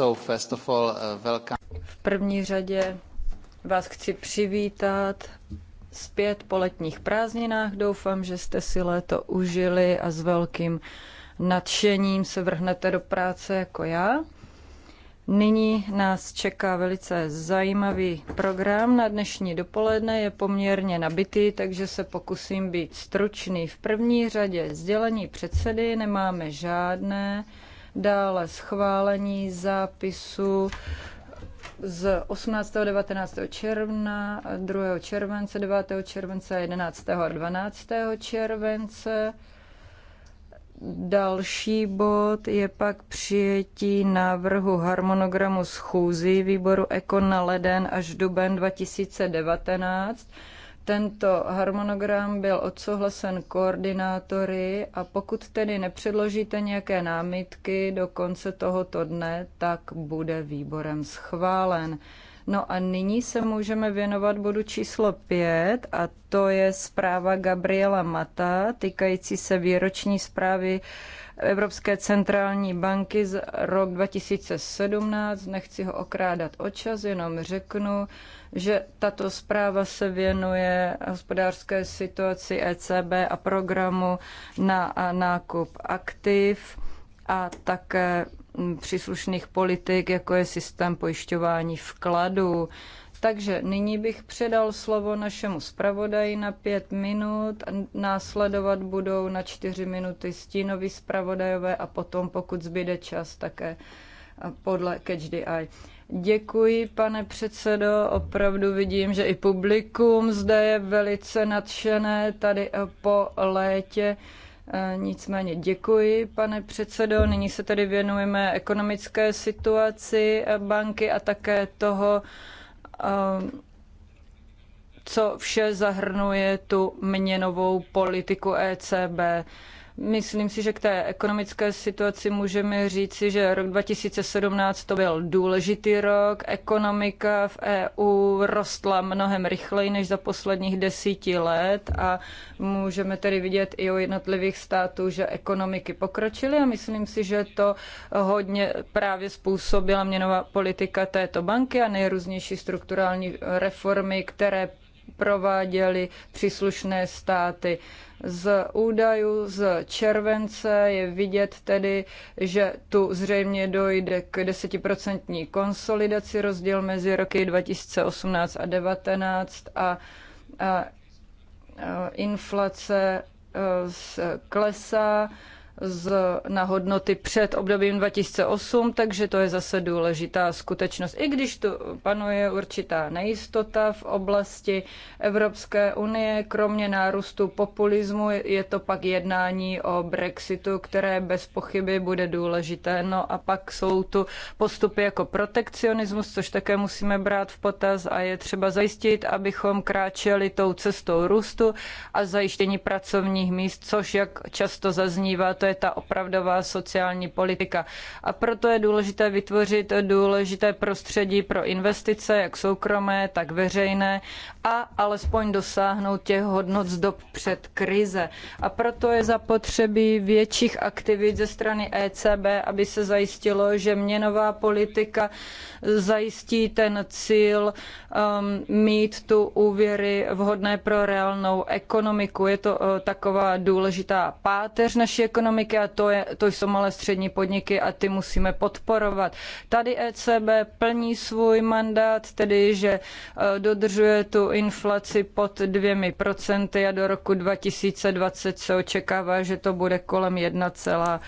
Uh, v první řadě vás chci přivítat zpět po letních prázdninách. Doufám, že jste si léto užili a s velkým nadšením se vrhnete do práce jako já. Nyní nás čeká velice zajímavý program. Na dnešní dopoledne je poměrně nabitý, takže se pokusím být stručný. V první řadě sdělení předsedy nemáme žádné. Dále schválení zápisu z 18. 19. června, 2. července, 9. července, 11. a 12. července. Další bod je pak přijetí návrhu harmonogramu schůzí výboru ECO na leden až duben 2019. Tento harmonogram byl odsouhlasen koordinátory a pokud tedy nepředložíte nějaké námitky do konce tohoto dne, tak bude výborem schválen. No a nyní se můžeme věnovat bodu číslo 5 a to je zpráva Gabriela Mata týkající se výroční zprávy Evropské centrální banky z rok 2017. Nechci ho okrádat o čas, jenom řeknu, že tato zpráva se věnuje hospodářské situaci ECB a programu na nákup aktiv a také mm, příslušných politik, jako je systém pojišťování vkladů. Takže nyní bych předal slovo našemu zpravodaji na pět minut, následovat budou na čtyři minuty stínovi zpravodajové a potom, pokud zbyde čas, také podle Catch the Eye. Děkuji, pane předsedo. Opravdu vidím, že i publikum zde je velice nadšené tady po létě. Nicméně děkuji, pane předsedo. Nyní se tedy věnujeme ekonomické situaci banky a také toho, Ehm, co vše zahrnuje tu měnovou politiku ECB. Myslím si, že k té ekonomické situaci můžeme říci, že rok 2017 to byl důležitý rok. Ekonomika v EU rostla mnohem rychleji než za posledních desíti let a můžeme tedy vidět i u jednotlivých států, že ekonomiky pokročily a myslím si, že to hodně právě způsobila měnová politika této banky a nejrůznější strukturální reformy, které prováděly příslušné státy. Z údajů z července je vidět tedy, že tu zřejmě dojde k desetiprocentní konsolidaci rozdíl mezi roky 2018 a 2019 a, a, a inflace e, klesá z, na hodnoty před obdobím 2008, takže to je zase důležitá skutečnost. I když tu panuje určitá nejistota v oblasti Evropské unie, kromě nárůstu populismu, je to pak jednání o Brexitu, které bez pochyby bude důležité. No a pak jsou tu postupy jako protekcionismus, což také musíme brát v potaz a je třeba zajistit, abychom kráčeli tou cestou růstu a zajištění pracovních míst, což jak často zaznívá, to je ta opravdová sociální politika. A proto je důležité vytvořit důležité prostředí pro investice, jak soukromé, tak veřejné, a alespoň dosáhnout těch hodnot z dob před krize. A proto je zapotřebí větších aktivit ze strany ECB, aby se zajistilo, že měnová politika zajistí ten cíl um, mít tu úvěry vhodné pro reálnou ekonomiku. Je to uh, taková důležitá páteř naší ekonomiky ekonomiky a to, je, to jsou malé střední podniky a ty musíme podporovat. Tady ECB plní svůj mandát, tedy že e, dodržuje tu inflaci pod dvěmi procenty a do roku 2020 se očekává, že to bude kolem 1,7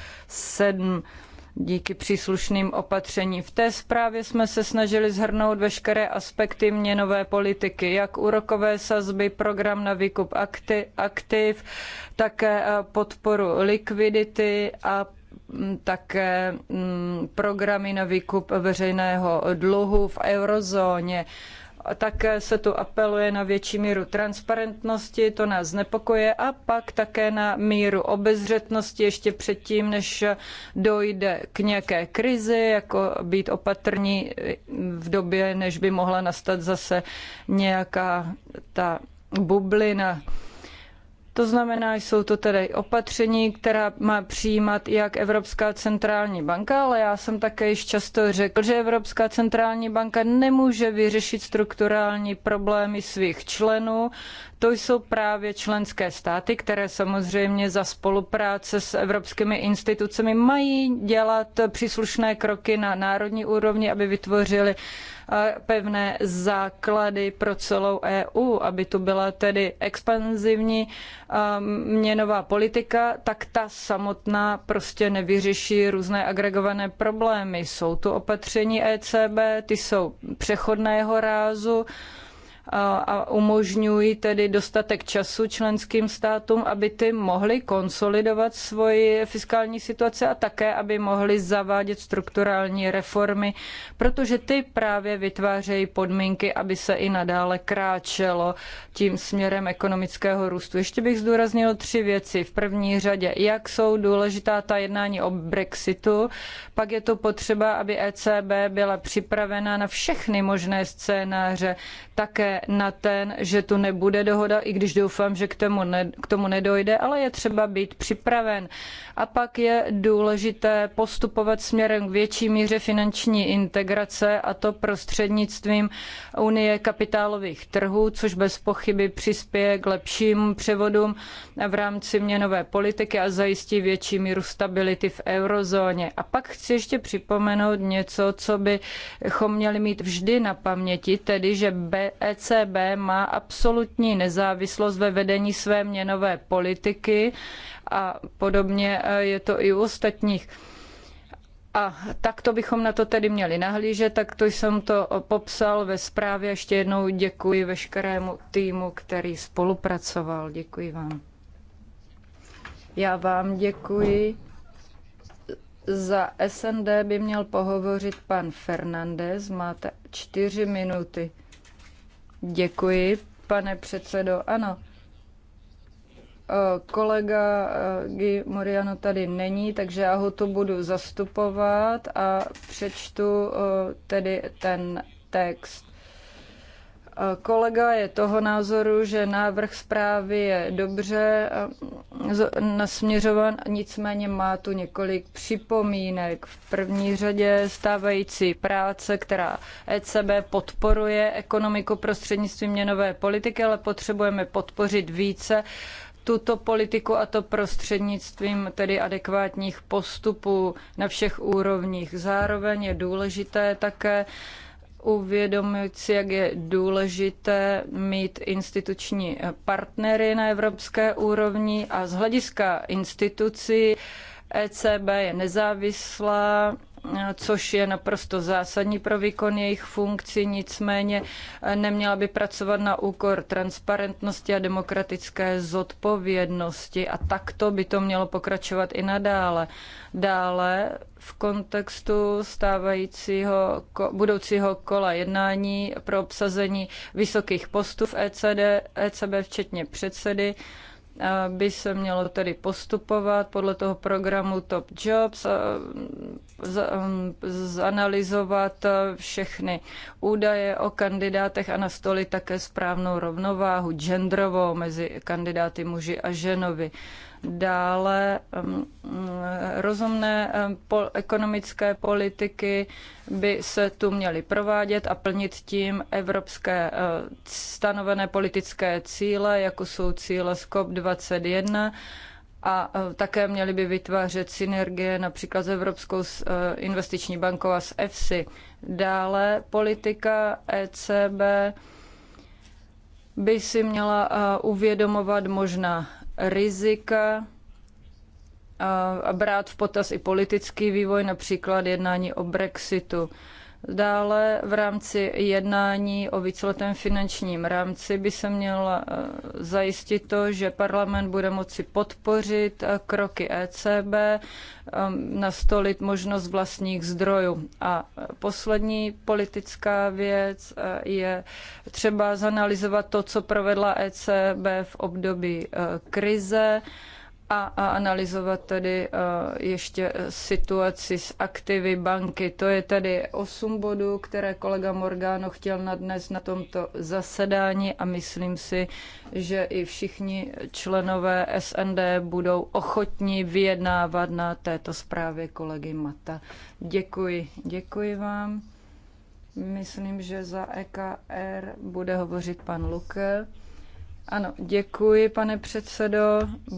díky příslušným opatřením. V té zprávě jsme se snažili zhrnout veškeré aspekty měnové politiky, jak úrokové sazby, program na výkup aktiv, také eh, podporu likvidity a mm, také mm, programy na výkup veřejného dluhu v eurozóně. Také se tu apeluje na větší míru transparentnosti, to nás znepokoje, a pak také na míru obezřetnosti ještě předtím, než dojde k nějaké krizi, jako být opatrní v době, než by mohla nastat zase nějaká ta bublina to znamená, jsou to tedy opatření, která má přijímat jak Evropská centrální banka, ale já jsem také již často řekl, že Evropská centrální banka nemůže vyřešit strukturální problémy svých členů. To jsou právě členské státy, které samozřejmě za spolupráce s evropskými institucemi mají dělat příslušné kroky na národní úrovni, aby vytvořili pevné základy pro celou EU, aby tu byla tedy expanzivní um, měnová politika, tak ta samotná prostě nevyřeší různé agregované problémy. Jsou tu opatření ECB, ty jsou přechodného rázu, a umožňují tedy dostatek času členským státům, aby ty mohly konsolidovat svoji fiskální situace a také, aby mohly zavádět strukturální reformy, protože ty právě vytvářejí podmínky, aby se i nadále kráčelo tím směrem ekonomického růstu. Ještě bych zdůraznil tři věci. V první řadě, jak jsou důležitá ta jednání o Brexitu, pak je to potřeba, aby ECB byla připravena na všechny možné scénáře, také na ten, že tu nebude dohoda, i když doufám, že k tomu, ne, k tomu nedojde, ale je třeba být připraven. A pak je důležité postupovat směrem k větší míře finanční integrace a to prostřednictvím Unie kapitálových trhů, což bez pochyby přispěje k lepším převodům v rámci měnové politiky a zajistí větší míru stability v eurozóně. A pak chci ještě připomenout něco, co bychom měli mít vždy na paměti, tedy že ECB e má absolutní nezávislost ve vedení své měnové politiky a podobně e, je to i u ostatních. A takto bychom na to tedy měli nahlížet, tak to jsem to popsal ve zprávě. Ještě jednou děkuji veškerému týmu, který spolupracoval. Děkuji vám. Já vám děkuji. Za SND by měl pohovořit pan Fernandez. Máte čtyři minuty. Děkuji, pane předsedo. Ano Eh, kolega eh, Guy Moriano tady není, takže já ho tu budu zastupovat a přečtu eh, tedy ten text. Kolega je toho názoru, že návrh zprávy je dobře nasměřovan, nicméně má tu několik připomínek. V první řadě stávající práce, která ECB podporuje ekonomiku prostřednictvím měnové politiky, ale potřebujeme podpořit více tuto politiku a to prostřednictvím tedy adekvátních postupů na všech úrovních. Zároveň je důležité také uvědomit si, jak je důležité mít instituční partnery na evropské úrovni a z hlediska institucí ECB je nezávislá, což je naprosto zásadní pro výkon jejich funkcí, nicméně eh, neměla by pracovat na úkor transparentnosti a demokratické zodpovědnosti a takto by to mělo pokračovat i nadále. Dále v kontextu stávajícího budoucího kola jednání pro obsazení vysokých postů v ECD, ECB, včetně předsedy, by se mělo tedy postupovat podle toho programu Top Jobs, um, zanalizovat všechny údaje o kandidátech a nastolit také správnou rovnováhu genderovou mezi kandidáty muži a ženovi dále rozumné ekonomické politiky by se tu měly provádět a plnit tím evropské eh, stanovené politické cíle, jako jsou cíle z COP21 a eh, také měly by vytvářet synergie například s Evropskou eh, investiční bankou a s EFSI. Dále politika ECB by si měla uvědomovat možná rizika a brát v potaz i politický vývoj, například jednání o Brexitu. Dále v rámci jednání o víceletém finančním rámci by se měl eh, zajistit to, že parlament bude moci podpořit eh, kroky ECB, eh, nastolit možnost vlastních zdrojů. A poslední politická věc je třeba zanalizovat to, co provedla ECB v období krize a, a analyzovat tady e, ještě situaci s aktivy banky. To je tady osm bodů, které kolega Morgano chtěl na dnes na tomto zasedání a myslím si, že i všichni členové SND budou ochotní vyjednávat na této zprávě kolegy Mata. Děkuji, děkuji vám. Myslím, že za EKR bude hovořit pan Luke. Ano, děkuji, pane předsedo.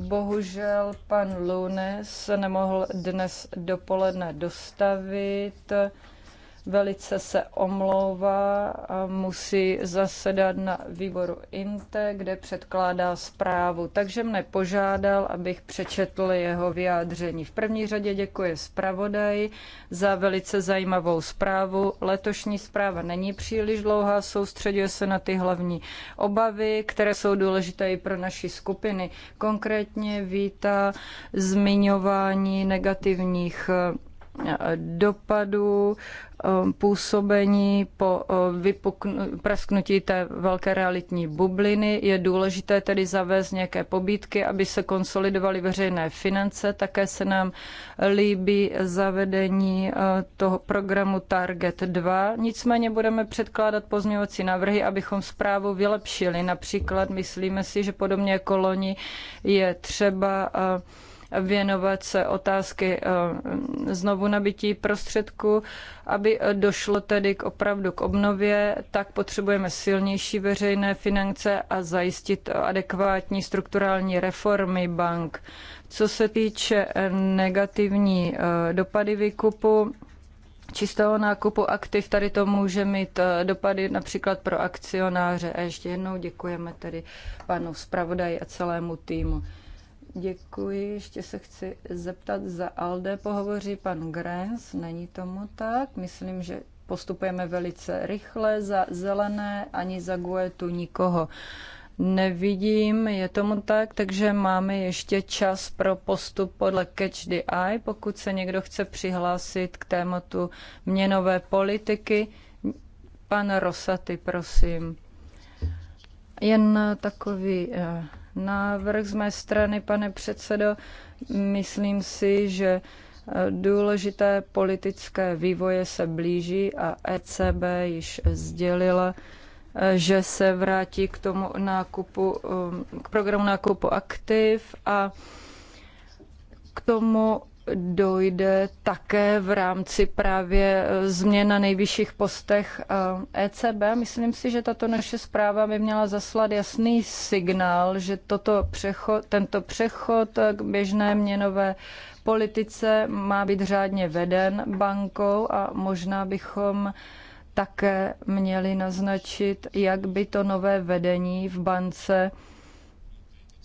Bohužel pan Lunes se nemohl dnes dopoledne dostavit velice se omlouvá a musí zasedat na výboru INTE, kde předkládá zprávu. Takže mne požádal, abych přečetl jeho vyjádření. V první řadě děkuji zpravodaji za velice zajímavou zprávu. Letošní zpráva není příliš dlouhá, soustředuje se na ty hlavní obavy, které jsou důležité i pro naši skupiny. Konkrétně vítá zmiňování negativních dopadů um, působení po uh, vypuknu, prasknutí té velké realitní bubliny. Je důležité tedy zavést nějaké pobídky, aby se konsolidovaly veřejné finance. Také se nám líbí zavedení uh, toho programu Target 2. Nicméně budeme předkládat pozměňovací návrhy, abychom zprávu vylepšili. Například myslíme si, že podobně jako loni je třeba uh, věnovat se otázky eh, znovu nabití prostředků. Aby eh, došlo tedy k opravdu k obnově, tak potřebujeme silnější veřejné finance a zajistit eh, adekvátní strukturální reformy bank. Co se týče negativní dopady výkupu, čistého nákupu aktiv, tady to může mít dopady například pro akcionáře. A ještě jednou děkujeme tedy panu zpravodaji a celému týmu. Děkuji. Ještě se chci zeptat za ALDE. Pohovoří pan Grens. Není tomu tak. Myslím, že postupujeme velice rychle. Za zelené ani za guetu nikoho nevidím. Je tomu tak, takže máme ještě čas pro postup podle Catch the Eye, pokud se někdo chce přihlásit k tématu měnové politiky. Pan Rosaty, prosím. Jen takový eh, návrh z mé strany, pane předsedo. Myslím si, že eh, důležité politické vývoje se blíží a ECB již sdělila, eh, že se vrátí k tomu nákupu, eh, k programu nákupu aktiv a k tomu dojde také v rámci právě eh, změn na nejvyšších postech ECB. Eh, e Myslím si, že tato naše zpráva by měla zaslat jasný signál, že toto přechod, tento přechod eh, k běžné měnové politice má být řádně veden bankou a možná bychom také měli naznačit, jak by to nové vedení v bance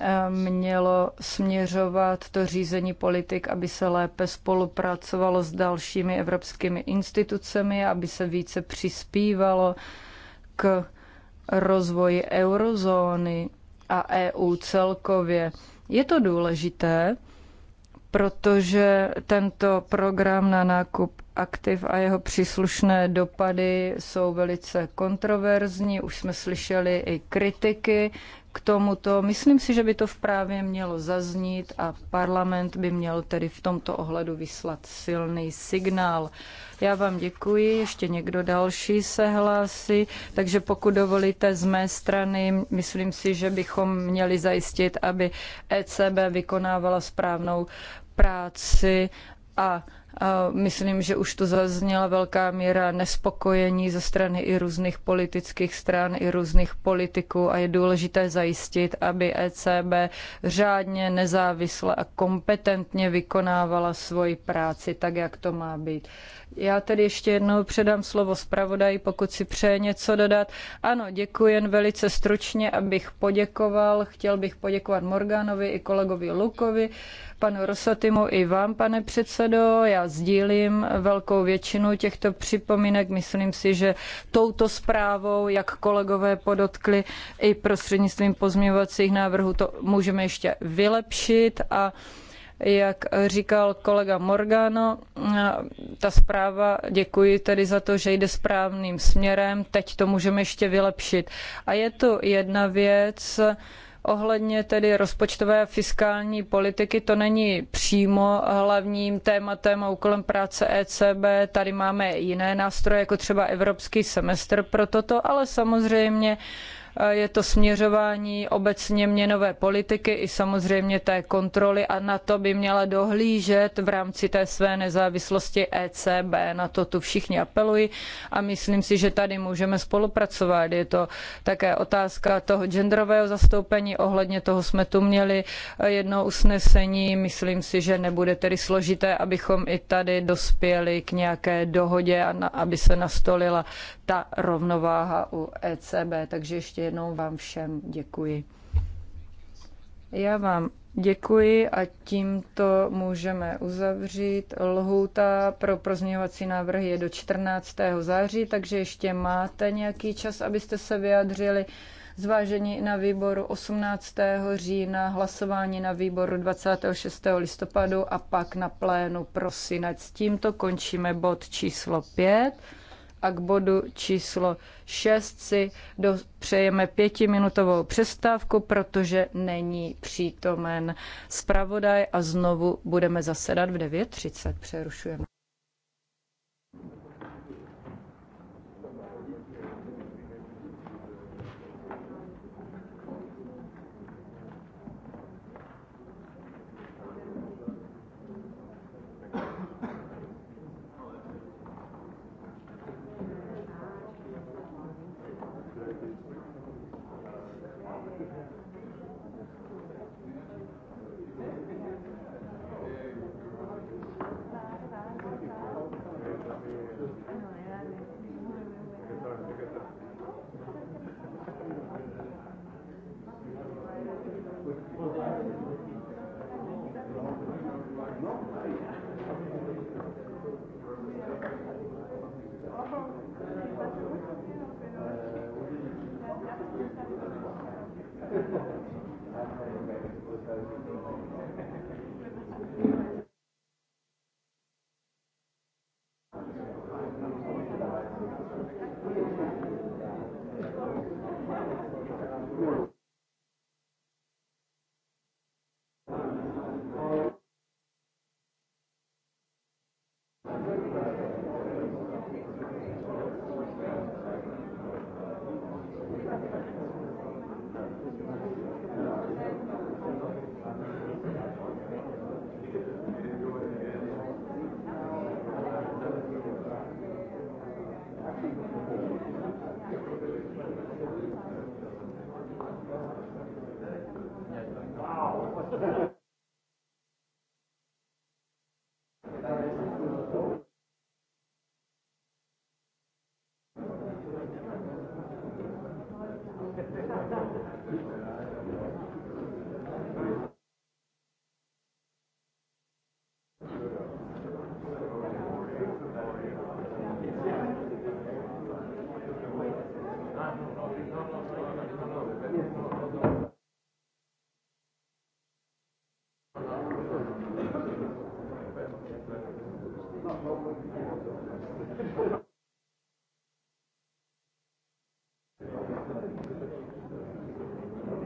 Eh, mělo směřovat to řízení politik, aby se lépe spolupracovalo s dalšími evropskými institucemi, aby se více přispívalo k rozvoji eurozóny a EU celkově. Je to důležité, protože tento program na nákup aktiv a jeho příslušné dopady jsou velice kontroverzní. Už jsme slyšeli i kritiky k tomuto. Myslím si, že by to v právě mělo zaznít a parlament by měl tedy v tomto ohledu vyslat silný signál. Já vám děkuji, ještě někdo další se hlásí, takže pokud dovolíte z mé strany, myslím si, že bychom měli zajistit, aby ECB vykonávala správnou práci a Myslím, že už tu zazněla velká míra nespokojení ze strany i různých politických stran, i různých politiků a je důležité zajistit, aby ECB řádně, nezávisle a kompetentně vykonávala svoji práci tak, jak to má být. Já tedy ještě jednou předám slovo zpravodaji, pokud si přeje něco dodat. Ano, děkuji jen velice stručně, abych poděkoval. Chtěl bych poděkovat Morganovi i kolegovi Lukovi panu Rosatimu i vám, pane předsedo. Já sdílím velkou většinu těchto připomínek. Myslím si, že touto zprávou, jak kolegové podotkli, i prostřednictvím pozměňovacích návrhů to můžeme ještě vylepšit a jak říkal kolega Morgano, ta zpráva, děkuji tedy za to, že jde správným směrem, teď to můžeme ještě vylepšit. A je tu jedna věc, Ohledně tedy rozpočtové fiskální politiky, to není přímo hlavním tématem a úkolem práce ECB. Tady máme jiné nástroje, jako třeba evropský semestr pro toto, ale samozřejmě Eh, je to směřování obecně měnové politiky i samozřejmě té kontroly a na to by měla dohlížet v rámci té své nezávislosti ECB. Na to tu všichni apelují a myslím si, že tady můžeme spolupracovat. Je to také otázka toho genderového zastoupení, ohledně toho jsme tu měli eh, jedno usnesení. Myslím si, že nebude tedy složité, abychom i tady dospěli k nějaké dohodě a aby se nastolila ta rovnováha u ECB. Takže ještě jednou vám všem děkuji. Já vám děkuji a tímto můžeme uzavřít. Lhůta pro prozměňovací návrhy je do 14. září, takže ještě máte nějaký čas, abyste se vyjadřili. Zvážení na výboru 18. října, hlasování na výboru 26. listopadu a pak na plénu prosinec. Tímto končíme bod číslo 5 a k bodu číslo 6 si do, přejeme pětiminutovou přestávku, protože není přítomen zpravodaj a znovu budeme zasedat v 9.30. Přerušujeme.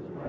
Thank you.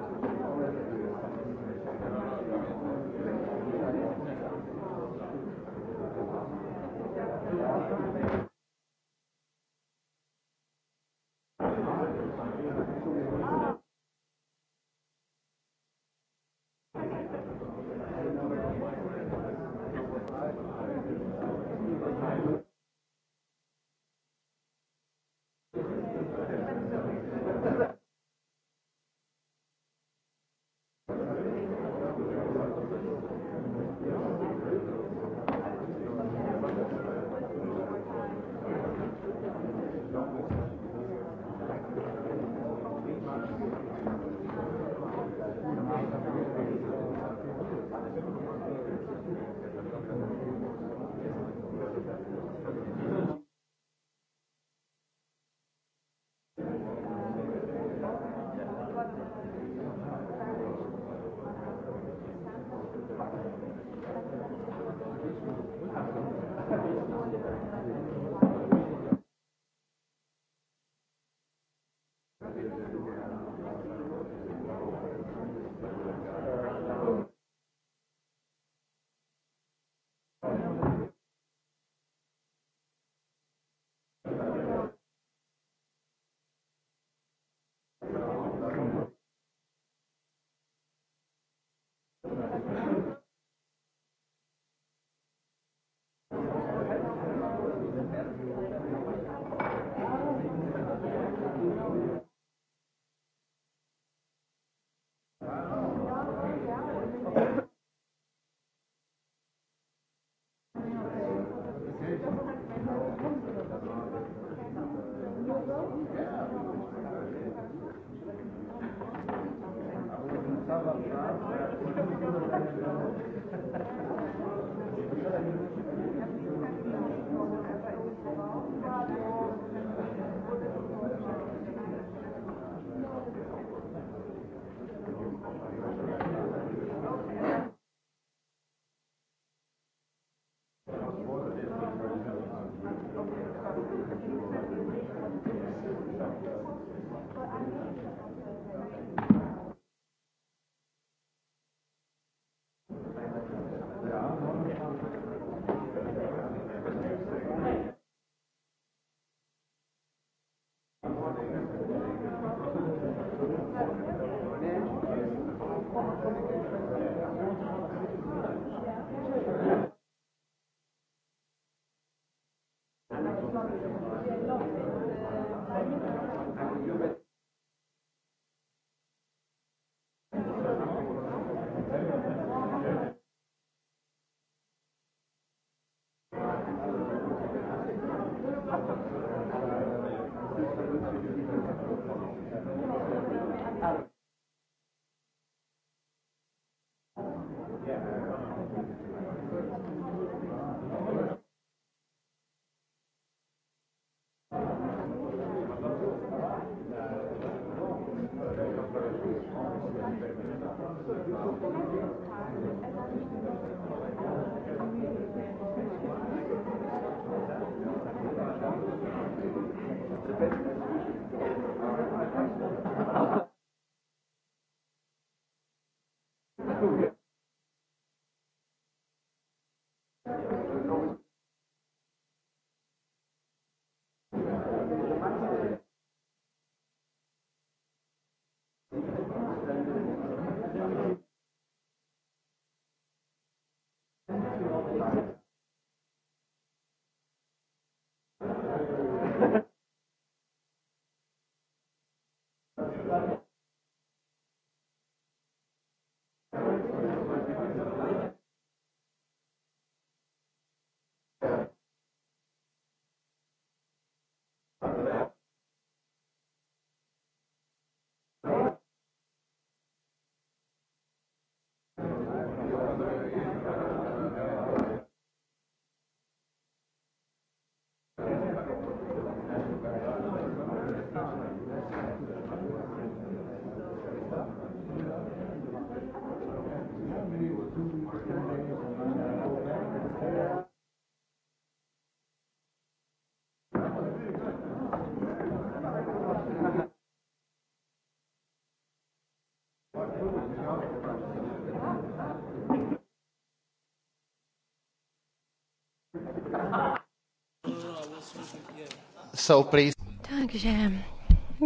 So please. Takže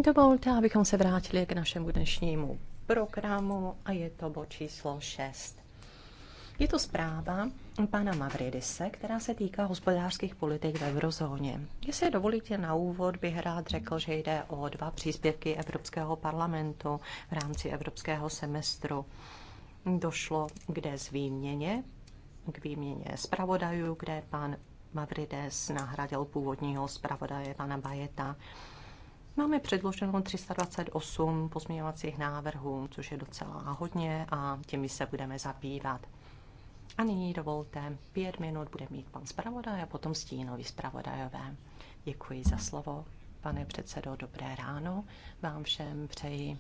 dovolte, abychom se vrátili k našemu dnešnímu programu a je to bod číslo 6. Je to zpráva pana Mavridise, která se týká hospodářských politik v eurozóně. Jestli dovolíte na úvod, bych rád řekl, že jde o dva příspěvky Evropského parlamentu v rámci Evropského semestru. Došlo kde z výměně, k výměně zpravodajů, kde pan Mavrides nahradil původního zpravodaje pana Bajeta. Máme předloženo 328 pozměňovacích návrhů, což je docela hodně a těmi se budeme zabývat. A nyní dovolte, pět minut bude mít pan zpravodaj a potom stínový zpravodajové. Děkuji za slovo, pane předsedo, dobré ráno vám všem přeji.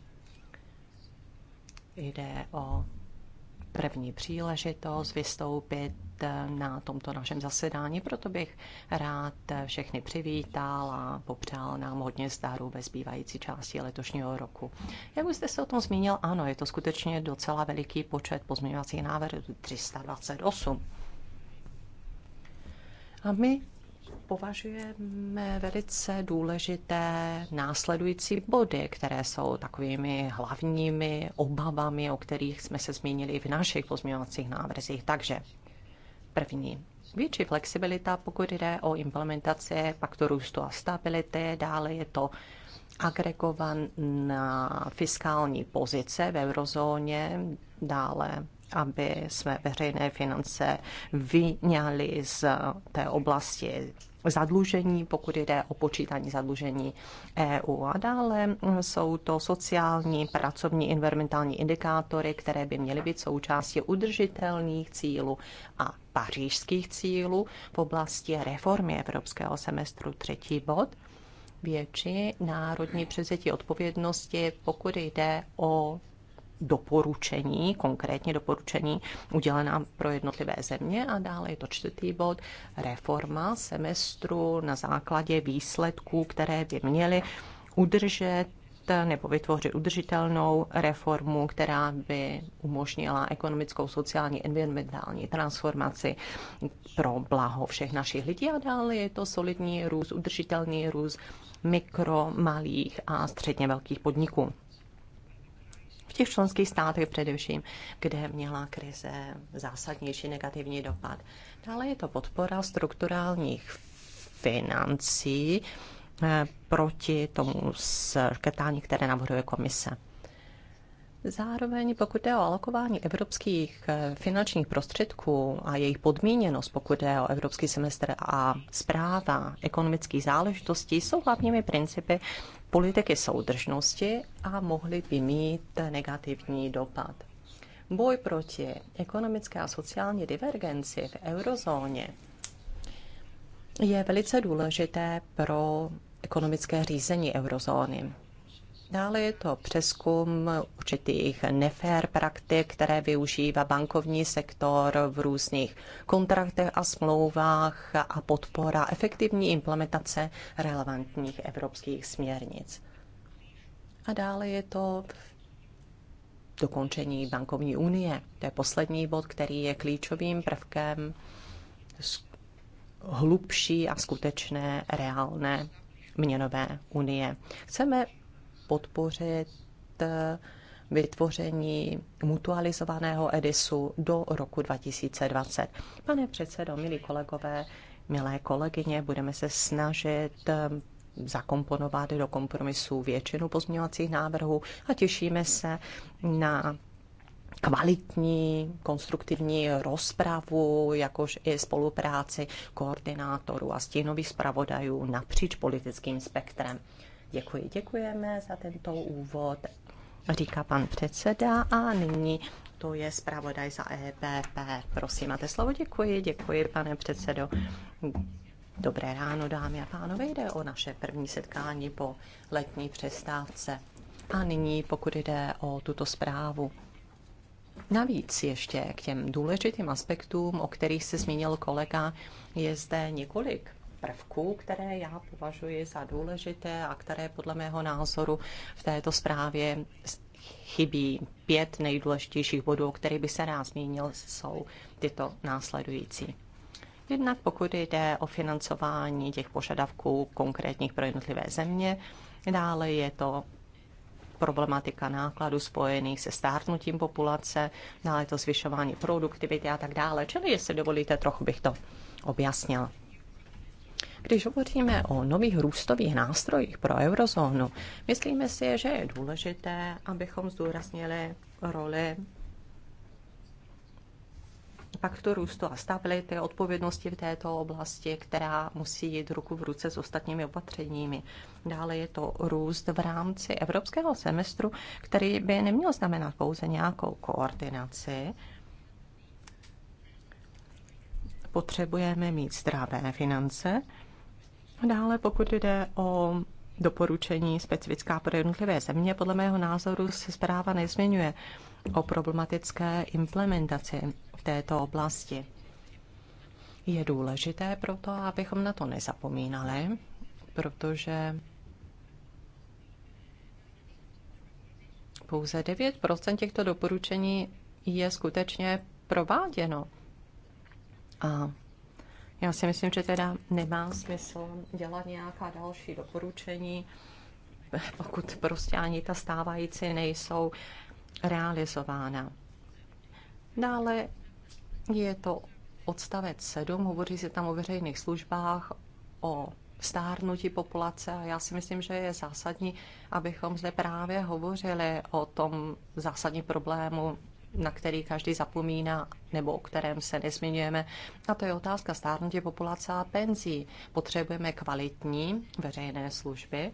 Jde o první příležitost vystoupit eh, na tomto našem zasedání, proto bych rád eh, všechny přivítal a popřál nám hodně zdaru ve zbývající části letošního roku. Jak už jste se o tom zmínil, ano, je to skutečně docela veliký počet pozměňovacích návrhů, 328. A my považujeme velice důležité následující body, které jsou takovými hlavními obavami, o kterých jsme se zmínili v našich pozměňovacích návrzích. Takže první. Větší flexibilita, pokud jde o implementaci paktu růstu a stability, dále je to agregovaná fiskální pozice v eurozóně, dále aby jsme veřejné finance vyňali z té oblasti zadlužení, pokud jde o počítání zadlužení EU. A dále mm, jsou to sociální, pracovní, environmentální indikátory, které by měly být součástí udržitelných cílů a pařížských cílů v oblasti reformy evropského semestru. Třetí bod větší národní přezetí odpovědnosti, pokud jde o doporučení, konkrétně doporučení udělená pro jednotlivé země a dále je to čtvrtý bod, reforma semestru na základě výsledků, které by měly udržet nebo vytvořit udržitelnou reformu, která by umožnila ekonomickou, sociální, environmentální transformaci pro blaho všech našich lidí. A dále je to solidní růst, udržitelný růst mikro, malých a středně velkých podniků těch členských státech především, kde měla krize zásadnější negativní dopad. Dále je to podpora strukturálních financí eh, proti tomu škrtání, které navrhuje komise. Zároveň, pokud jde o alokování evropských eh, finančních prostředků a jejich podmíněnost, pokud jde o evropský semestr a zpráva ekonomických záležitostí, jsou hlavními principy politiky soudržnosti a mohly by mít negativní dopad. Boj proti ekonomické a sociální divergenci v eurozóně je velice důležité pro ekonomické řízení eurozóny. Dále je to přeskum určitých nefér praktik, které využívá bankovní sektor v různých kontraktech a smlouvách a podpora efektivní implementace relevantních evropských směrnic. A dále je to dokončení bankovní unie. To je poslední bod, který je klíčovým prvkem hlubší a skutečné reálné měnové unie. Chceme podpořit eh, vytvoření mutualizovaného EDISu do roku 2020. Pane předsedo, milí kolegové, milé kolegyně, budeme se snažit eh, zakomponovat do kompromisu většinu pozměňovacích návrhů a těšíme se na kvalitní, konstruktivní rozpravu, jakož i spolupráci koordinátorů a stínových zpravodajů napříč politickým spektrem. Děkuji, děkujeme za tento úvod, říká pan předseda a nyní to je zpravodaj za EPP. Prosím, máte slovo, děkuji, děkuji, pane předsedo. Dobré ráno, dámy a pánové, jde o naše první setkání po letní přestávce. A nyní, pokud jde o tuto zprávu, Navíc ještě k těm důležitým aspektům, o kterých se zmínil kolega, je zde několik prvků, které já považuji za důležité a které podle mého názoru v této zprávě chybí. Pět nejdůležitějších bodů, o by se rád zmínil, jsou tyto následující. Jednak pokud jde o financování těch požadavků konkrétních pro jednotlivé země, dále je to problematika nákladů spojených se stárnutím populace, dále to zvyšování produktivity a tak dále. Čili, jestli dovolíte, trochu bych to objasnil. Když hovoříme o nových růstových nástrojích pro eurozónu, myslíme si, že je důležité, abychom zdůraznili roli paktu růstu a stability, odpovědnosti v této oblasti, která musí jít ruku v ruce s ostatními opatřeními. Dále je to růst v rámci evropského semestru, který by neměl znamenat pouze nějakou koordinaci. Potřebujeme mít zdravé finance, Dále, pokud jde o doporučení specifická pro jednotlivé země, podle mého názoru se zpráva nezměňuje o problematické implementaci v této oblasti. Je důležité proto, abychom na to nezapomínali, protože pouze 9 těchto doporučení je skutečně prováděno. A já si myslím, že teda nemá smysl dělat nějaká další doporučení, pokud prostě ani ta stávající nejsou realizována. Dále je to odstavec 7, hovoří se tam o veřejných službách, o stárnutí populace a já si myslím, že je zásadní, abychom zde právě hovořili o tom zásadní problému na který každý zapomíná nebo o kterém se nezmiňujeme. A to je otázka stárnutí populace a penzí. Potřebujeme kvalitní veřejné služby,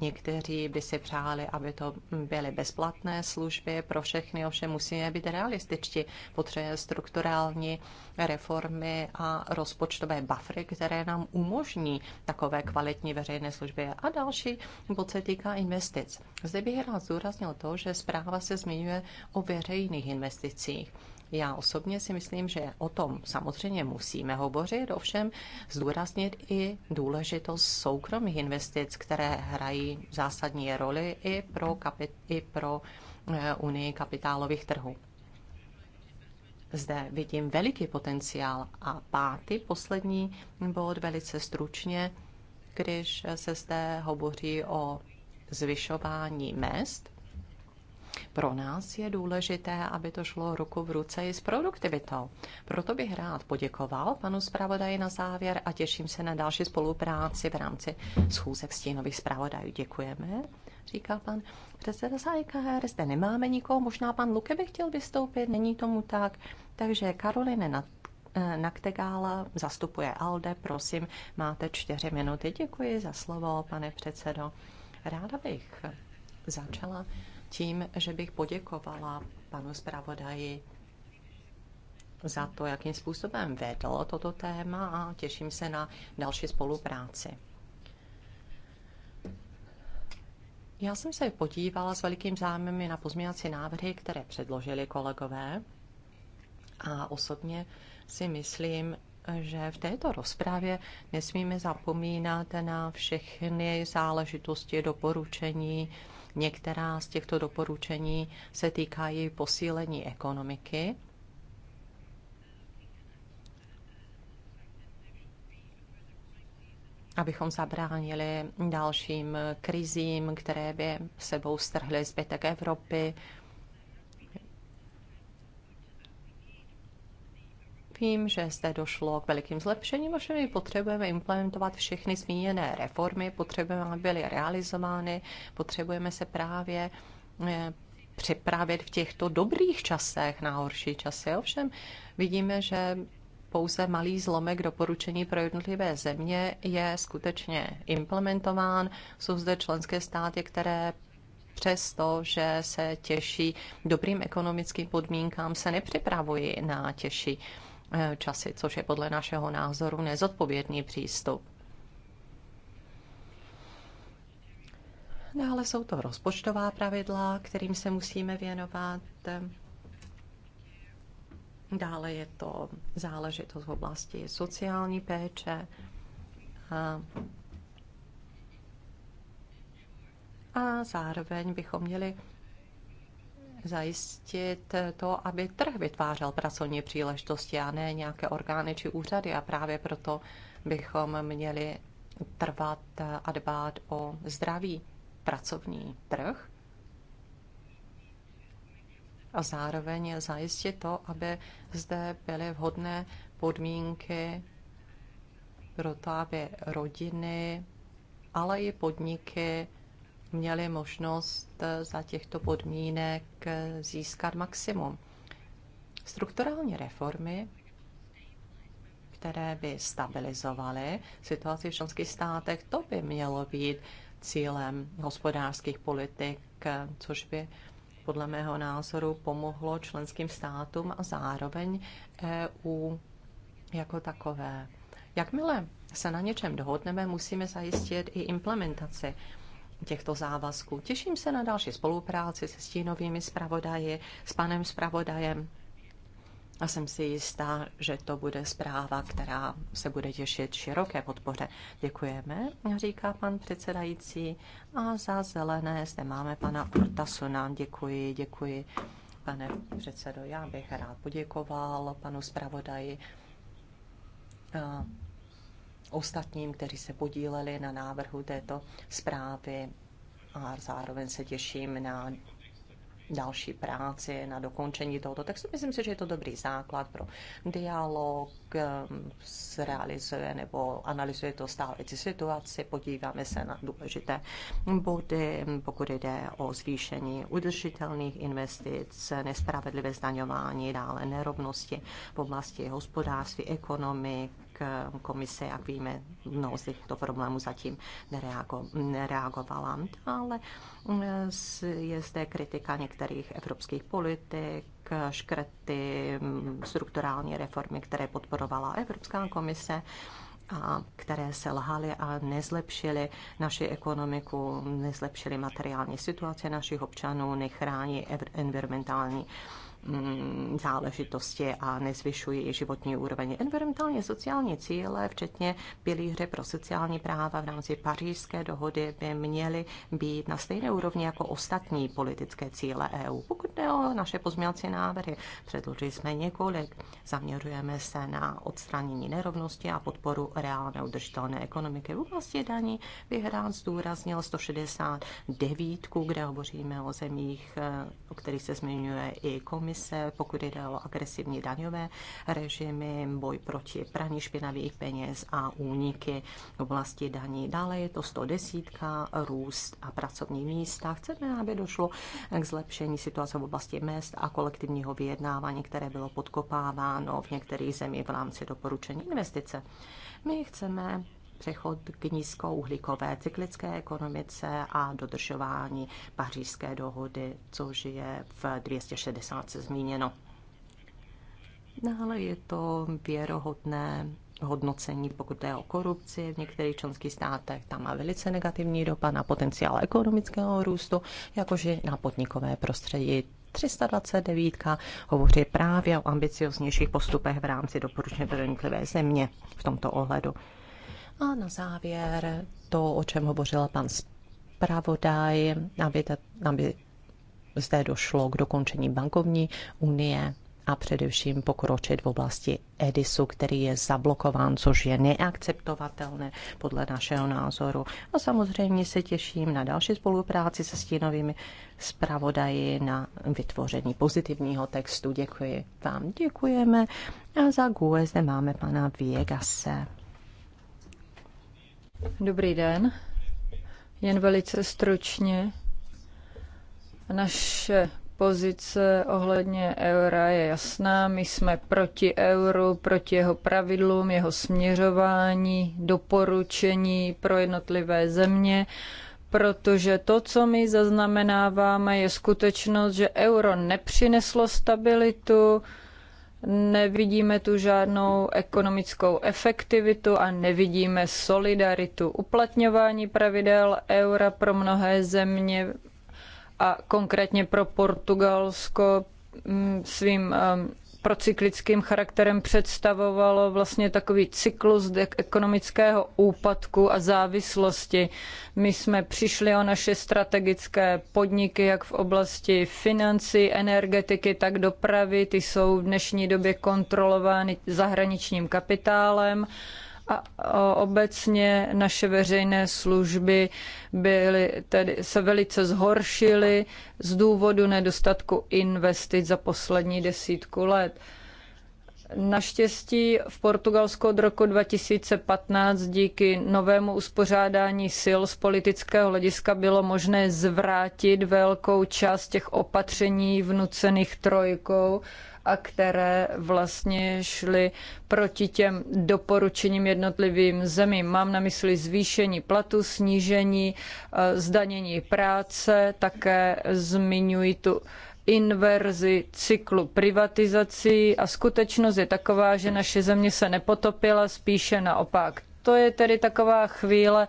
Někteří by si přáli, aby to byly bezplatné služby pro všechny, ovšem musíme být realističtí. Potřebujeme strukturální reformy a rozpočtové buffery, které nám umožní takové kvalitní veřejné služby. A další bod se týká investic. Zde bych rád zúraznil to, že zpráva se zmiňuje o veřejných investicích. Já osobně si myslím, že o tom samozřejmě musíme hovořit, ovšem zdůraznit i důležitost soukromých investic, které hrají zásadní roli i pro, kapit, i pro eh, Unii kapitálových trhů. Zde vidím veliký potenciál. A pátý, poslední bod, velice stručně, když se zde hovoří o zvyšování mest, pro nás je důležité, aby to šlo ruku v ruce i s produktivitou. Proto bych rád poděkoval panu zpravodaji na závěr a těším se na další spolupráci v rámci schůzek stínových zpravodajů. Děkujeme, říká pan předseda za EKR. Zde nemáme nikoho, možná pan Luke by chtěl vystoupit, není tomu tak. Takže Karoline na eh, Naktegála zastupuje Alde, prosím, máte čtyři minuty. Děkuji za slovo, pane předsedo. Ráda bych začala tím, že bych poděkovala panu zpravodaji za to, jakým způsobem vedl toto téma a těším se na další spolupráci. Já jsem se podívala s velikým zájmem na pozměňovací návrhy, které předložili kolegové. A osobně si myslím, že v této rozprávě nesmíme zapomínat na všechny záležitosti, doporučení, Některá z těchto doporučení se týkají posílení ekonomiky. abychom zabránili dalším krizím, které by sebou strhly zbytek Evropy, Vím, že zde došlo k velikým zlepšením, a my potřebujeme implementovat všechny zmíněné reformy, potřebujeme, aby byly realizovány, potřebujeme se právě eh, připravit v těchto dobrých časech na horší časy. Ovšem vidíme, že pouze malý zlomek doporučení pro jednotlivé země je skutečně implementován. Jsou zde členské státy, které přesto, že se těší dobrým ekonomickým podmínkám, se nepřipravují na těžší Eh, časy, což je podle našeho názoru nezodpovědný přístup. Dále jsou to rozpočtová pravidla, kterým se musíme věnovat. Dále je to záležitost v oblasti sociální péče. A, a zároveň bychom měli zajistit to, aby trh vytvářel pracovní příležitosti a ne nějaké orgány či úřady. A právě proto bychom měli trvat a dbát o zdravý pracovní trh a zároveň zajistit to, aby zde byly vhodné podmínky pro to, aby rodiny, ale i podniky měli možnost eh, za těchto podmínek eh, získat maximum. Strukturální reformy, které by stabilizovaly situaci v členských státech, to by mělo být cílem hospodářských politik, eh, což by podle mého názoru pomohlo členským státům a zároveň EU jako takové. Jakmile se na něčem dohodneme, musíme zajistit i implementaci těchto závazků. Těším se na další spolupráci se stínovými zpravodaji, s panem zpravodajem. A jsem si jistá, že to bude zpráva, která se bude těšit široké podpoře. Děkujeme, říká pan předsedající. A za zelené zde máme pana Urtasuna. Děkuji, děkuji, pane předsedo. Já bych rád poděkoval panu zpravodaji ostatním, kteří se podíleli na návrhu této zprávy a zároveň se těším na další práci, na dokončení tohoto textu. Myslím si, že je to dobrý základ pro dialog, ehm, zrealizuje nebo analyzuje to stávající situaci, podíváme se na důležité body, pokud jde o zvýšení udržitelných investic, nespravedlivé zdaňování, dále nerovnosti v oblasti hospodářství, ekonomik, Um, komise, jak víme, mnoho z těchto problémů zatím nereago, nereagovala. Ale um, je zde kritika některých evropských politik, škrty, um, strukturální reformy, které podporovala Evropská komise a které se lhaly a nezlepšily naši ekonomiku, nezlepšily materiální situaci našich občanů, nechrání environmentální Mm, záležitosti a nezvyšují životní úroveň. Environmentálně sociální cíle, včetně pilíře pro sociální práva v rámci pařížské dohody, by měly být na stejné úrovni jako ostatní politické cíle EU. Pokud jde o naše pozměňovací návrhy, předložili jsme několik. Zaměřujeme se na odstranění nerovnosti a podporu reálné udržitelné ekonomiky. V oblasti daní bych rád zdůraznil 169, kde hovoříme o zemích, eh, o kterých se zmiňuje i komise komise, pokud jde o agresivní daňové režimy, boj proti praní špinavých peněz a úniky v oblasti daní. Dále je to 110, růst a pracovní místa. Chceme, aby došlo k zlepšení situace v oblasti mest a kolektivního vyjednávání, které bylo podkopáváno v některých zemích v rámci doporučení investice. My chceme přechod k nízkouhlíkové cyklické ekonomice a dodržování pařížské dohody, což je v 260 zmíněno. Dále ale je to věrohodné hodnocení, pokud je o korupci v některých členských státech, tam má velice negativní dopad na potenciál ekonomického růstu, jakož i na podnikové prostředí. 329 hovoří právě o ambicioznějších postupech v rámci doporučení pro jednotlivé země v tomto ohledu. A na závěr to, o čem hovořila pan zpravodaj, aby, ta, aby zde došlo k dokončení bankovní unie a především pokročit v oblasti Edisu, který je zablokován, což je neakceptovatelné podle našeho názoru. A samozřejmě se těším na další spolupráci se stínovými zpravodaji na vytvoření pozitivního textu. Děkuji vám, děkujeme. A za GUE zde máme pana Viegase. Dobrý den. Jen velice stručně. Naše pozice ohledně eura je jasná. My jsme proti euru, proti jeho pravidlům, jeho směřování, doporučení pro jednotlivé země, protože to, co my zaznamenáváme, je skutečnost, že euro nepřineslo stabilitu, Nevidíme tu žádnou ekonomickou efektivitu a nevidíme solidaritu. Uplatňování pravidel eura pro mnohé země a konkrétně pro Portugalsko mm, svým mm, procyklickým charakterem představovalo vlastně takový cyklus ekonomického úpadku a závislosti. My jsme přišli o naše strategické podniky, jak v oblasti financí, energetiky, tak dopravy. Ty jsou v dnešní době kontrolovány zahraničním kapitálem a obecně naše veřejné služby byly, tedy se velice zhoršily z důvodu nedostatku investic za poslední desítku let. Naštěstí v Portugalsku od roku 2015 díky novému uspořádání sil z politického hlediska bylo možné zvrátit velkou část těch opatření vnucených trojkou a které vlastně šly proti těm doporučením jednotlivým zemím. Mám na mysli zvýšení platu, snížení eh, zdanění práce, také zmiňuji tu inverzi cyklu privatizací a skutečnost je taková, že naše země se nepotopila, spíše naopak to je tedy taková chvíle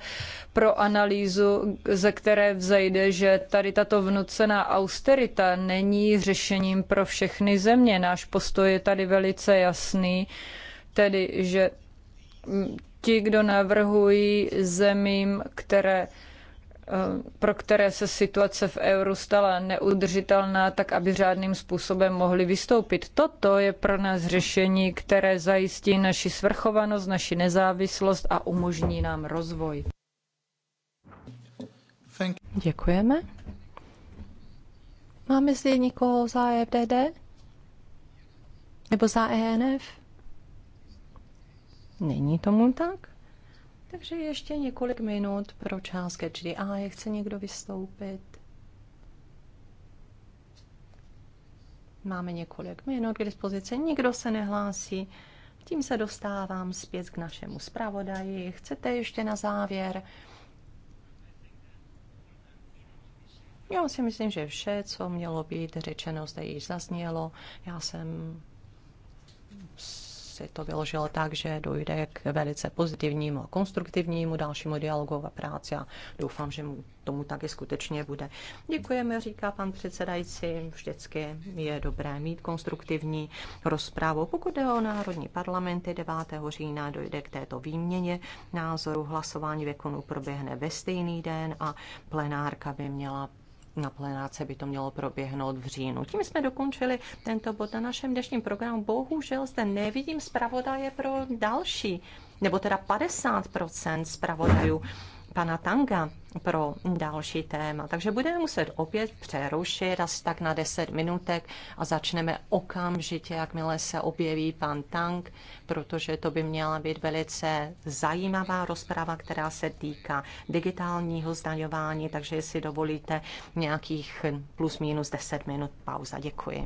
pro analýzu, ze které vzejde, že tady tato vnucená austerita není řešením pro všechny země. Náš postoj je tady velice jasný, tedy že ti, kdo navrhují zemím, které Eh, pro které se situace v euru stala neudržitelná, tak aby řádným způsobem mohli vystoupit. Toto je pro nás řešení, které zajistí naši svrchovanost, naši nezávislost a umožní nám rozvoj. Děkujeme. Máme zde někoho za EFDD? Nebo za ENF? Není tomu tak? Takže ještě několik minut pro část A Chce někdo vystoupit? Máme několik minut k dispozici, nikdo se nehlásí. Tím se dostávám zpět k našemu zpravodaji. Chcete ještě na závěr? Já si myslím, že vše, co mělo být řečeno, zde již zaznělo. Já jsem si to vyložil tak, že dojde k velice pozitivnímu a konstruktivnímu dalšímu dialogu a práci a doufám, že mu tomu taky skutečně bude. Děkujeme, říká pan předsedající. Vždycky je dobré mít konstruktivní rozprávu. Pokud jde o národní parlamenty 9. října, dojde k této výměně názoru. Hlasování věkonu proběhne ve stejný den a plenárka by měla na plenáce by to mělo proběhnout v říjnu. Tím jsme dokončili tento bod na našem dnešním programu. Bohužel zde nevidím zpravodaje pro další, nebo teda 50 zpravodajů pana Tanga pro další téma. Takže budeme muset opět přerušit asi tak na 10 minutek a začneme okamžitě, jakmile se objeví pan Tang, protože to by měla být velice zajímavá rozprava, která se týká digitálního zdaňování, takže jestli dovolíte nějakých plus minus 10 minut pauza. Děkuji.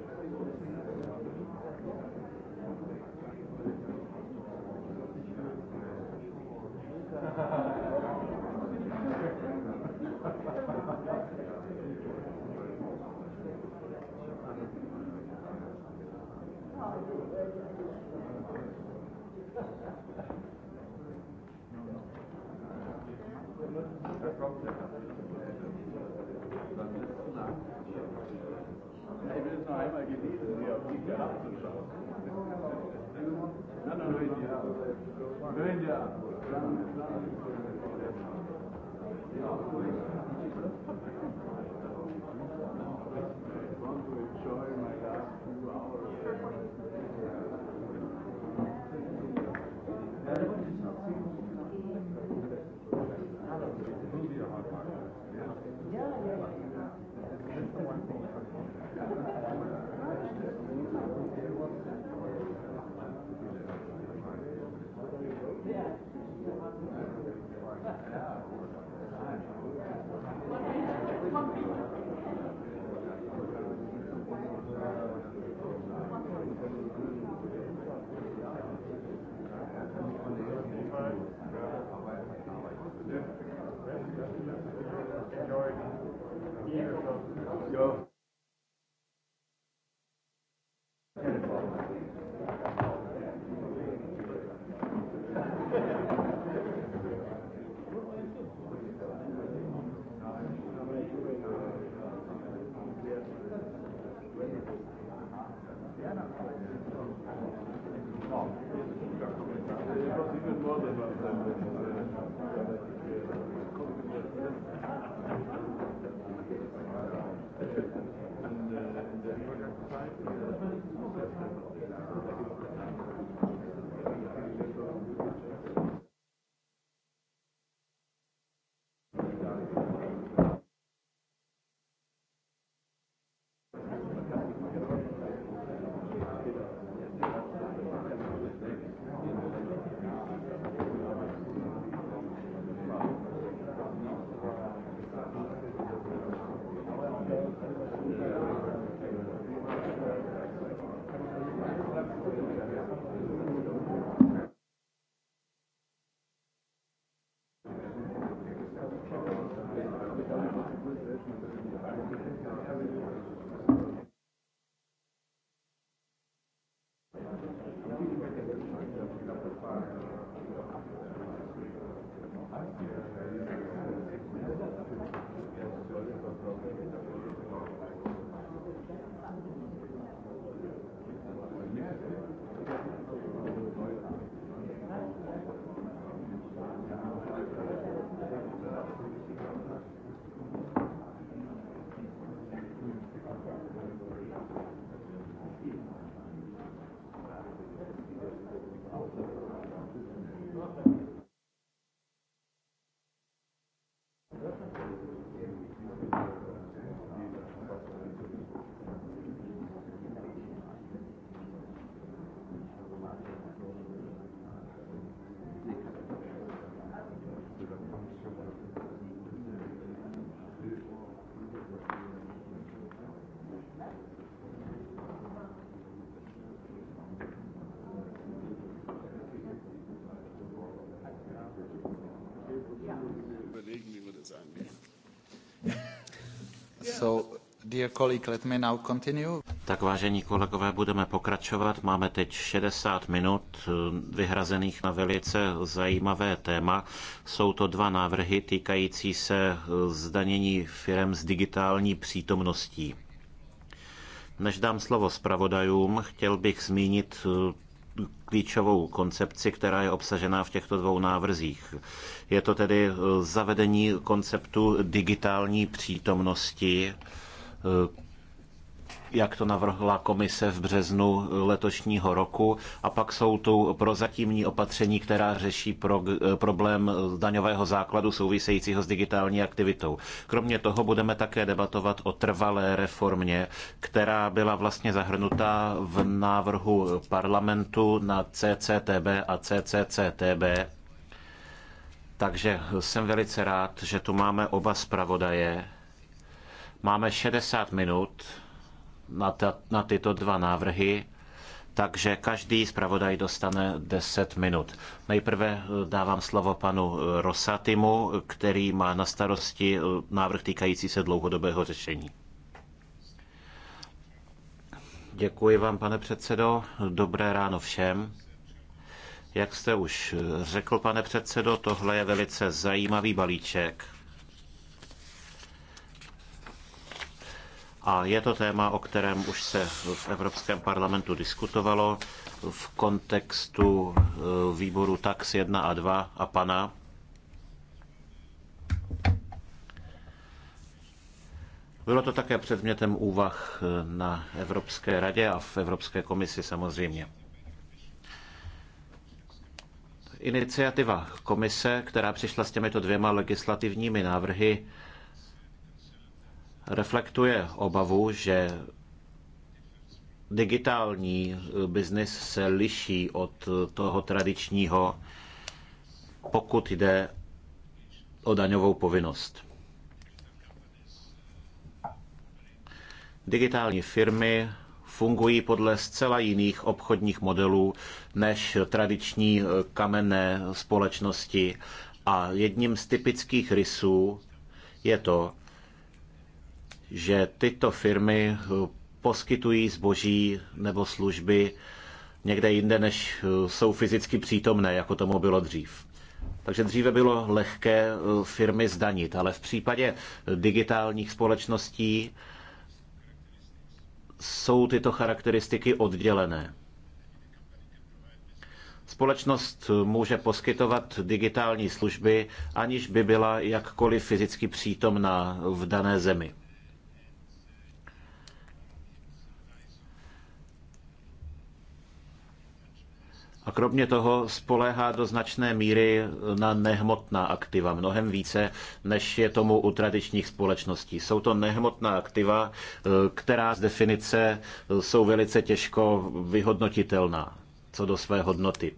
jetzt noch einmal gelesen, wie auf die Karte schaut. Dann hören ab. Hören ab. Ja, Jo. So, dear colleague, let me now continue. Tak vážení kolegové, budeme pokračovat. Máme teď 60 minut eh, vyhrazených na velice zajímavé téma. Jsou to dva návrhy týkající se eh, zdanění firm s digitální přítomností. Než dám slovo zpravodajům, chtěl bych zmínit eh, klíčovou koncepci, která je obsažená v těchto dvou návrzích. Je to tedy eh, zavedení konceptu digitální přítomnosti eh, jak to navrhla komise v březnu letošního roku. A pak jsou tu prozatímní opatření, která řeší pro, problém daňového základu souvisejícího s digitální aktivitou. Kromě toho budeme také debatovat o trvalé reformě, která byla vlastně zahrnuta v návrhu parlamentu na CCTB a CCCTB. Takže jsem velice rád, že tu máme oba zpravodaje. Máme 60 minut na, ta, na tyto dva návrhy, takže každý zpravodaj dostane 10 minut. Nejprve eh, dávám slovo panu eh, Rosatimu, který má na starosti eh, návrh týkající se dlouhodobého řešení. Děkuji vám, pane předsedo. Dobré ráno všem. Jak jste už řekl, pane předsedo, tohle je velice zajímavý balíček A je to téma, o kterém už se v Evropském parlamentu diskutovalo v kontextu eh, výboru TAX 1 a 2 a pana. Bylo to také předmětem úvah eh, na Evropské radě a v Evropské komisi samozřejmě. Iniciativa komise, která přišla s těmito dvěma legislativními návrhy, reflektuje obavu, že digitální biznis se liší od toho tradičního, pokud jde o daňovou povinnost. Digitální firmy fungují podle zcela jiných obchodních modelů než tradiční kamenné společnosti a jedním z typických rysů je to, že tyto firmy eh, poskytují zboží nebo služby někde jinde, než eh, jsou fyzicky přítomné, jako tomu bylo dřív. Takže dříve bylo lehké eh, firmy zdanit, ale v případě digitálních společností jsou tyto charakteristiky oddělené. Společnost může poskytovat digitální služby, aniž by byla jakkoliv fyzicky přítomná v dané zemi. A kromě toho spoléhá do značné míry na nehmotná aktiva, mnohem více, než je tomu u tradičních společností. Jsou to nehmotná aktiva, eh, která z definice eh, jsou velice těžko vyhodnotitelná co do své hodnoty.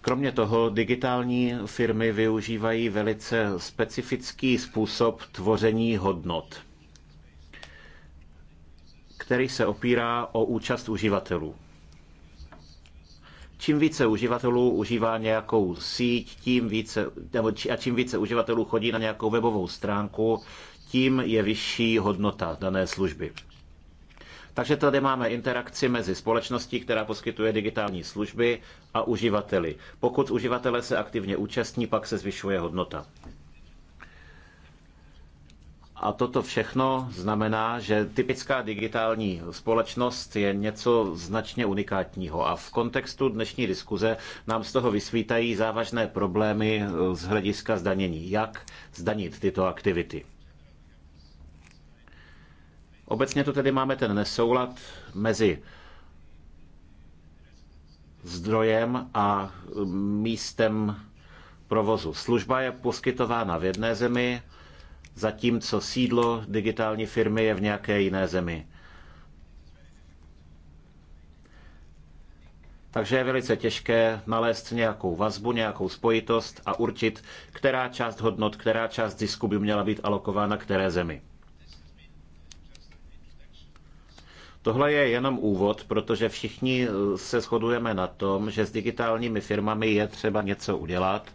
Kromě toho digitální firmy využívají velice specifický způsob tvoření hodnot, který se opírá o účast uživatelů čím více uživatelů užívá nějakou síť, tím více, nebo a čím více uživatelů chodí na nějakou webovou stránku, tím je vyšší hodnota dané služby. Takže tady máme interakci mezi společností, která poskytuje digitální služby a uživateli. Pokud uživatelé se aktivně účastní, pak se zvyšuje hodnota. A toto všechno znamená, že typická digitální společnost je něco značně unikátního. A v kontextu dnešní diskuze nám z toho vysvítají závažné problémy eh, z hlediska zdanění. Jak zdanit tyto aktivity? Obecně tu tedy máme ten nesoulad mezi zdrojem a eh, místem provozu. Služba je poskytována v jedné zemi, zatímco sídlo digitální firmy je v nějaké jiné zemi. Takže je velice těžké nalézt nějakou vazbu, nějakou spojitost a určit, která část hodnot, která část zisku by měla být alokována které zemi. Tohle je jenom úvod, protože všichni eh, se shodujeme na tom, že s digitálními firmami je třeba něco udělat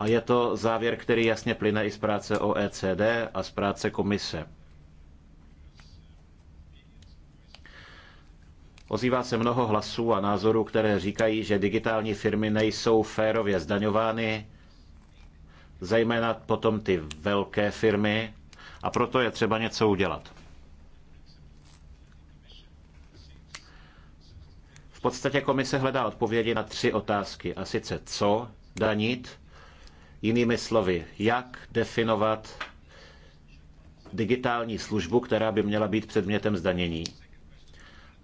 A je to závěr, který jasně plyne i z práce OECD a z práce komise. Ozývá se mnoho hlasů a názorů, které říkají, že digitální firmy nejsou férově zdaňovány, zejména potom ty velké firmy, a proto je třeba něco udělat. V podstatě komise hledá odpovědi na tři otázky, a sice co danit, Jinými slovy, jak definovat digitální službu, která by měla být předmětem zdanění?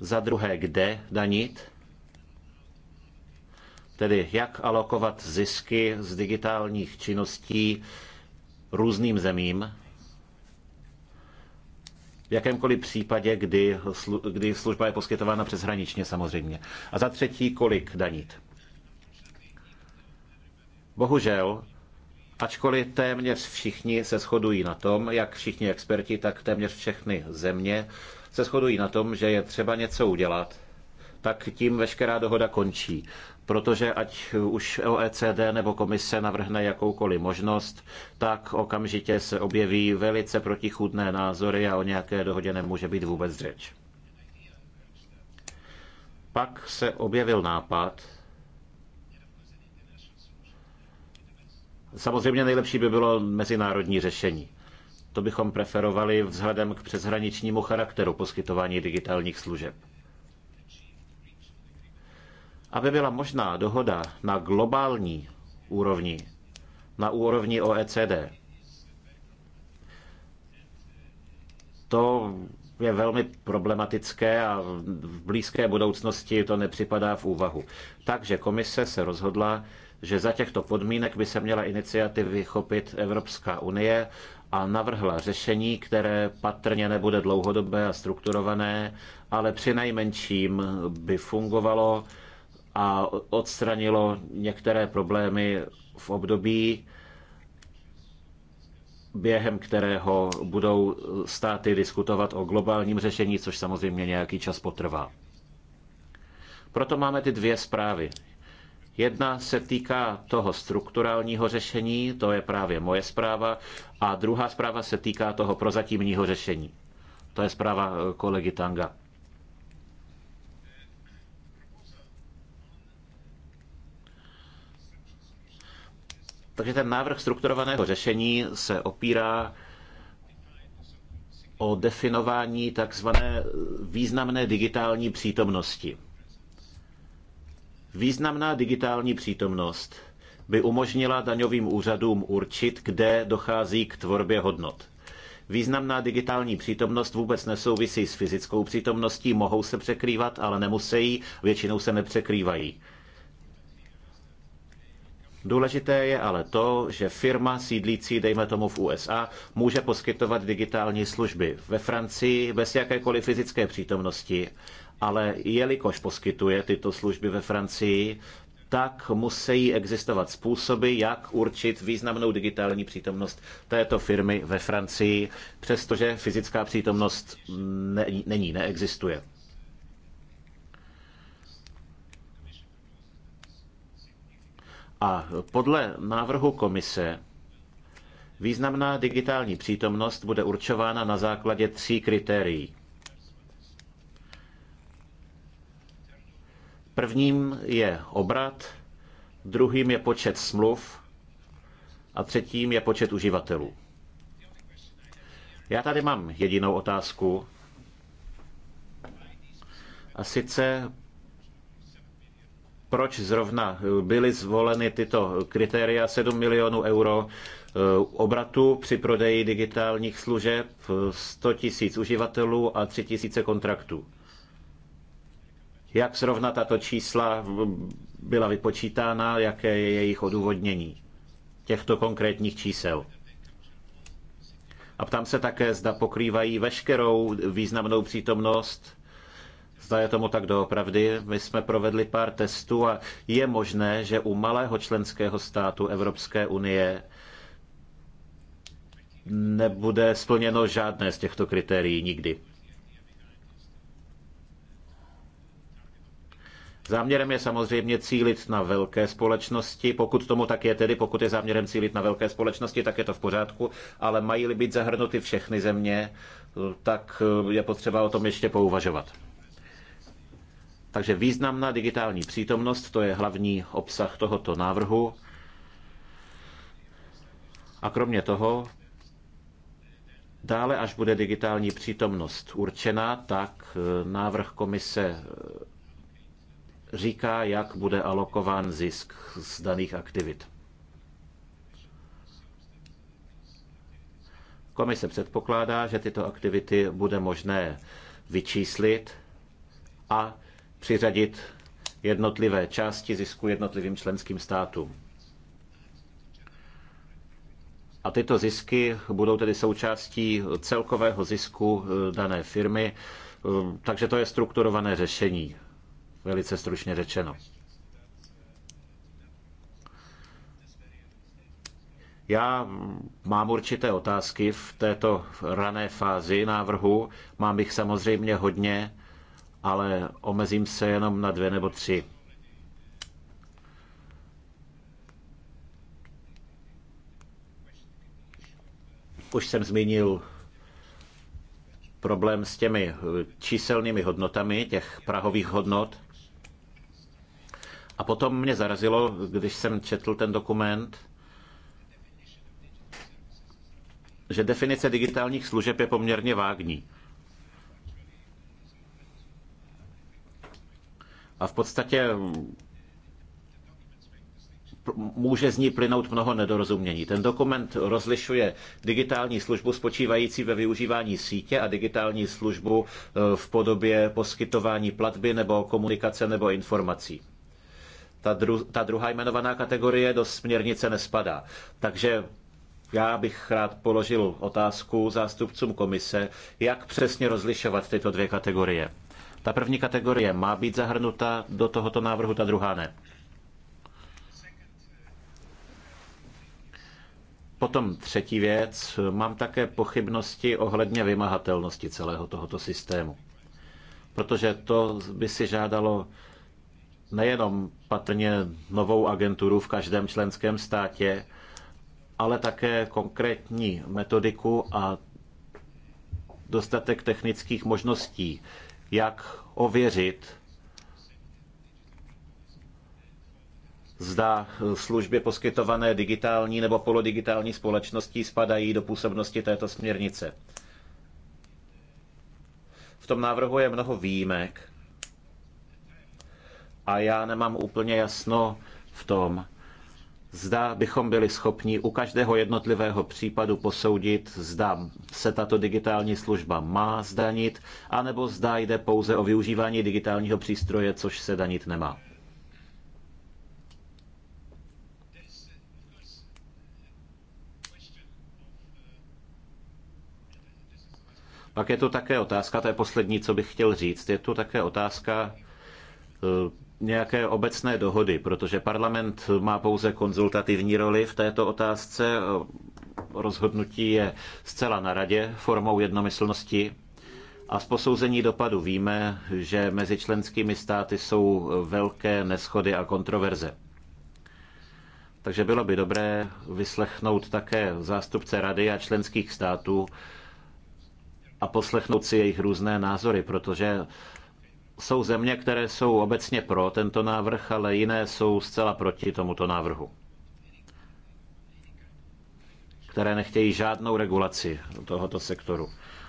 Za druhé, kde danit? Tedy jak alokovat zisky z digitálních činností různým zemím? V jakémkoliv případě, kdy, slu, kdy služba je poskytována přeshraničně samozřejmě. A za třetí, kolik danit? Bohužel, Ačkoliv téměř všichni se shodují na tom, jak všichni experti, tak téměř všechny země se shodují na tom, že je třeba něco udělat, tak tím veškerá dohoda končí. Protože ať už OECD nebo komise navrhne jakoukoliv možnost, tak okamžitě se objeví velice protichůdné názory a o nějaké dohodě nemůže být vůbec řeč. Pak se objevil nápad, Samozřejmě nejlepší by bylo mezinárodní řešení. To bychom preferovali vzhledem k přeshraničnímu charakteru poskytování digitálních služeb. Aby byla možná dohoda na globální úrovni, na úrovni OECD, to je velmi problematické a v blízké budoucnosti to nepřipadá v úvahu. Takže komise se rozhodla, že za těchto podmínek by se měla iniciativy chopit Evropská unie a navrhla řešení, které patrně nebude dlouhodobé a strukturované, ale při nejmenším by fungovalo a odstranilo některé problémy v období, během kterého budou státy diskutovat o globálním řešení, což samozřejmě nějaký čas potrvá. Proto máme ty dvě zprávy. Jedna se týká toho strukturálního řešení, to je právě moje zpráva, a druhá zpráva se týká toho prozatímního řešení. To je zpráva eh, kolegy Tanga. Takže ten návrh strukturovaného řešení se opírá o definování takzvané významné digitální přítomnosti. Významná digitální přítomnost by umožnila daňovým úřadům určit, kde dochází k tvorbě hodnot. Významná digitální přítomnost vůbec nesouvisí s fyzickou přítomností, mohou se překrývat, ale nemusí, většinou se nepřekrývají. Důležité je ale to, že firma sídlící, dejme tomu v USA, může poskytovat digitální služby ve Francii bez jakékoliv fyzické přítomnosti ale jelikož poskytuje tyto služby ve Francii, tak musí existovat způsoby, jak určit významnou digitální přítomnost této firmy ve Francii, přestože fyzická přítomnost není, neexistuje. A podle návrhu komise významná digitální přítomnost bude určována na základě tří kritérií. Prvním je obrat, druhým je počet smluv a třetím je počet uživatelů. Já tady mám jedinou otázku. A sice, proč zrovna byly zvoleny tyto kritéria 7 milionů euro eh, obratu při prodeji digitálních služeb, 100 eh, tisíc uživatelů a 3 tisíce kontraktů jak zrovna tato čísla byla vypočítána, jaké je jejich odůvodnění těchto konkrétních čísel. A ptám se také, zda pokrývají veškerou významnou přítomnost Zda je tomu tak doopravdy, my jsme provedli pár testů a je možné, že u malého členského státu Evropské unie nebude splněno žádné z těchto kritérií nikdy. Záměrem je samozřejmě cílit na velké společnosti, pokud tomu tak je tedy, pokud je záměrem cílit na velké společnosti, tak je to v pořádku, ale mají-li být zahrnuty všechny země, tak eh, je potřeba o tom ještě pouvažovat. Takže významná digitální přítomnost, to je hlavní obsah tohoto návrhu. A kromě toho, dále, až bude digitální přítomnost určena, tak eh, návrh komise eh, říká, jak bude alokován zisk z daných aktivit. Komise předpokládá, že tyto aktivity bude možné vyčíslit a přiřadit jednotlivé části zisku jednotlivým členským státům. A tyto zisky budou tedy součástí celkového zisku dané firmy, takže to je strukturované řešení velice stručně řečeno. Já mám určité otázky v této rané fázi návrhu. Mám jich samozřejmě hodně, ale omezím se jenom na dvě nebo tři. Už jsem zmínil problém s těmi číselnými hodnotami, těch prahových hodnot. A potom mě zarazilo, když jsem četl ten dokument, že definice digitálních služeb je poměrně vágní. A v podstatě může z ní plynout mnoho nedorozumění. Ten dokument rozlišuje digitální službu spočívající ve využívání sítě a digitální službu eh, v podobě poskytování platby nebo komunikace nebo informací. Ta, dru, ta druhá jmenovaná kategorie do směrnice nespadá. Takže já bych rád položil otázku zástupcům komise, jak přesně rozlišovat tyto dvě kategorie. Ta první kategorie má být zahrnuta do tohoto návrhu, ta druhá ne. Potom třetí věc, mám také pochybnosti ohledně vymahatelnosti celého tohoto systému. Protože to by si žádalo nejenom patrně novou agenturu v každém členském státě, ale také konkrétní metodiku a dostatek technických možností, jak ověřit, zda služby poskytované digitální nebo polodigitální společností spadají do působnosti této směrnice. V tom návrhu je mnoho výjimek, a já nemám úplně jasno v tom, zda bychom byli schopni u každého jednotlivého případu posoudit, zda se tato digitální služba má zdanit, anebo zda jde pouze o využívání digitálního přístroje, což se danit nemá. Pak je tu také otázka, to je poslední, co bych chtěl říct, je tu také otázka eh, nějaké obecné dohody, protože parlament má pouze konzultativní roli v této otázce. Rozhodnutí je zcela na radě formou jednomyslnosti. A z posouzení dopadu víme, že mezi členskými státy jsou velké neschody a kontroverze. Takže bylo by dobré vyslechnout také zástupce rady a členských států a poslechnout si jejich různé názory, protože jsou země, které jsou obecně pro tento návrh, ale jiné jsou zcela proti tomuto návrhu, které nechtějí žádnou regulaci tohoto sektoru.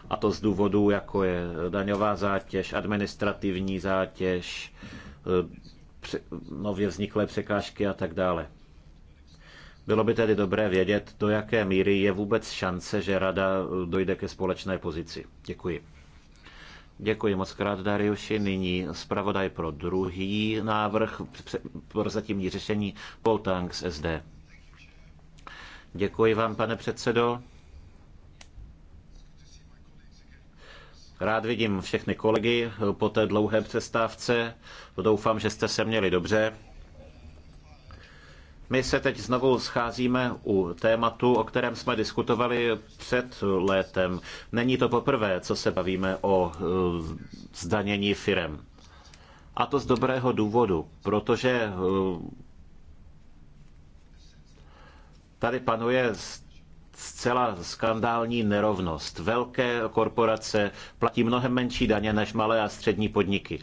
A to z důvodů, jako je daňová zátěž, administrativní zátěž, eh, nově vzniklé překážky a tak dále. Bylo by tedy dobré vědět, do jaké míry je vůbec šance, že Rada dojde ke společné pozici. Děkuji. Děkuji moc krát, Dariuši. Nyní zpravodaj pro druhý návrh pro zatímní řešení Paul z SD. Děkuji vám, pane předsedo. Rád vidím všechny kolegy po té dlouhé přestávce. Doufám, že jste se měli dobře. My se teď znovu scházíme u tématu, o kterém jsme diskutovali před létem. Není to poprvé, co se bavíme o e, zdanění firem. A to z dobrého důvodu, protože e, tady panuje zcela skandální nerovnost. Velké korporace platí mnohem menší daně než malé a střední podniky.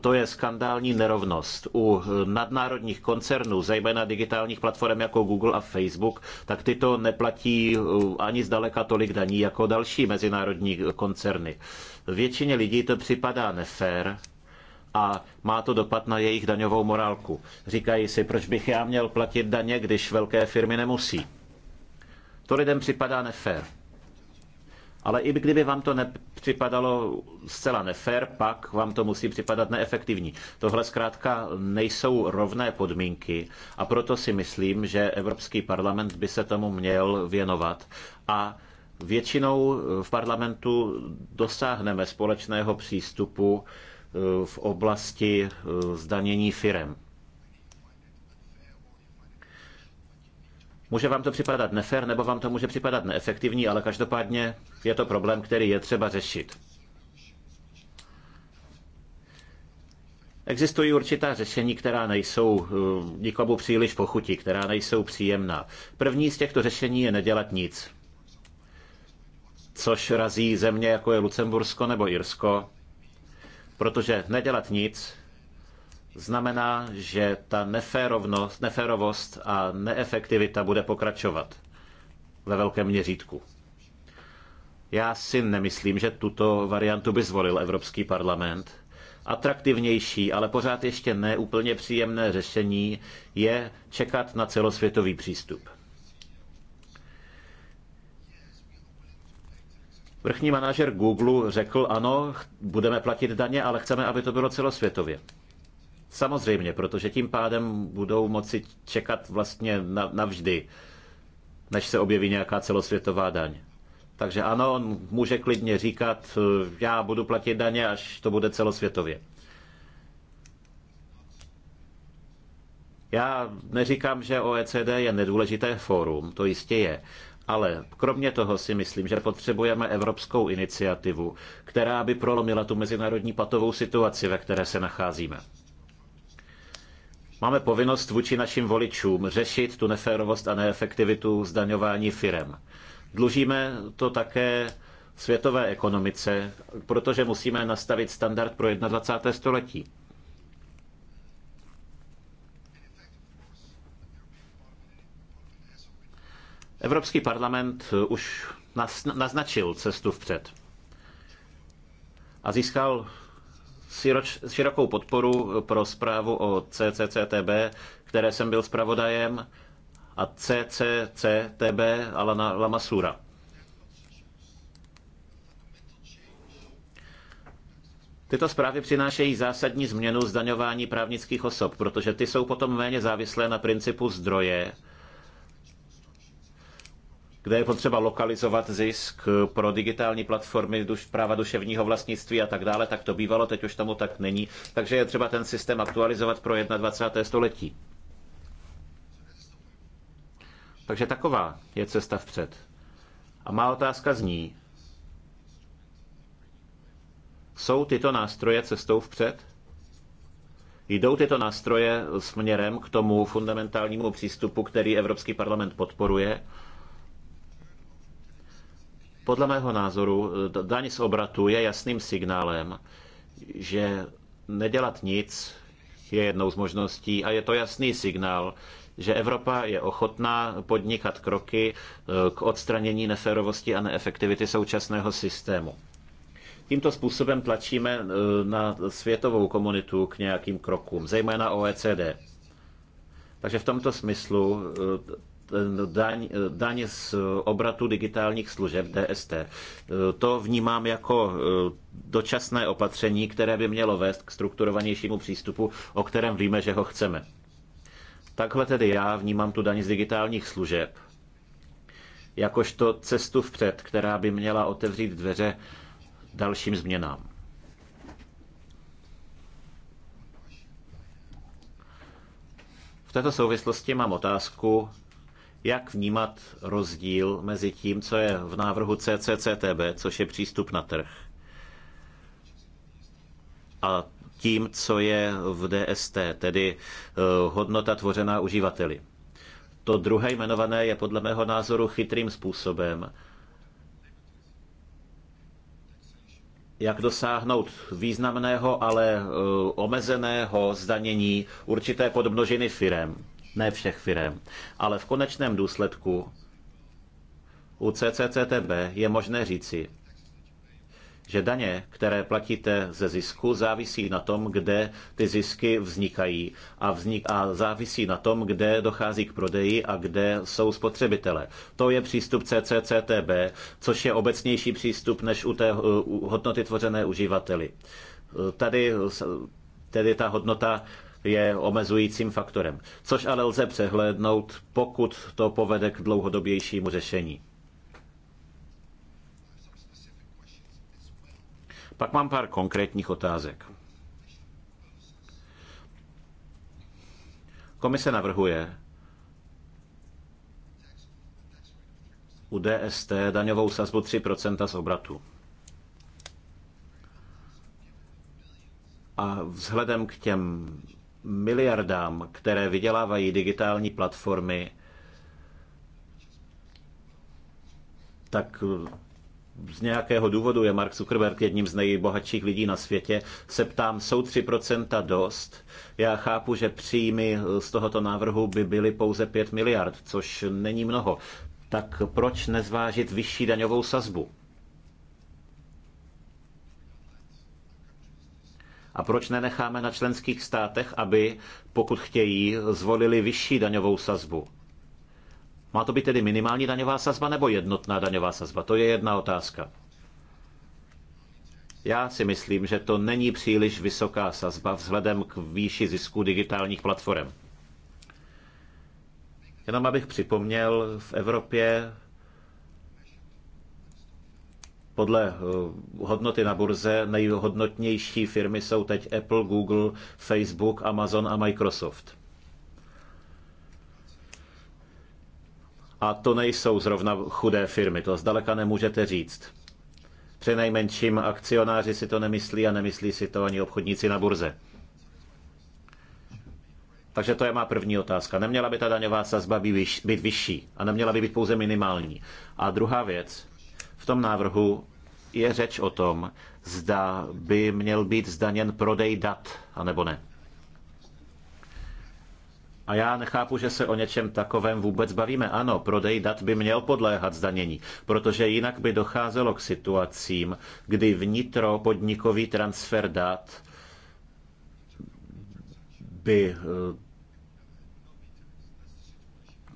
To je skandální nerovnost. U nadnárodních koncernů, zejména digitálních platform jako Google a Facebook, tak tyto neplatí eh, ani zdaleka tolik daní jako další mezinárodní koncerny. Většině lidí to připadá nefér, a má to dopad na jejich daňovou morálku. Říkají si, proč bych já měl platit daně, když velké firmy nemusí. To lidem připadá nefér. Ale i kdyby vám to nepřipadalo zcela nefér, pak vám to musí připadat neefektivní. Tohle zkrátka nejsou rovné podmínky a proto si myslím, že Evropský parlament by se tomu měl věnovat a většinou v parlamentu dosáhneme společného přístupu eh, v oblasti eh, zdanění firem. Může vám to připadat nefér, nebo vám to může připadat neefektivní, ale každopádně je to problém, který je třeba řešit. Existují určitá řešení, která nejsou eh, nikomu příliš pochutí, která nejsou příjemná. První z těchto řešení je nedělat nic, což razí země, jako je Lucembursko nebo Irsko, protože nedělat nic znamená, že ta neférovnost, neférovost a neefektivita bude pokračovat ve velkém měřítku. Já si nemyslím, že tuto variantu by zvolil Evropský parlament. Atraktivnější, ale pořád ještě ne úplně příjemné řešení je čekat na celosvětový přístup. Vrchní manažer Google řekl, ano, budeme platit daně, ale chceme, aby to bylo celosvětově. Samozřejmě, protože tím pádem budou moci čekat vlastně navždy, než se objeví nějaká celosvětová daň. Takže ano, on může klidně říkat, eh, já budu platit daně, až to bude celosvětově. Já neříkám, že OECD je nedůležité fórum, to jistě je, ale kromě toho si myslím, že potřebujeme evropskou iniciativu, která by prolomila tu mezinárodní patovou situaci, ve které se nacházíme. Máme povinnost vůči našim voličům řešit tu neférovost a neefektivitu zdaňování firem. Dlužíme to také světové ekonomice, protože musíme nastavit standard pro 21. století. Evropský parlament už naznačil cestu vpřed a získal širokou podporu pro zprávu o CCCTB, které jsem byl zpravodajem, a CCCTB Alana Lamasura. Tyto zprávy přinášejí zásadní změnu zdaňování právnických osob, protože ty jsou potom méně závislé na principu zdroje kde je potřeba lokalizovat zisk pro digitální platformy, duš, práva duševního vlastnictví a tak dále, tak to bývalo, teď už tomu tak není. Takže je třeba ten systém aktualizovat pro 21. století. Takže taková je cesta vpřed. A má otázka zní, jsou tyto nástroje cestou vpřed? Jdou tyto nástroje směrem k tomu fundamentálnímu přístupu, který Evropský parlament podporuje? Podle mého názoru eh, daň z obratu je jasným signálem, že nedělat nic je jednou z možností a je to jasný signál, že Evropa je ochotná podnikat kroky eh, k odstranění neférovosti a neefektivity současného systému. Tímto způsobem tlačíme eh, na světovou komunitu k nějakým krokům, zejména OECD. Takže v tomto smyslu Eh, daň, eh, daň z obratu digitálních služeb DST. Eh, to vnímám jako dočasné opatření, které by mělo vést k strukturovanějšímu přístupu, o kterém víme, že ho chceme. Takhle tedy já vnímám tu daň z digitálních služeb jakožto cestu vpřed, která by měla otevřít dveře dalším změnám. V této souvislosti mám otázku, jak vnímat rozdíl mezi tím, co je v návrhu CCCTB, což je přístup na trh, a tím, co je v DST, tedy eh, hodnota tvořená uživateli. To druhé jmenované je podle mého názoru chytrým způsobem, jak dosáhnout významného, ale eh, omezeného zdanění určité podmnožiny firem ne všech firm. Ale v konečném důsledku u CCCTB je možné říci, že daně, které platíte ze zisku, závisí na tom, kde ty zisky vznikají a, vznik, a závisí na tom, kde dochází k prodeji a kde jsou spotřebitele. To je přístup CCCTB, což je obecnější přístup než u té hodnoty tvořené uživateli. Tady tedy ta hodnota je omezujícím faktorem, což ale lze přehlédnout, pokud to povede k dlouhodobějšímu řešení. Pak mám pár konkrétních otázek. Komise navrhuje u DST daňovou sazbu 3% z obratu. A vzhledem k těm miliardám, které vydělávají digitální platformy, tak z nějakého důvodu je Mark Zuckerberg jedním z nejbohatších lidí na světě, se ptám, jsou 3% dost? Já chápu, že příjmy z tohoto návrhu by byly pouze 5 miliard, což není mnoho. Tak proč nezvážit vyšší daňovou sazbu? A proč nenecháme na členských státech, aby, pokud chtějí, zvolili vyšší daňovou sazbu? Má to být tedy minimální daňová sazba nebo jednotná daňová sazba? To je jedna otázka. Já si myslím, že to není příliš vysoká sazba vzhledem k výši zisku digitálních platform. Jenom abych připomněl, v Evropě podle eh, hodnoty na burze nejhodnotnější firmy jsou teď Apple, Google, Facebook, Amazon a Microsoft. A to nejsou zrovna chudé firmy, to zdaleka nemůžete říct. nejmenším akcionáři si to nemyslí a nemyslí si to ani obchodníci na burze. Takže to je má první otázka. Neměla by ta daňová sazba být vyšší a neměla by být pouze minimální. A druhá věc, v tom návrhu je řeč o tom, zda by měl být zdaněn prodej dat, anebo ne. A já nechápu, že se o něčem takovém vůbec bavíme. Ano, prodej dat by měl podléhat zdanění, protože jinak by docházelo k situacím, kdy vnitro podnikový transfer dat by eh,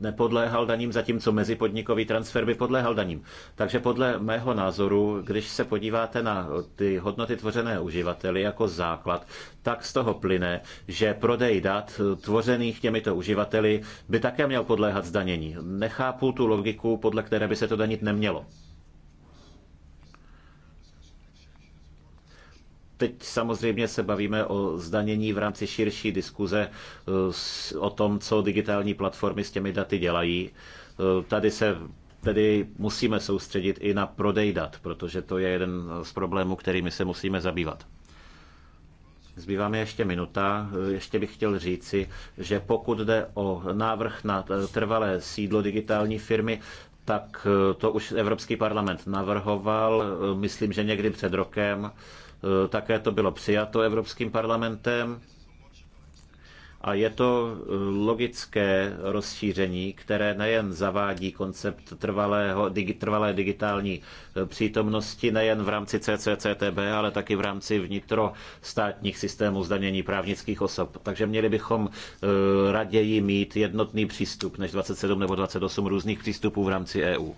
nepodléhal daním, zatímco mezipodnikový transfer by podléhal daním. Takže podle mého názoru, když se podíváte na ty hodnoty tvořené uživateli jako základ, tak z toho plyne, že prodej dat tvořených těmito uživateli by také měl podléhat zdanění. Nechápu tu logiku, podle které by se to danit nemělo. Teď samozřejmě se bavíme o zdanění v rámci širší diskuze e, o tom, co digitální platformy s těmi daty dělají. E, tady se tedy musíme soustředit i na prodej dat, protože to je jeden z problémů, kterými se musíme zabývat. Zbývá mi ještě minuta. E, ještě bych chtěl říci, že pokud jde o návrh na trvalé sídlo digitální firmy, tak to už Evropský parlament navrhoval, myslím, že někdy před rokem. Eh, také to bylo přijato Evropským parlamentem. A je to eh, logické rozšíření, které nejen zavádí koncept trvalého, digi, trvalé digitální eh, přítomnosti nejen v rámci CCCTB, ale taky v rámci vnitrostátních systémů zdanění právnických osob. Takže měli bychom raději mít jednotný přístup než 27 nebo 28 různých přístupů v rámci EU.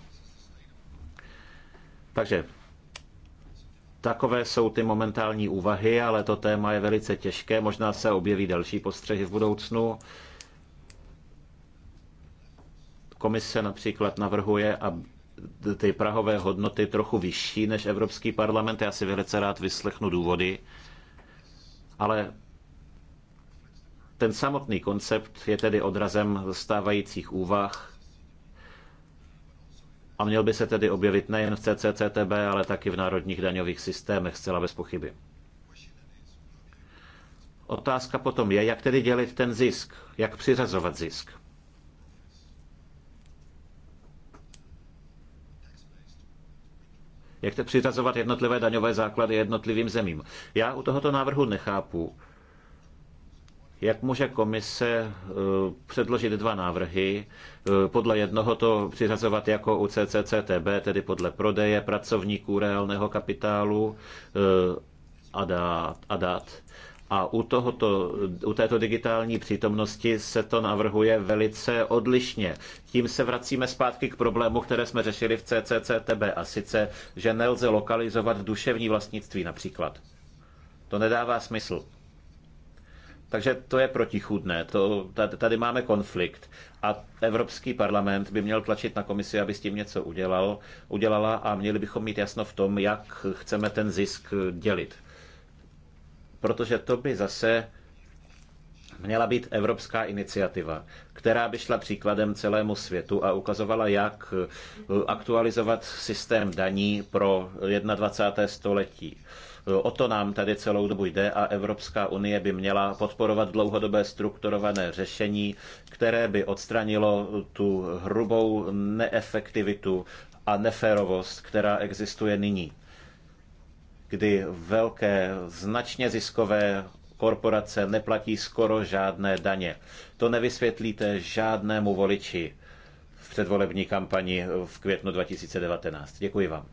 Takže Takové jsou ty momentální úvahy, ale to téma je velice těžké. Možná se objeví další postřehy v budoucnu. Komise například navrhuje, a ty prahové hodnoty trochu vyšší než Evropský parlament. Já si velice rád vyslechnu důvody, ale ten samotný koncept je tedy odrazem stávajících úvah a měl by se tedy objevit nejen v CCCTB, ale taky v národních daňových systémech zcela bez pochyby. Otázka potom je, jak tedy dělit ten zisk, jak přiřazovat zisk. Jak to přiřazovat jednotlivé daňové základy jednotlivým zemím. Já u tohoto návrhu nechápu, jak může komise eh, předložit dva návrhy, eh, podle jednoho to přiřazovat jako u CCCTB, tedy podle prodeje pracovníků reálného kapitálu eh, a dát, a dát. A u, tohoto, u této digitální přítomnosti se to navrhuje velice odlišně. Tím se vracíme zpátky k problému, které jsme řešili v CCCTB, a sice, že nelze lokalizovat duševní vlastnictví například. To nedává smysl. Takže to je protichůdné, to, tady máme konflikt. A Evropský parlament by měl tlačit na komisi, aby s tím něco udělal, udělala a měli bychom mít jasno v tom, jak chceme ten zisk dělit. Protože to by zase měla být evropská iniciativa, která by šla příkladem celému světu a ukazovala, jak aktualizovat systém daní pro 21. století. O to nám tady celou dobu jde a Evropská unie by měla podporovat dlouhodobé strukturované řešení, které by odstranilo tu hrubou neefektivitu a neférovost, která existuje nyní kdy velké, značně ziskové korporace neplatí skoro žádné daně. To nevysvětlíte žádnému voliči v předvolební kampani v květnu 2019. Děkuji vám.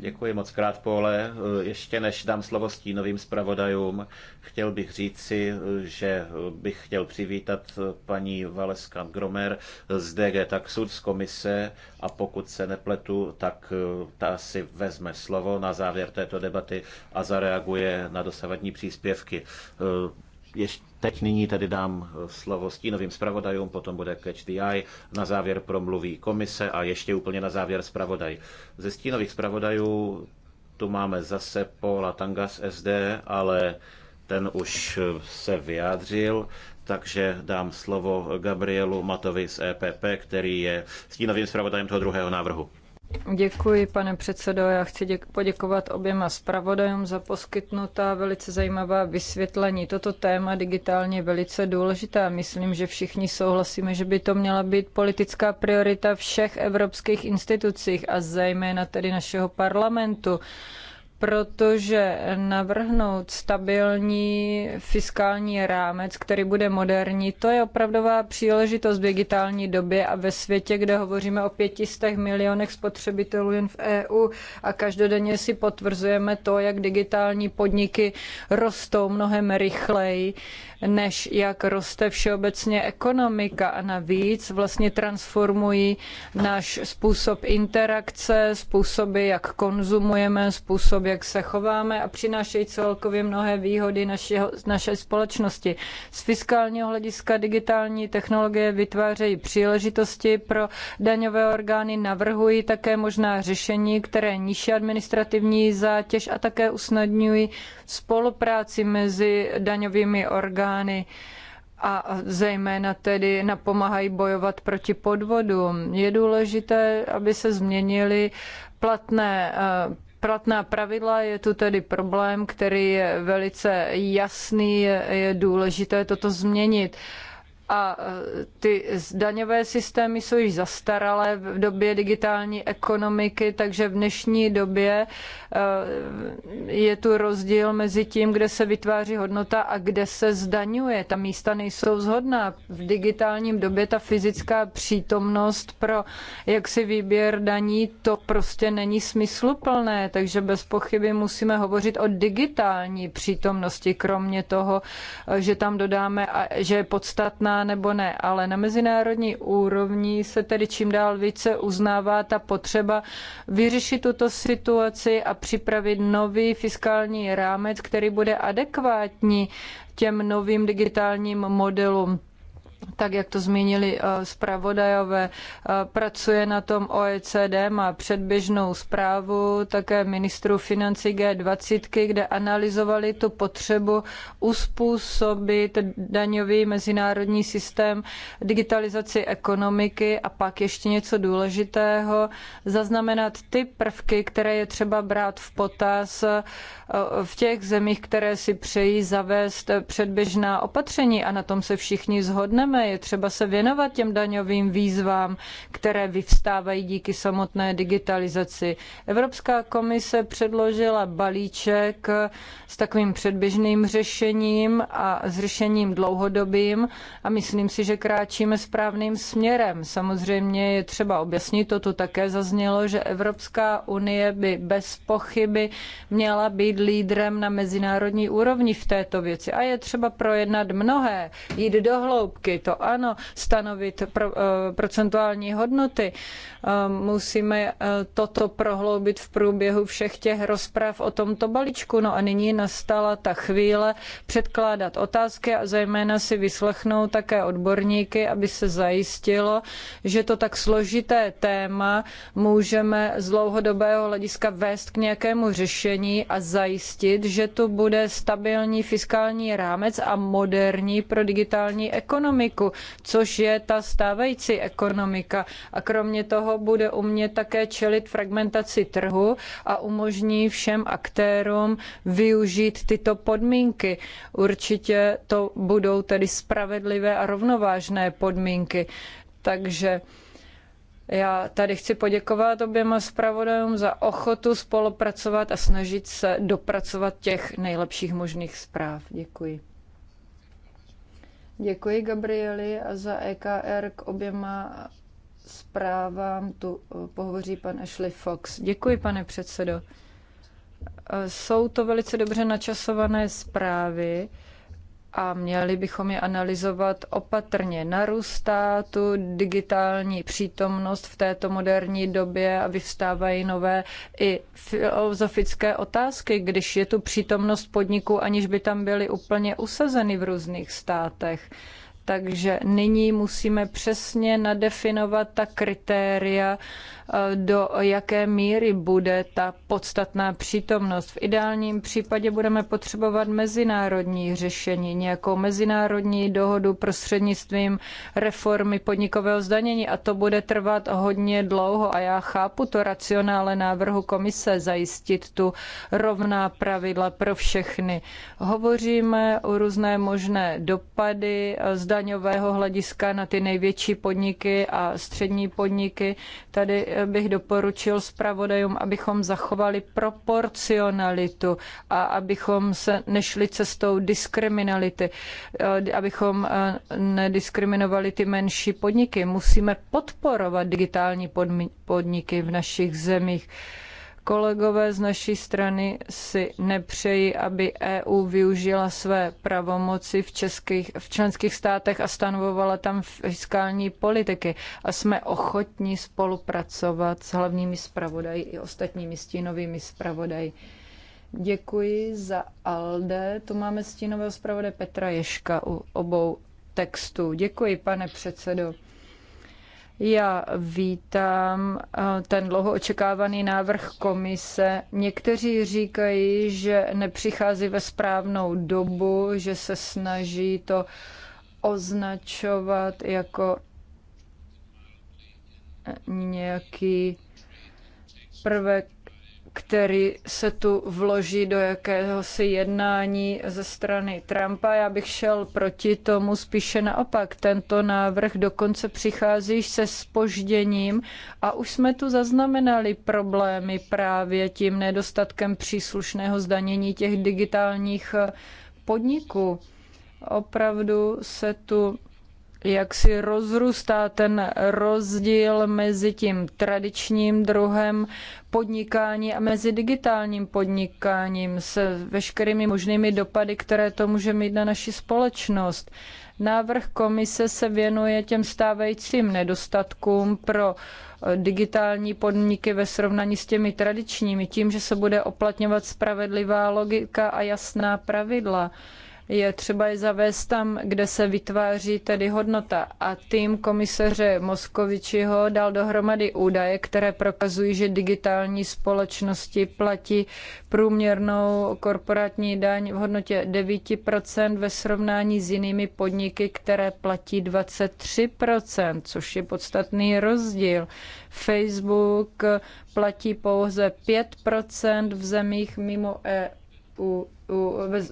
Děkuji moc krát, Pole. Ještě než dám slovo stínovým zpravodajům, chtěl bych říci, že bych chtěl přivítat paní Valeska Gromer z DG Taxud z komise a pokud se nepletu, tak ta si vezme slovo na závěr této debaty a zareaguje na dosavadní příspěvky ještě teď nyní tady dám eh, slovo stínovým zpravodajům, potom bude Catch the Eye, na závěr promluví komise a ještě úplně na závěr zpravodaj. Ze stínových zpravodajů tu máme zase Paula Tangas SD, ale ten už eh, se vyjádřil, takže dám slovo Gabrielu Matovi z EPP, který je stínovým zpravodajem toho druhého návrhu. Děkuji, pane předsedo. Já chci poděkovat oběma zpravodajům za poskytnutá velice zajímavá vysvětlení. Toto téma digitálně je velice důležité. Myslím, že všichni souhlasíme, že by to měla být politická priorita všech evropských institucích a zejména tedy našeho parlamentu protože navrhnout stabilní fiskální rámec, který bude moderní, to je opravdová příležitost v digitální době a ve světě, kde hovoříme o 500 milionech spotřebitelů jen v EU a každodenně si potvrzujeme to, jak digitální podniky rostou mnohem rychleji než jak roste všeobecně ekonomika a navíc vlastně transformují náš způsob interakce, způsoby, jak konzumujeme, způsob, jak se chováme a přinášejí celkově mnohé výhody našeho, naše společnosti. Z fiskálního hlediska digitální technologie vytvářejí příležitosti pro daňové orgány, navrhují také možná řešení, které nižší administrativní zátěž a také usnadňují spolupráci mezi daňovými orgány a zejména tedy napomáhají bojovat proti podvodům. Je důležité, aby se změnily platné eh, platná pravidla, je tu tedy problém, který je velice jasný, je, je důležité toto změnit a e, ty daňové systémy jsou již zastaralé v době digitální ekonomiky, takže v dnešní době e, je tu rozdíl mezi tím, kde se vytváří hodnota a kde se zdaňuje. Ta místa nejsou zhodná. V digitálním době ta fyzická přítomnost pro jaksi výběr daní, to prostě není smysluplné, takže bez pochyby musíme hovořit o digitální přítomnosti, kromě toho, e, že tam dodáme, že je podstatná nebo ne, ale na mezinárodní úrovni se tedy čím dál více uznává ta potřeba vyřešit tuto situaci a připravit nový fiskální rámec, který bude adekvátní těm novým digitálním modelům tak jak to zmínili eh, zpravodajové, eh, pracuje na tom OECD, má předběžnou zprávu také ministru financí G20, kde analyzovali tu potřebu uspůsobit daňový mezinárodní systém digitalizaci ekonomiky a pak ještě něco důležitého, zaznamenat ty prvky, které je třeba brát v potaz eh, v těch zemích, které si přejí zavést předběžná opatření a na tom se všichni zhodneme dostaneme. Je třeba se věnovat těm daňovým výzvám, které vyvstávají díky samotné digitalizaci. Evropská komise předložila balíček s takovým předběžným řešením a s řešením dlouhodobým a myslím si, že kráčíme správným směrem. Samozřejmě je třeba objasnit, to tu také zaznělo, že Evropská unie by bez pochyby měla být lídrem na mezinárodní úrovni v této věci a je třeba projednat mnohé, jít do hloubky, to ano, stanovit pro, eh, procentuální hodnoty. Eh, musíme eh, toto prohloubit v průběhu všech těch rozprav o tomto balíčku. No a nyní nastala ta chvíle předkládat otázky a zejména si vyslechnout také odborníky, aby se zajistilo, že to tak složité téma můžeme z dlouhodobého hlediska vést k nějakému řešení a zajistit, že tu bude stabilní fiskální rámec a moderní pro digitální ekonomiku ekonomiku, což je ta stávající ekonomika. A kromě toho bude umět také čelit fragmentaci trhu a umožní všem aktérům využít tyto podmínky. Určitě to budou tedy spravedlivé a rovnovážné podmínky. Takže já tady chci poděkovat oběma zpravodajům za ochotu spolupracovat a snažit se dopracovat těch nejlepších možných zpráv. Děkuji. Děkuji Gabrieli a za EKR k oběma zprávám tu eh, pohovoří pan Ashley Fox. Děkuji, pane předsedo. Eh, jsou to velice dobře načasované zprávy a měli bychom je analyzovat opatrně. Narůstá tu digitální přítomnost v této moderní době a vyvstávají nové i filozofické otázky, když je tu přítomnost podniků, aniž by tam byly úplně usazeny v různých státech. Takže nyní musíme přesně nadefinovat ta kritéria, do jaké míry bude ta podstatná přítomnost. V ideálním případě budeme potřebovat mezinárodní řešení, nějakou mezinárodní dohodu prostřednictvím reformy podnikového zdanění a to bude trvat hodně dlouho a já chápu to racionále návrhu komise zajistit tu rovná pravidla pro všechny. Hovoříme o různé možné dopady z daňového hlediska na ty největší podniky a střední podniky. Tady bych doporučil zpravodajům, abychom zachovali proporcionalitu a abychom se nešli cestou diskriminality, eh, abychom eh, nediskriminovali ty menší podniky. Musíme podporovat digitální podniky v našich zemích. Kolegové z naší strany si nepřejí, aby EU využila své pravomoci v, českých, v členských státech a stanovovala tam fiskální politiky. A jsme ochotní spolupracovat s hlavními zpravodaji i ostatními stínovými zpravodaji. Děkuji za Alde. Tu máme stínového zpravodaje Petra Ješka u obou textů. Děkuji, pane předsedo. Já vítám eh, ten dlouho očekávaný návrh komise. Někteří říkají, že nepřichází ve správnou dobu, že se snaží to označovat jako nějaký prvek který se tu vloží do jakéhosi jednání ze strany Trumpa. Já bych šel proti tomu spíše naopak. Tento návrh dokonce přichází se spožděním a už jsme tu zaznamenali problémy právě tím nedostatkem příslušného zdanění těch digitálních podniků. Opravdu se tu jak si rozrůstá ten rozdíl mezi tím tradičním druhem podnikání a mezi digitálním podnikáním se veškerými možnými dopady, které to může mít na naši společnost. Návrh komise se věnuje těm stávajícím nedostatkům pro eh, digitální podniky ve srovnání s těmi tradičními, tím, že se bude oplatňovat spravedlivá logika a jasná pravidla. Je třeba je zavést tam, kde se vytváří tedy hodnota. A tým komisaře Moskovičiho dal dohromady údaje, které prokazují, že digitální společnosti platí průměrnou korporátní daň v hodnotě 9% ve srovnání s jinými podniky, které platí 23%, což je podstatný rozdíl. Facebook platí pouze 5% v zemích mimo EU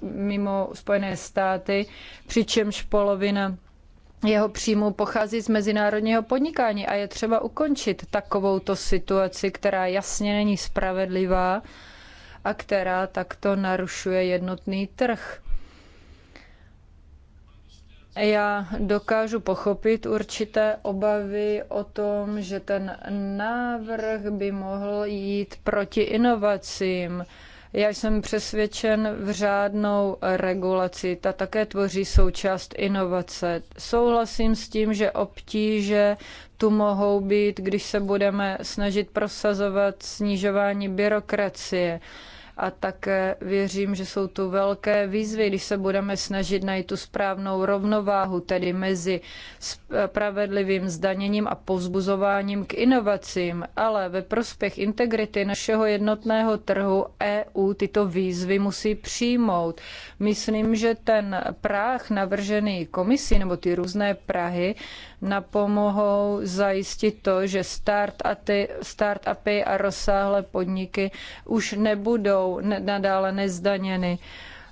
mimo Spojené státy, přičemž polovina jeho příjmu pochází z mezinárodního podnikání a je třeba ukončit takovouto situaci, která jasně není spravedlivá a která takto narušuje jednotný trh. Já dokážu pochopit určité obavy o tom, že ten návrh by mohl jít proti inovacím, já jsem přesvědčen v řádnou regulaci. Ta také tvoří součást inovace. Souhlasím s tím, že obtíže tu mohou být, když se budeme snažit prosazovat snižování byrokracie a také věřím, že jsou tu velké výzvy, když se budeme snažit najít tu správnou rovnováhu, tedy mezi spravedlivým zdaněním a povzbuzováním k inovacím, ale ve prospěch integrity našeho jednotného trhu EU tyto výzvy musí přijmout. Myslím, že ten práh navržený komisí nebo ty různé prahy napomohou zajistit to, že start-upy a rozsáhlé podniky už nebudou nadále nezdaněny.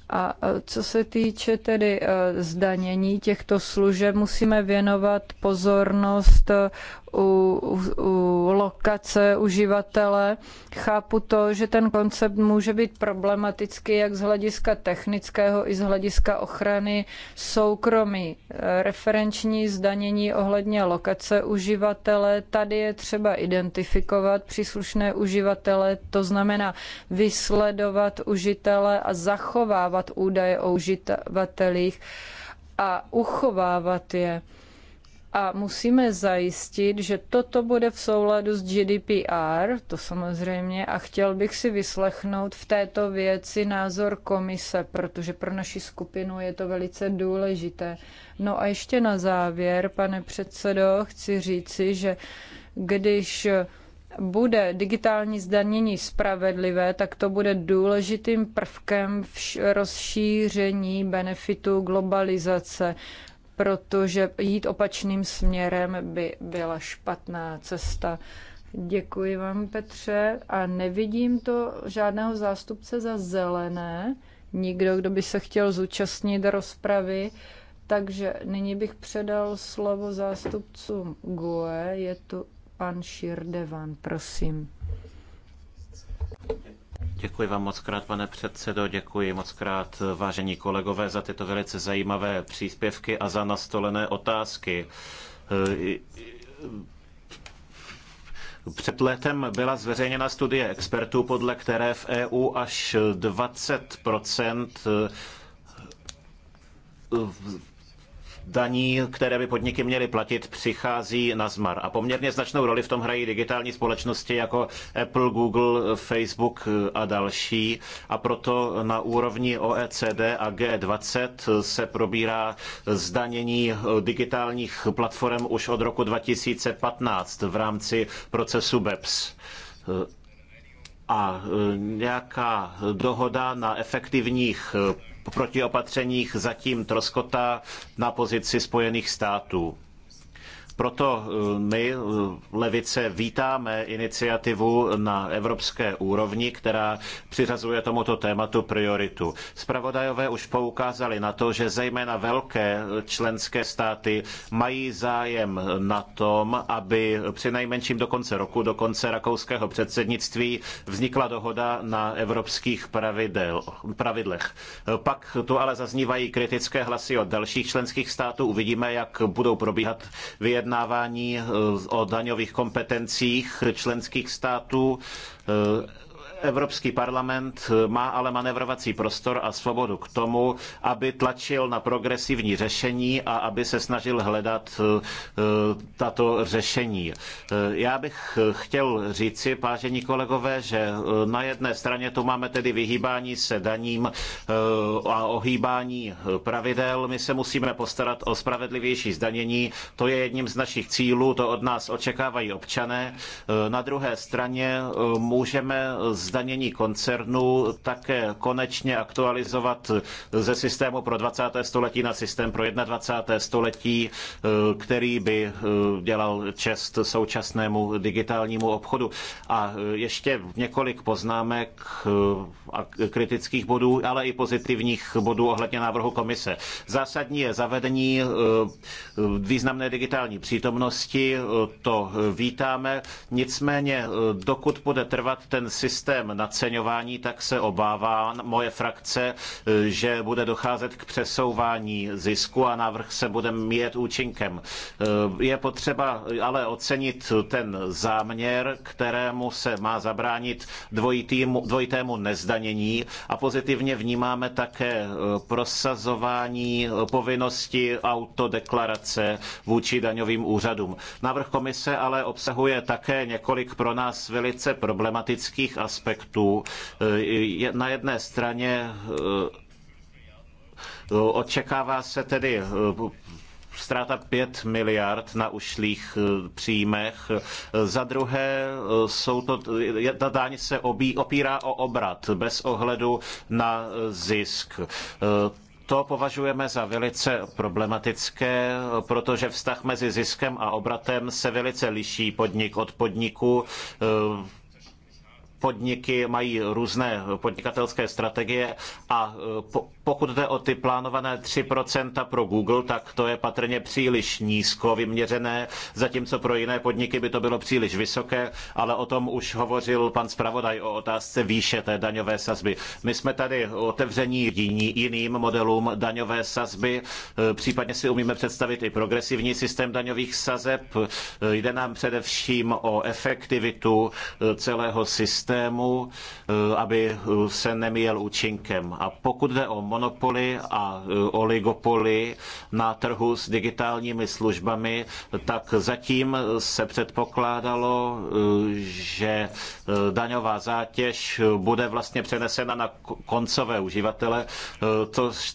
A e, co se týče tedy e, zdanění těchto služeb, musíme věnovat pozornost e, u, u, u lokace uživatele. Chápu to, že ten koncept může být problematický jak z hlediska technického, i z hlediska ochrany soukromí. Referenční zdanění ohledně lokace uživatele, tady je třeba identifikovat příslušné uživatele, to znamená vysledovat užitele a zachovávat údaje o uživatelích a uchovávat je a musíme zajistit, že toto bude v souladu s GDPR, to samozřejmě, a chtěl bych si vyslechnout v této věci názor komise, protože pro naši skupinu je to velice důležité. No a ještě na závěr, pane předsedo, chci říci, že když bude digitální zdanění spravedlivé, tak to bude důležitým prvkem v rozšíření benefitu globalizace protože jít opačným směrem by byla špatná cesta. Děkuji vám, Petře. A nevidím to žádného zástupce za zelené, nikdo, kdo by se chtěl zúčastnit rozpravy. Takže nyní bych předal slovo zástupcům GUE. Je tu pan Širdevan, prosím. Děkuji vám moc krát, pane předsedo, děkuji moc krát, vážení kolegové, za tyto velice zajímavé příspěvky a za nastolené otázky. Před letem byla zveřejněna studie expertů, podle které v EU až 20 daní, které by podniky měly platit, přichází na zmar. A poměrně značnou roli v tom hrají digitální společnosti jako Apple, Google, Facebook a další. A proto na úrovni OECD a G20 se probírá zdanění digitálních platform už od roku 2015 v rámci procesu BEPS a e, nějaká dohoda na efektivních e, protiopatřeních zatím troskotá na pozici Spojených států. Proto eh, my, eh, levice, vítáme iniciativu na evropské úrovni, která přiřazuje tomuto tématu prioritu. Spravodajové už poukázali na to, že zejména velké členské státy mají zájem na tom, aby při nejmenším do konce roku, do konce rakouského předsednictví, vznikla dohoda na evropských pravidel, pravidlech. Pak tu ale zaznívají kritické hlasy od dalších členských států. Uvidíme, jak budou probíhat vyjednávání vyjednávání eh, o daňových kompetencích členských států eh, Evropský parlament eh, má ale manevrovací prostor a svobodu k tomu, aby tlačil na progresivní řešení a aby se snažil hledat eh, eh, tato řešení. Já bych chtěl říci, vážení kolegové, že na jedné straně tu máme tedy vyhýbání se daním a ohýbání pravidel. My se musíme postarat o spravedlivější zdanění. To je jedním z našich cílů, to od nás očekávají občané. Na druhé straně můžeme zdanit zdanění koncernů také konečně aktualizovat ze systému pro 20. století na systém pro 21. století, eh, který by eh, dělal čest současnému digitálnímu obchodu. A eh, ještě několik poznámek a kritických bodů, ale i pozitivních bodů ohledně návrhu komise. Zásadní je zavedení významné digitální přítomnosti, to vítáme, nicméně dokud bude trvat ten systém, systém naceňování, tak se obává moje frakce, eh, že bude docházet k přesouvání zisku a návrh se bude mít účinkem. Eh, je potřeba ale ocenit ten záměr, kterému se má zabránit dvojitýmu, dvojitému nezdanění a pozitivně vnímáme také eh, prosazování povinnosti autodeklarace vůči daňovým úřadům. Návrh komise ale obsahuje také několik pro nás velice problematických aspektů aspektů. Eh, na jedné straně eh, očekává se tedy eh, ztráta 5 miliard na ušlých příjmech. Za druhé jsou to, ta dáň se obí, opírá o obrat bez ohledu na zisk. To považujeme za velice problematické, protože vztah mezi ziskem a obratem se velice liší podnik od podniku podniky mají různé podnikatelské strategie a e, pokud jde o ty plánované 3% pro Google, tak to je patrně příliš nízko vyměřené, zatímco pro jiné podniky by to bylo příliš vysoké, ale o tom už hovořil pan zpravodaj o otázce výše té daňové sazby. My jsme tady otevření jiným modelům daňové sazby, e, případně si umíme představit i progresivní systém daňových sazeb. E, jde nám především o efektivitu celého systému systému, eh, aby eh, se nemíjel účinkem. A pokud jde o monopoly a eh, oligopoly na trhu s digitálními službami, tak zatím se předpokládalo, že daňová zátěž bude vlastně přenesena na koncové uživatele,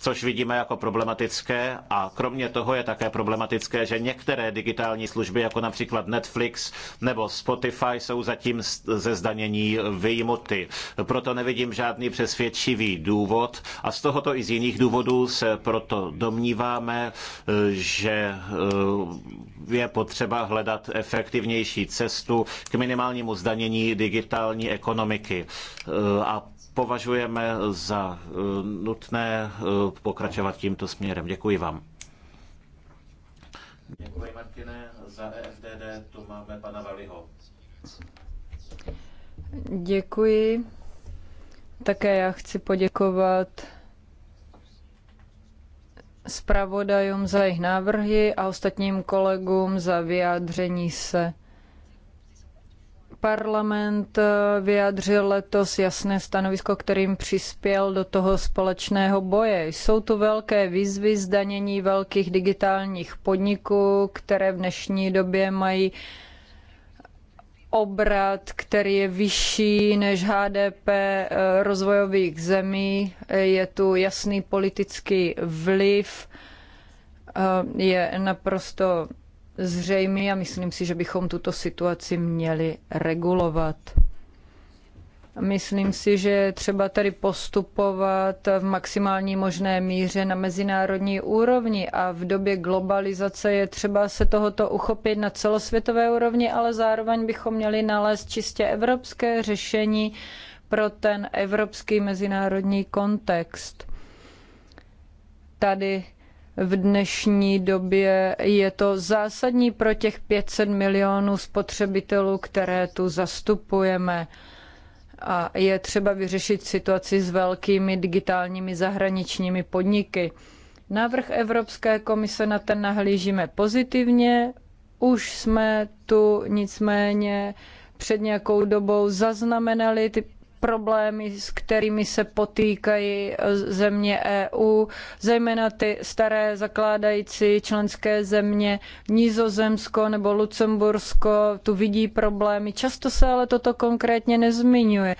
což vidíme jako problematické. A kromě toho je také problematické, že některé digitální služby, jako například Netflix nebo Spotify, jsou zatím ze zdanění vyjmuty. Proto nevidím žádný přesvědčivý důvod a z tohoto i z jiných důvodů se proto domníváme, že eh, je potřeba hledat efektivnější cestu k minimálnímu zdanění digitální ekonomiky. Eh, a považujeme za eh, nutné pokračovat tímto směrem. Děkuji vám. Děkuji, Martine. Za EFDD tu máme pana Valiho. Děkuji. Také já chci poděkovat zpravodajům za jejich návrhy a ostatním kolegům za vyjádření se. Parlament eh, vyjádřil letos jasné stanovisko, kterým přispěl do toho společného boje. Jsou tu velké výzvy zdanění velkých digitálních podniků, které v dnešní době mají obrat, který je vyšší než HDP eh, rozvojových zemí, je tu jasný politický vliv, eh, je naprosto zřejmý a myslím si, že bychom tuto situaci měli regulovat. Myslím si, že třeba tady postupovat v maximální možné míře na mezinárodní úrovni a v době globalizace je třeba se tohoto uchopit na celosvětové úrovni, ale zároveň bychom měli nalézt čistě evropské řešení pro ten evropský mezinárodní kontext. Tady v dnešní době je to zásadní pro těch 500 milionů spotřebitelů, které tu zastupujeme a je třeba vyřešit situaci s velkými digitálními zahraničními podniky. Návrh Evropské komise na ten nahlížíme pozitivně. Už jsme tu nicméně před nějakou dobou zaznamenali ty problémy, s kterými se potýkají e, země EU, zejména ty staré zakládající členské země, Nizozemsko nebo Lucembursko, tu vidí problémy. Často se ale toto konkrétně nezmiňuje.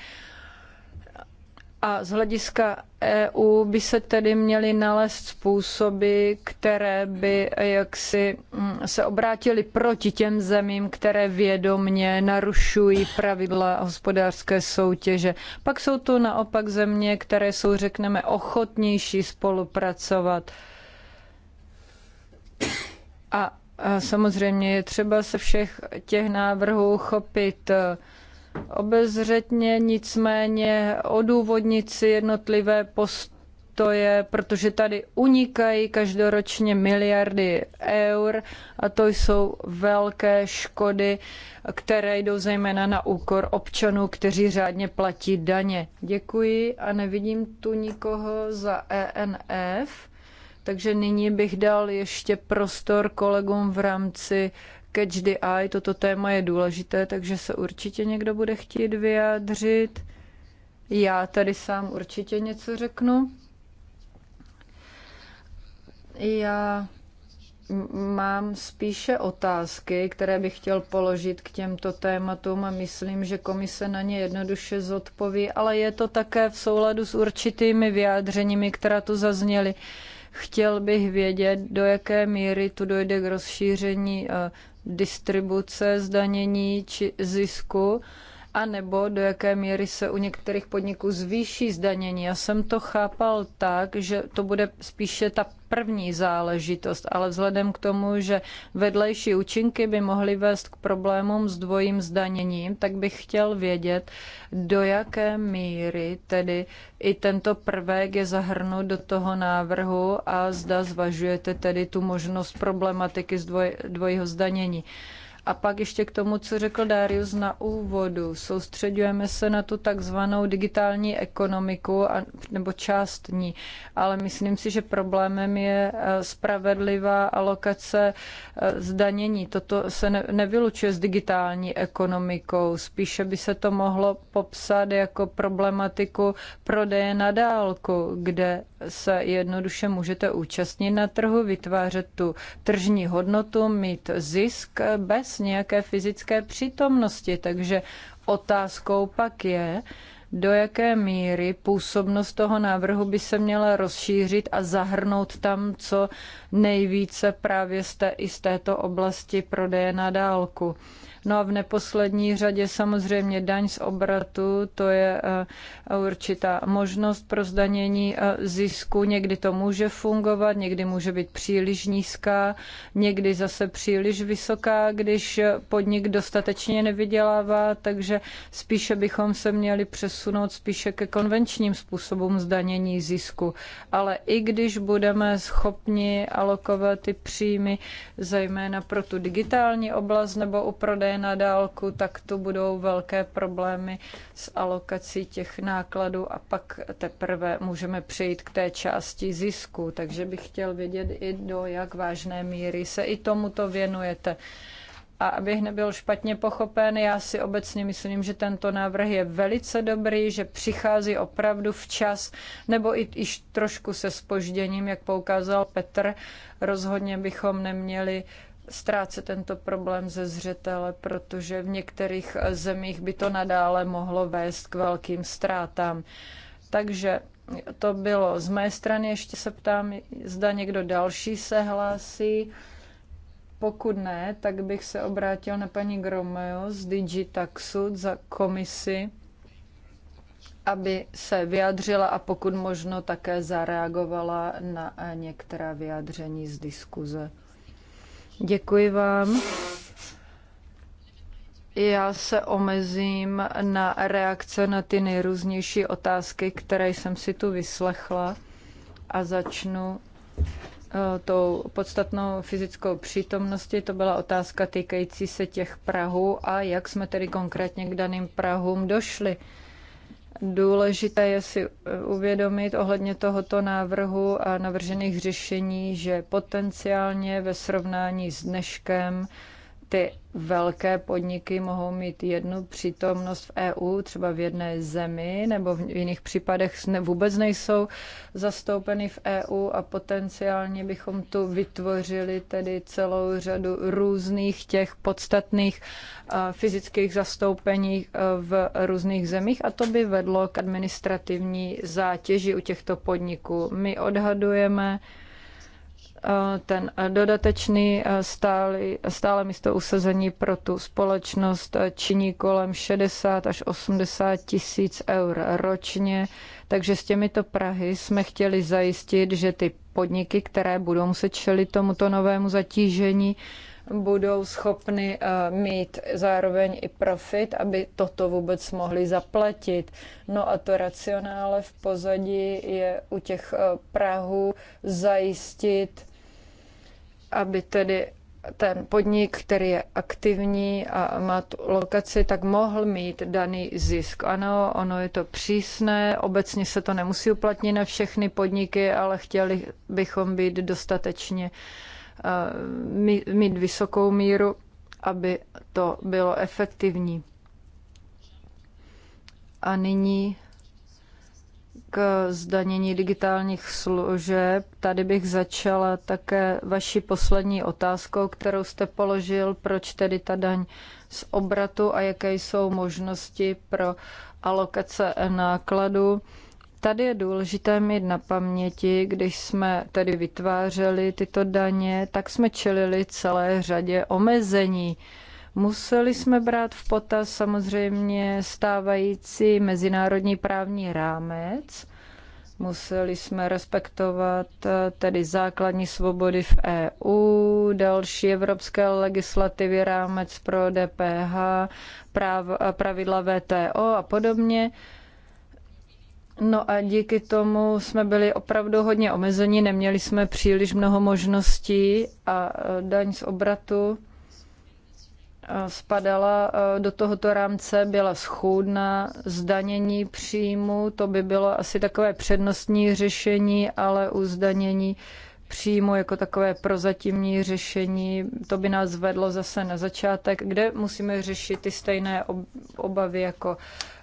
A z hlediska EU by se tedy měly nalézt způsoby, které by jaksi mm, se obrátily proti těm zemím, které vědomně narušují pravidla hospodářské soutěže. Pak jsou tu naopak země, které jsou, řekneme, ochotnější spolupracovat. A samozřejmě je třeba se všech těch návrhů chopit obezřetně, nicméně odůvodnit si jednotlivé postoje, protože tady unikají každoročně miliardy eur a to jsou velké škody, které jdou zejména na úkor občanů, kteří řádně platí daně. Děkuji a nevidím tu nikoho za ENF. Takže nyní bych dal ještě prostor kolegům v rámci Catch the Eye, toto téma je důležité, takže se určitě někdo bude chtít vyjádřit. Já tady sám určitě něco řeknu. Já mám spíše otázky, které bych chtěl položit k těmto tématům a myslím, že komise na ně jednoduše zodpoví, ale je to také v souladu s určitými vyjádřeními, která tu zazněly. Chtěl bych vědět, do jaké míry tu dojde k rozšíření eh, distribuce, zdanění či zisku a nebo do jaké míry se u některých podniků zvýší zdanění. Já jsem to chápal tak, že to bude spíše ta první záležitost, ale vzhledem k tomu, že vedlejší účinky by mohly vést k problémům s dvojím zdaněním, tak bych chtěl vědět, do jaké míry tedy i tento prvek je zahrnut do toho návrhu a zda zvažujete tedy tu možnost problematiky z dvoj, dvojího zdanění. Uh, a pak ještě k tomu, co řekl Darius na úvodu. Soustředujeme se na tu takzvanou digitální ekonomiku a, nebo částní. ale myslím si, že problémem je eh, spravedlivá alokace eh, zdanění. Toto se ne, nevylučuje s digitální ekonomikou. Spíše by se to mohlo popsat jako problematiku prodeje na dálku, kde se jednoduše můžete účastnit na trhu, vytvářet tu tržní hodnotu, mít zisk eh, bez nějaké fyzické přítomnosti. Takže otázkou pak je, do jaké míry působnost toho návrhu by se měla rozšířit a zahrnout tam co nejvíce právě z, té, i z této oblasti prodeje na dálku. No a v neposlední řadě samozřejmě daň z obratu, to je eh, určitá možnost pro zdanění eh, zisku. Někdy to může fungovat, někdy může být příliš nízká, někdy zase příliš vysoká, když eh, podnik dostatečně nevydělává, takže spíše bychom se měli přesunout spíše ke konvenčním způsobům zdanění zisku. Ale i když budeme schopni alokovat ty příjmy, zejména pro tu digitální oblast nebo u prodej prodeje na dálku, tak to budou velké problémy s alokací těch nákladů a pak teprve můžeme přejít k té části zisku. Takže bych chtěl vědět i do jak vážné míry se i tomuto věnujete. A abych nebyl špatně pochopen, já si obecně myslím, že tento návrh je velice dobrý, že přichází opravdu včas, nebo i iž trošku se spožděním, jak poukázal Petr. Rozhodně bychom neměli uh, ztrácet tento problém ze zřetele, protože v některých eh, zemích by to nadále mohlo vést k velkým ztrátám. Takže to bylo z mé strany. Ještě se ptám, zda někdo další se hlásí. Pokud ne, tak bych se obrátil na paní Gromeo z Digitaxu za komisi, aby se vyjádřila a pokud možno také zareagovala na eh, některá vyjádření z diskuze. Děkuji vám. Já se omezím na reakce na ty nejrůznější otázky, které jsem si tu vyslechla a začnu eh, tou podstatnou fyzickou přítomností. To byla otázka týkající se těch Prahů a jak jsme tedy konkrétně k daným Prahům došli. Důležité je si eh, uvědomit ohledně tohoto návrhu a navržených řešení, že potenciálně ve srovnání s dneškem ty velké podniky mohou mít jednu přítomnost v EU, třeba v jedné zemi, nebo v jiných případech ne, vůbec nejsou zastoupeny v EU a potenciálně bychom tu vytvořili tedy celou řadu různých těch podstatných eh, fyzických zastoupení eh, v různých zemích a to by vedlo k administrativní zátěži u těchto podniků. My odhadujeme, Eh, ten dodatečný eh, stále, stále místo usazení pro tu společnost eh, činí kolem 60 až 80 tisíc eur ročně. Takže s těmito Prahy jsme chtěli zajistit, že ty podniky, které budou muset čelit tomuto novému zatížení, budou schopny mít zároveň i profit, aby toto vůbec mohli zaplatit. No a to racionále v pozadí je u těch prahů zajistit aby tedy ten podnik, který je aktivní a má tu lokaci, tak mohl mít daný zisk. Ano, ono je to přísné, obecně se to nemusí uplatnit na všechny podniky, ale chtěli bychom být dostatečně eh, mít vysokou míru, aby to bylo efektivní. A nyní k zdanění digitálních služeb. Tady bych začala také vaší poslední otázkou, kterou jste položil, proč tedy ta daň z obratu a jaké jsou možnosti pro alokace nákladu. Tady je důležité mít na paměti, když jsme tedy vytvářeli tyto daně, tak jsme čelili celé řadě omezení Museli jsme brát v potaz samozřejmě stávající mezinárodní právní rámec, museli jsme respektovat eh, tedy základní svobody v EU, další evropské legislativy, rámec pro DPH, práv, eh, pravidla VTO a podobně. No a díky tomu jsme byli opravdu hodně omezeni, neměli jsme příliš mnoho možností a eh, daň z obratu spadala eh, do tohoto rámce, byla schůdná, zdanění příjmu, to by bylo asi takové přednostní řešení, ale u zdanění příjmu jako takové prozatímní řešení, to by nás vedlo zase na začátek, kde musíme řešit ty stejné obavy jako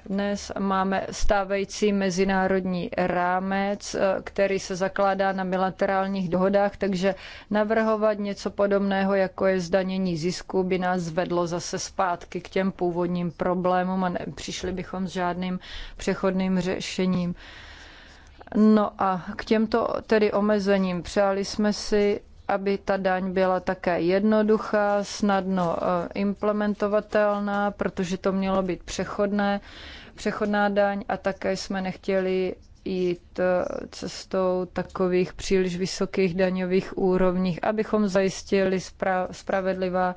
dnes. Máme stávající mezinárodní rámec, eh, který se zakládá na bilaterálních dohodách, takže navrhovat něco podobného, jako je zdanění zisku, by nás vedlo zase zpátky k těm původním problémům a ne, přišli bychom s žádným přechodným řešením. No a k těmto tedy omezením přáli jsme si, aby ta daň byla také jednoduchá, snadno eh, implementovatelná, protože to mělo být přechodné, přechodná daň a také jsme nechtěli jít eh, cestou takových příliš vysokých daňových úrovních, abychom zajistili spra- spravedlivá,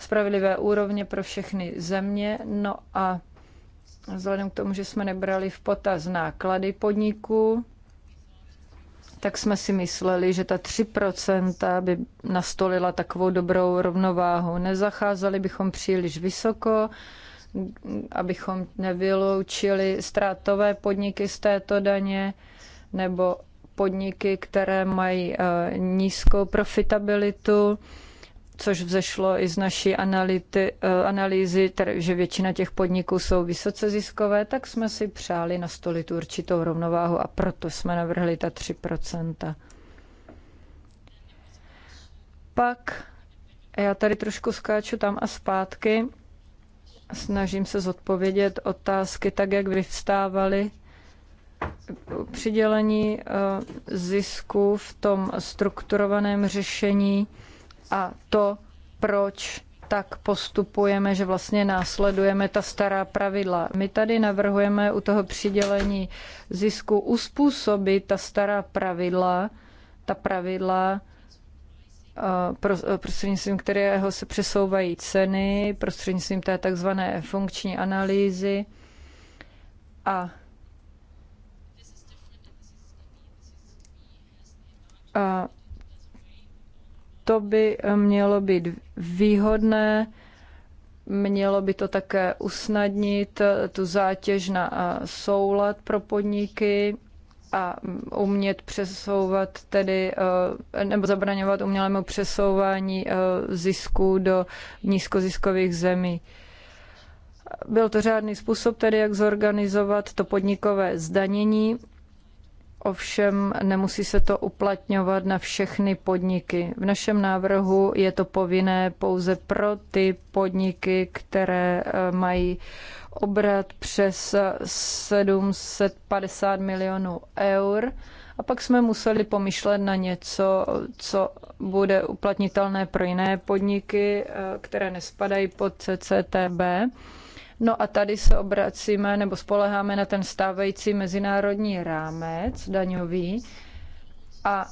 spravedlivé úrovně pro všechny země. No a vzhledem k tomu, že jsme nebrali v potaz náklady podniku, tak jsme si mysleli, že ta 3% by nastolila takovou dobrou rovnováhu. Nezacházeli bychom příliš vysoko, abychom nevyloučili ztrátové podniky z této daně nebo podniky, které mají eh, nízkou profitabilitu což vzešlo i z naší anality, eh, analýzy, tedy, že většina těch podniků jsou vysoce ziskové, tak jsme si přáli nastolit určitou rovnováhu a proto jsme navrhli ta 3 Pak já tady trošku skáču tam a zpátky. Snažím se zodpovědět otázky tak, jak vyvstávaly přidělení eh, zisku v tom strukturovaném řešení a to, proč tak postupujeme, že vlastně následujeme ta stará pravidla. My tady navrhujeme u toho přidělení zisku uspůsobit ta stará pravidla, ta pravidla, eh, eh, prostřednictvím kterého se přesouvají ceny, prostřednictvím té takzvané funkční analýzy a a eh, to by eh, mělo být výhodné, mělo by to také usnadnit eh, tu zátěž na eh, soulad pro podniky a mm, umět přesouvat tedy, nebo zabraňovat umělému přesouvání zisků do nízkoziskových zemí. Byl to řádný způsob tedy, jak zorganizovat to podnikové zdanění Ovšem nemusí se to uplatňovat na všechny podniky. V našem návrhu je to povinné pouze pro ty podniky, které eh, mají obrat přes 750 milionů eur. A pak jsme museli pomyšlet na něco, co bude uplatnitelné pro jiné podniky, eh, které nespadají pod CCTB. No a tady se obracíme nebo spoleháme na ten stávající mezinárodní rámec daňový a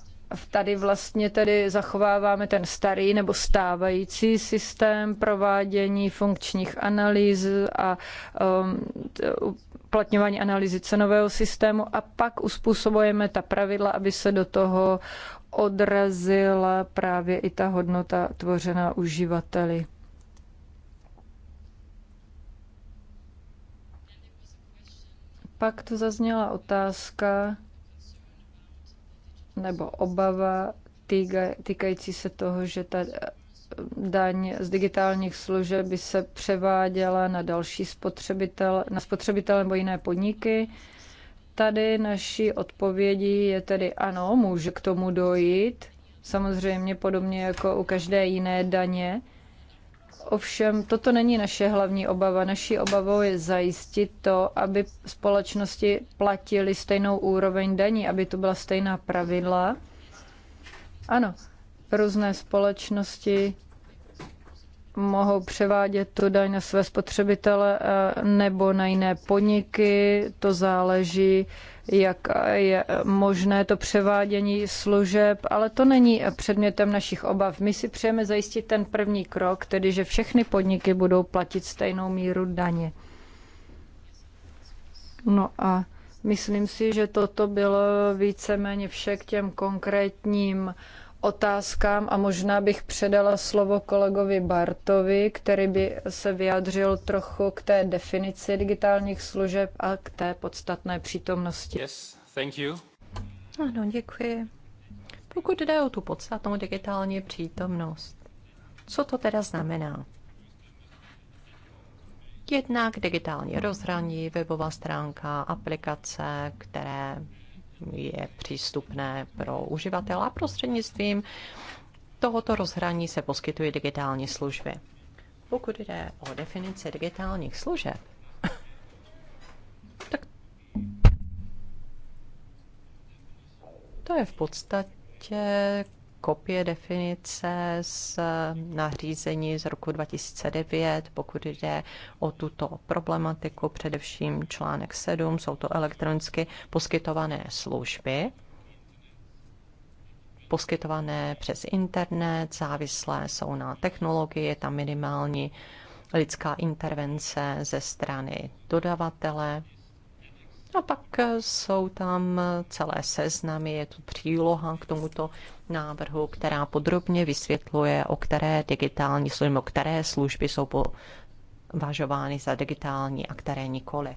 tady vlastně tedy zachováváme ten starý nebo stávající systém provádění funkčních analýz a um, platňování analýzy cenového systému a pak uspůsobujeme ta pravidla, aby se do toho odrazila právě i ta hodnota tvořená uživateli. Pak tu zazněla otázka nebo obava týkající se toho, že ta eh, daň z digitálních služeb by se převáděla na další spotřebitel, na spotřebitel nebo jiné podniky. Tady naší odpovědí je tedy ano, může k tomu dojít, samozřejmě podobně jako u každé jiné daně, Ovšem toto není naše hlavní obava. Naší obavou je zajistit to, aby společnosti platily stejnou úroveň daní, aby to byla stejná pravidla. Ano, různé společnosti mohou převádět tu daň na své spotřebitele eh, nebo na jiné podniky, to záleží jak je možné to převádění služeb, ale to není předmětem našich obav. My si přejeme zajistit ten první krok, tedy že všechny podniky budou platit stejnou míru daně. No a myslím si, že toto bylo víceméně vše k těm konkrétním uh, otázkám a možná bych předala slovo kolegovi Bartovi, který by se vyjádřil trochu k té definici digitálních služeb a k té podstatné přítomnosti. Yes, thank you. Ano, děkuji. Pokud jde o tu podstatnou digitální přítomnost, co to teda znamená? Jednak digitální rozhraní, webová stránka, aplikace, které je přístupné pro uživatele a prostřednictvím tohoto rozhraní se poskytují digitální služby. Pokud jde o definici digitálních služeb, tak to je v podstatě kopie definice z eh, nařízení z roku 2009, pokud jde o tuto problematiku, především článek 7, jsou to elektronicky poskytované služby, poskytované přes internet, závislé jsou na technologii, je tam minimální lidská intervence ze strany dodavatele, a pak eh, jsou tam eh, celé seznamy, je tu příloha k tomuto návrhu, která podrobně vysvětluje, o které digitální služby, o které služby jsou považovány za digitální a které nikoli.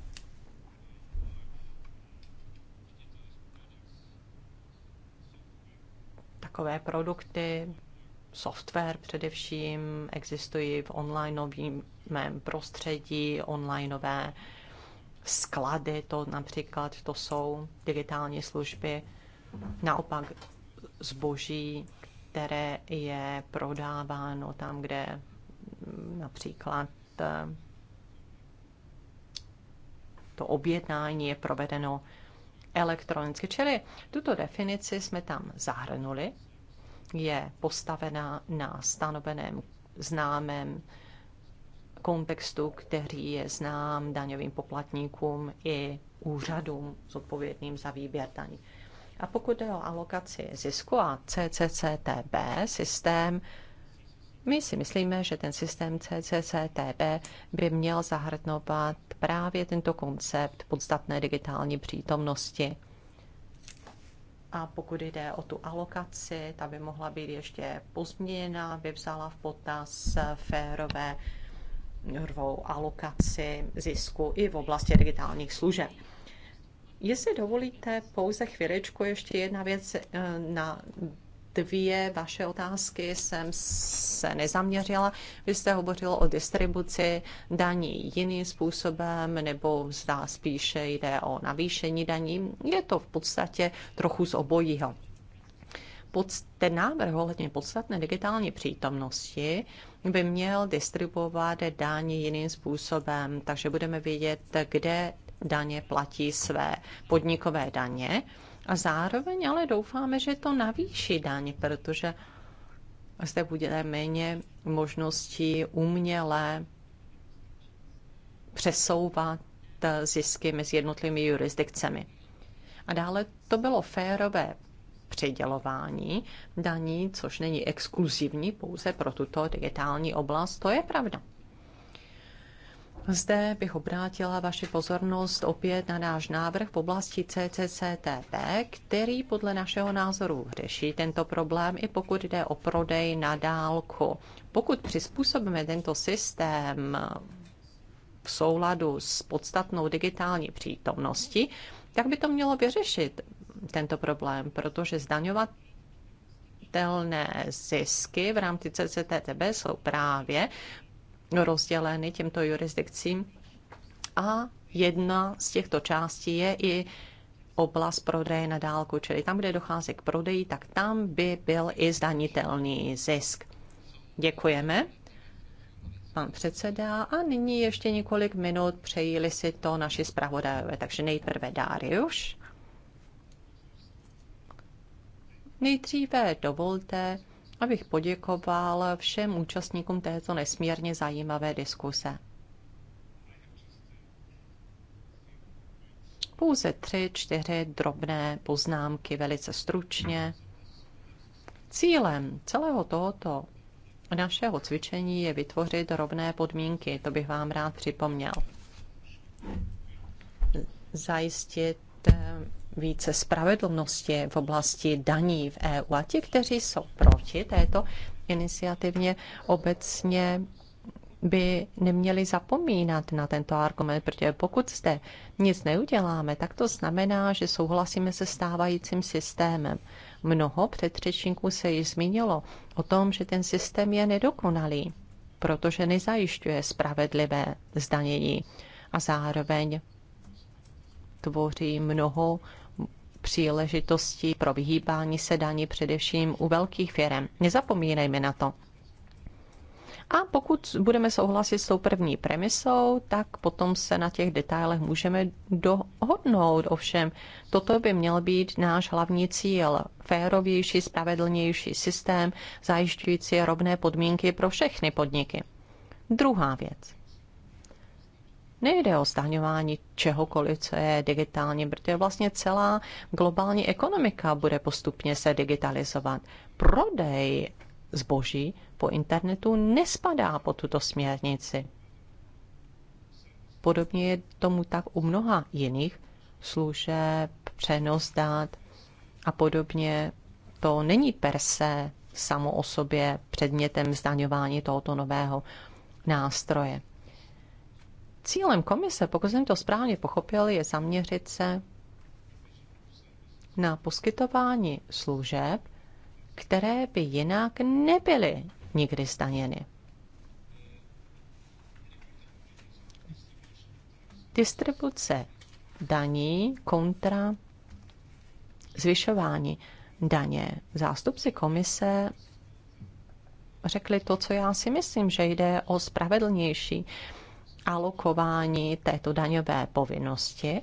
Takové produkty, software především, existují v onlineovém prostředí, onlineové sklady, to například, to jsou digitální služby. Naopak zboží, které je prodáváno tam, kde například eh, to objednání je provedeno elektronicky. Čili tuto definici jsme tam zahrnuli, je postavená na stanoveném známém kontextu, který je znám daňovým poplatníkům i úřadům zodpovědným za výběr daní. A pokud je o alokaci zisku a CCCTB systém, my si myslíme, že ten systém CCCTB by měl zahrnovat právě tento koncept podstatné digitální přítomnosti. A pokud jde o tu alokaci, ta by mohla být ještě pozměněna, by vzala v potaz férové rvou alokaci zisku i v oblasti digitálních služeb. Jestli dovolíte pouze chvíličku, ještě jedna věc eh, na dvě vaše otázky jsem se nezaměřila. Vy jste hovořil o distribuci daní jiným způsobem, nebo zdá spíše jde o navýšení daní. Je to v podstatě trochu z obojího. Ten návrh ohledně podstatné digitální přítomnosti by měl distribuovat daně jiným způsobem, takže budeme vědět, kde daně platí své podnikové daně. A zároveň ale doufáme, že to navýší daně, protože zde bude méně možností uměle přesouvat zisky mezi jednotlivými jurisdikcemi. A dále to bylo férové předělování daní, což není exkluzivní pouze pro tuto digitální oblast, to je pravda. Zde bych obrátila vaši pozornost opět na náš návrh v oblasti CCCTP, který podle našeho názoru řeší tento problém, i pokud jde o prodej na dálku. Pokud přizpůsobíme tento systém v souladu s podstatnou digitální přítomností, tak by to mělo vyřešit tento problém, protože zdaňovat zisky v rámci CCTTB jsou právě rozděleny těmto jurisdikcím a jedna z těchto částí je i oblast prodeje na dálku, čili tam, kde dochází k prodeji, tak tam by byl i zdanitelný zisk. Děkujeme. Pan předseda a nyní ještě několik minut přejíli si to naši zpravodajové, takže nejprve Dáriuš Nejdříve dovolte, abych poděkoval všem účastníkům této nesmírně zajímavé diskuse. Pouze tři, čtyři drobné poznámky, velice stručně. Cílem celého tohoto našeho cvičení je vytvořit rovné podmínky, to bych vám rád připomněl. Zajistit eh, více spravedlnosti v oblasti daní v EU. A ti, kteří jsou proti této iniciativně, obecně by neměli zapomínat na tento argument, protože pokud zde nic neuděláme, tak to znamená, že souhlasíme se stávajícím systémem. Mnoho předřečníků se již zmínilo o tom, že ten systém je nedokonalý, protože nezajišťuje spravedlivé zdanění a zároveň tvoří mnoho příležitostí pro vyhýbání se daní především u velkých firm. Nezapomínejme na to. A pokud budeme souhlasit s tou první premisou, tak potom se na těch detailech můžeme dohodnout. Ovšem, toto by měl být náš hlavní cíl. Férovější, spravedlnější systém, zajišťující rovné podmínky pro všechny podniky. Druhá věc. Nejde o zdaňování čehokoliv, co je digitální, protože vlastně celá globální ekonomika bude postupně se digitalizovat. Prodej zboží po internetu nespadá po tuto směrnici. Podobně je tomu tak u mnoha jiných služeb, přenos dát a podobně. To není per se samo o sobě předmětem zdaňování tohoto nového nástroje. Cílem komise, pokud jsem to správně pochopil, je zaměřit se na poskytování služeb, které by jinak nebyly nikdy staněny. Distribuce daní kontra zvyšování daně. Zástupci komise řekli to, co já si myslím, že jde o spravedlnější alokování této daňové povinnosti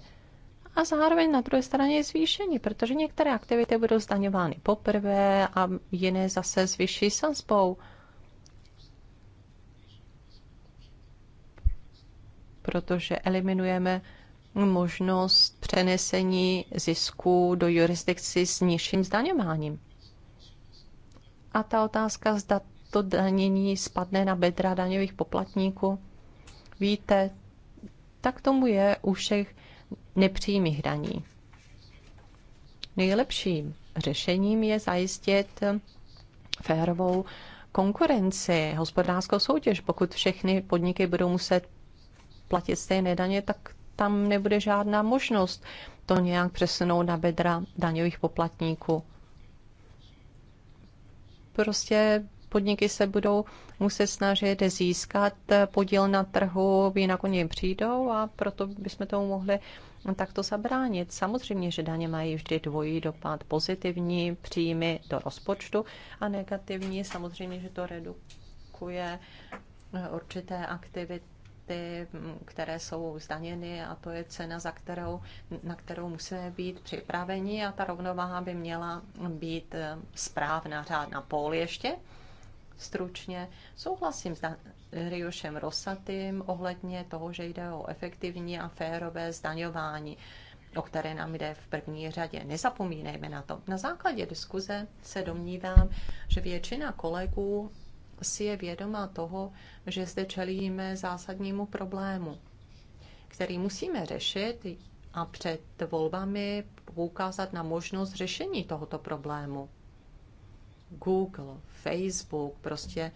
a zároveň na druhé straně je zvýšení, protože některé aktivity budou zdaňovány poprvé a jiné zase s vyšší sazbou. Protože eliminujeme možnost přenesení zisku do jurisdikci s nižším zdaňováním. A ta otázka, zda to danění spadne na bedra daňových poplatníků, víte, tak tomu je u všech nepřímých daní. Nejlepším řešením je zajistit férovou konkurenci, hospodářskou soutěž. Pokud všechny podniky budou muset platit stejné daně, tak tam nebude žádná možnost to nějak přesunout na bedra daňových poplatníků. Prostě podniky se budou muset snažit získat podíl na trhu, jinak oni přijdou a proto bychom tomu mohli takto zabránit. Samozřejmě, že daně mají vždy dvojí dopad. Pozitivní příjmy do rozpočtu a negativní samozřejmě, že to redukuje eh, určité aktivity mm, které jsou zdaněny a to je cena, za kterou, na kterou musíme být připraveni a ta rovnováha by měla být eh, správná řádná pól ještě stručně. Souhlasím s Riošem Rosatým ohledně toho, že jde o efektivní a férové zdaňování o které nám jde v první řadě. Nezapomínejme na to. Na základě diskuze se domnívám, že většina kolegů si je vědoma toho, že zde čelíme zásadnímu problému, který musíme řešit a před volbami poukázat na možnost řešení tohoto problému. Google, Facebook, prostě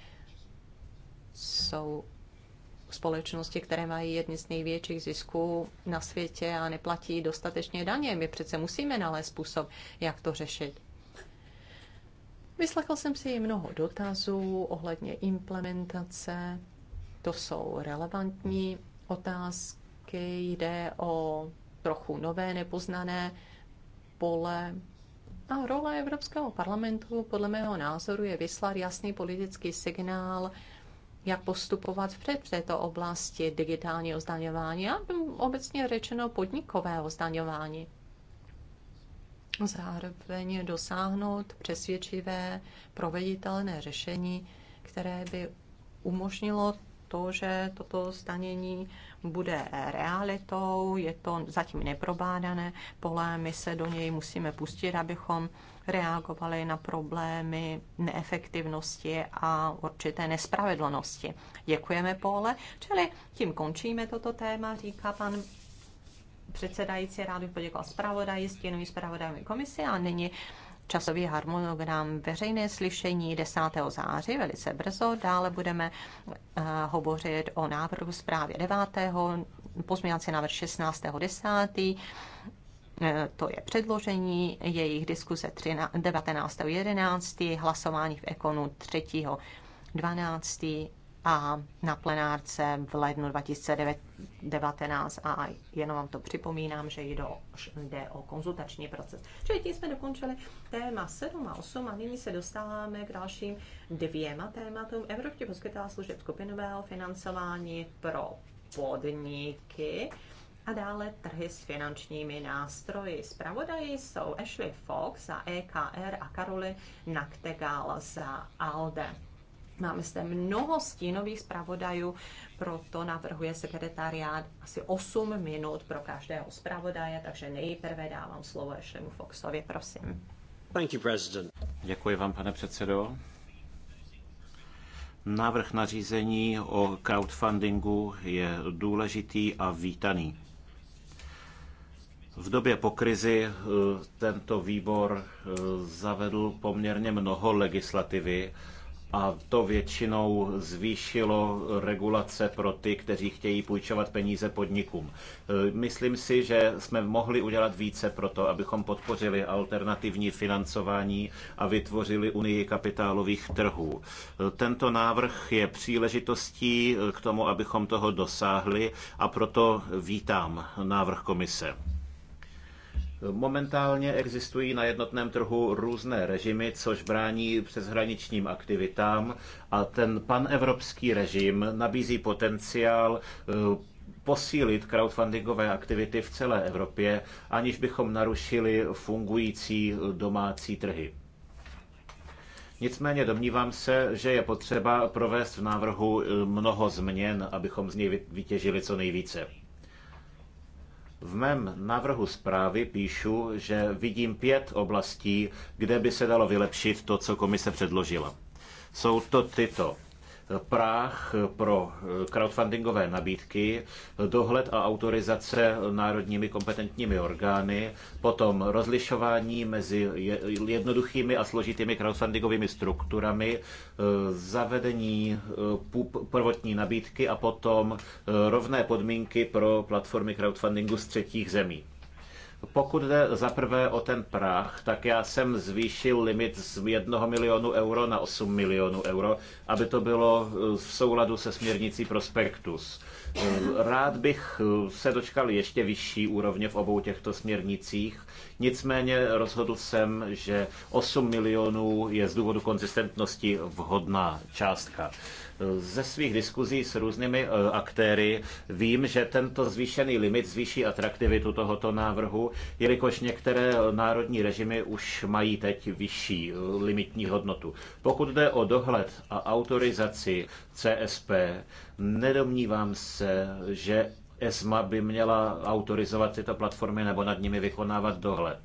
jsou společnosti, které mají jedny z největších zisků na světě a neplatí dostatečně daně. My přece musíme nalézt způsob, jak to řešit. Vyslechl jsem si mnoho dotazů ohledně implementace. To jsou relevantní otázky. Jde o trochu nové, nepoznané pole a role Evropského parlamentu podle mého názoru je vyslat jasný politický signál, jak postupovat v této oblasti digitální ozdaňování a obecně řečeno podnikové ozdaňování. Zároveň dosáhnout přesvědčivé, proveditelné řešení, které by umožnilo to, že toto stanění bude realitou, je to zatím neprobádané pole, my se do něj musíme pustit, abychom reagovali na problémy neefektivnosti a určité nespravedlnosti. Děkujeme, Pole. Čili tím končíme toto téma, říká pan předsedající. Rád bych poděkoval zpravodaji, stěnují zpravodajové komisi a nyní časový harmonogram veřejné slyšení 10. září, velice brzo. Dále budeme uh, hovořit o návrhu zprávy 9. pozměňovací návrh 16. 10. Eh, to je předložení jejich diskuse 19.11. hlasování v ekonu 3. 12 a na plenárce v lednu 2019 a jenom vám to připomínám, že jde o, jde o konzultační proces. Čili tím jsme dokončili téma 7 a 8 a nyní se dostáváme k dalším dvěma tématům. Evropě poskytala služeb skupinového financování pro podniky a dále trhy s finančními nástroji. Spravodají jsou Ashley Fox za EKR a Karoly Naktegal za ALDE. Máme zde mnoho stínových zpravodajů, proto navrhuje sekretariát asi 8 minut pro každého zpravodaje, takže nejprve dávám slovo Ashleymu Foxovi, prosím. Thank you, President. Děkuji vám, pane předsedo. Návrh nařízení o crowdfundingu je důležitý a vítaný. V době po krizi eh, tento výbor eh, zavedl poměrně mnoho legislativy, a to většinou zvýšilo regulace pro ty, kteří chtějí půjčovat peníze podnikům. E, myslím si, že jsme mohli udělat více pro to, abychom podpořili alternativní financování a vytvořili unii kapitálových trhů. E, tento návrh je příležitostí e, k tomu, abychom toho dosáhli a proto vítám návrh komise. Momentálně existují na jednotném trhu různé režimy, což brání přeshraničním aktivitám a ten panevropský režim nabízí potenciál eh, posílit crowdfundingové aktivity v celé Evropě, aniž bychom narušili fungující eh, domácí trhy. Nicméně domnívám se, že je potřeba provést v návrhu eh, mnoho změn, abychom z něj vytěžili co nejvíce. V mém návrhu zprávy píšu, že vidím pět oblastí, kde by se dalo vylepšit to, co komise předložila. Jsou to tyto práh pro eh, crowdfundingové nabídky, dohled a autorizace národními kompetentními orgány, potom rozlišování mezi jednoduchými a složitými crowdfundingovými strukturami, eh, zavedení eh, prvotní nabídky a potom rovné podmínky pro platformy crowdfundingu z třetích zemí. Pokud jde zaprvé o ten práh, tak já jsem zvýšil limit z 1 milionu euro na 8 milionů euro, aby to bylo eh, v souladu se směrnicí Prospektus. Eh, rád bych eh, se dočkal ještě vyšší úrovně v obou těchto směrnicích. Nicméně rozhodl jsem, že 8 milionů je z důvodu konzistentnosti vhodná částka. Eh, ze svých diskuzí s různými aktéry vím, že tento zvýšený limit zvýší atraktivitu tohoto návrhu, jelikož některé národní režimy už mají teď vyšší limitní hodnotu. Pokud jde o dohled a autorizaci CSP, Nedomnívám se, že ESMA by měla autorizovat tyto platformy nebo nad nimi vykonávat dohled.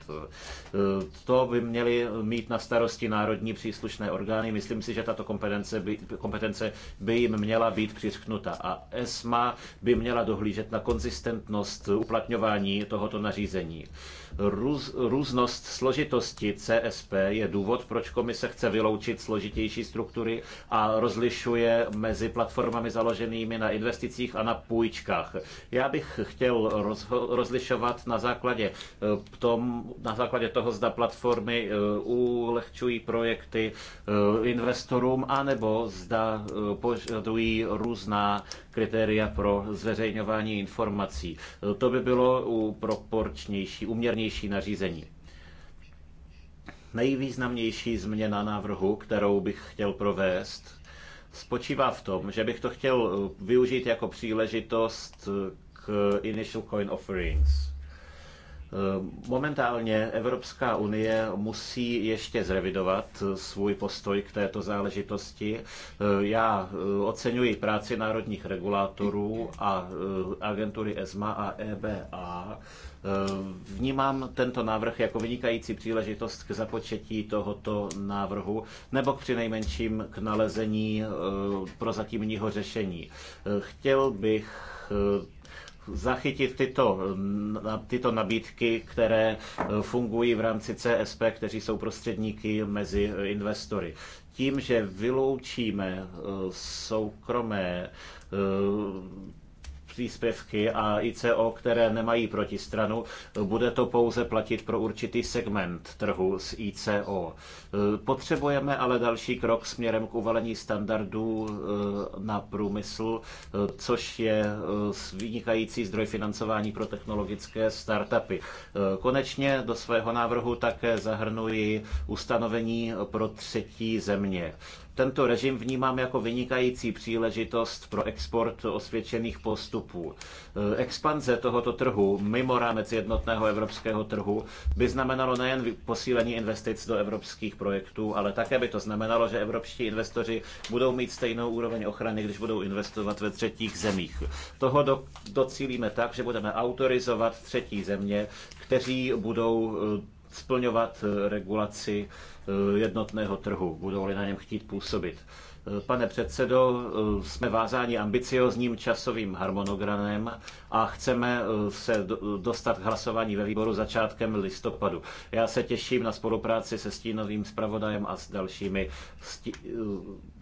To by měly mít na starosti národní příslušné orgány. Myslím si, že tato kompetence by, kompetence by jim měla být přiřknuta. A ESMA by měla dohlížet na konzistentnost uplatňování tohoto nařízení. Růz, různost složitosti CSP je důvod, proč komise chce vyloučit složitější struktury a rozlišuje mezi platformami založenými na investicích a na půjčkách. Já bych chtěl roz, rozlišovat na základě, eh, tom, na základě toho, zda platformy eh, ulehčují projekty eh, investorům, anebo zda požadují různá kritéria pro zveřejňování informací. To by bylo u proporčnější, uměrnější nařízení. Nejvýznamnější změna návrhu, kterou bych chtěl provést, spočívá v tom, že bych to chtěl využít jako příležitost k Initial Coin Offerings. Eh, momentálně Evropská unie musí ještě zrevidovat svůj postoj k této záležitosti. Eh, já eh, oceňuji práci národních regulátorů a agentury ESMA a EBA. Vnímám tento návrh jako vynikající příležitost k započetí tohoto návrhu nebo k přinejmenším k nalezení prozatímního řešení. Chtěl bych zachytit tyto, eh, tyto nabídky, které eh, fungují v rámci CSP, kteří jsou prostředníky mezi eh, investory. Tím, že vyloučíme soukromé příspěvky a ICO, které nemají protistranu, bude to pouze platit pro určitý segment trhu s ICO. Potřebujeme ale další krok směrem k uvalení standardů eh, na průmysl, eh, což je eh, vynikající zdroj financování pro technologické startupy. Konečně do svého návrhu také zahrnuji ustanovení pro třetí země. Tento režim vnímám jako vynikající příležitost pro export osvědčených postupů. E, expanze tohoto trhu mimo rámec jednotného evropského trhu by znamenalo nejen posílení investic do evropských projektů, ale také by to znamenalo, že evropští investoři budou mít stejnou úroveň ochrany, když budou investovat ve třetích zemích. Toho do, docílíme tak, že budeme autorizovat třetí země, kteří budou e, splňovat eh, regulaci eh, jednotného trhu, budou-li na něm chtít působit. Eh, pane předsedo, jsme vázáni ambiciozním časovým harmonogramem a chceme se dostat k hlasování ve výboru začátkem listopadu. Já se těším na spolupráci se stínovým zpravodajem a s dalšími,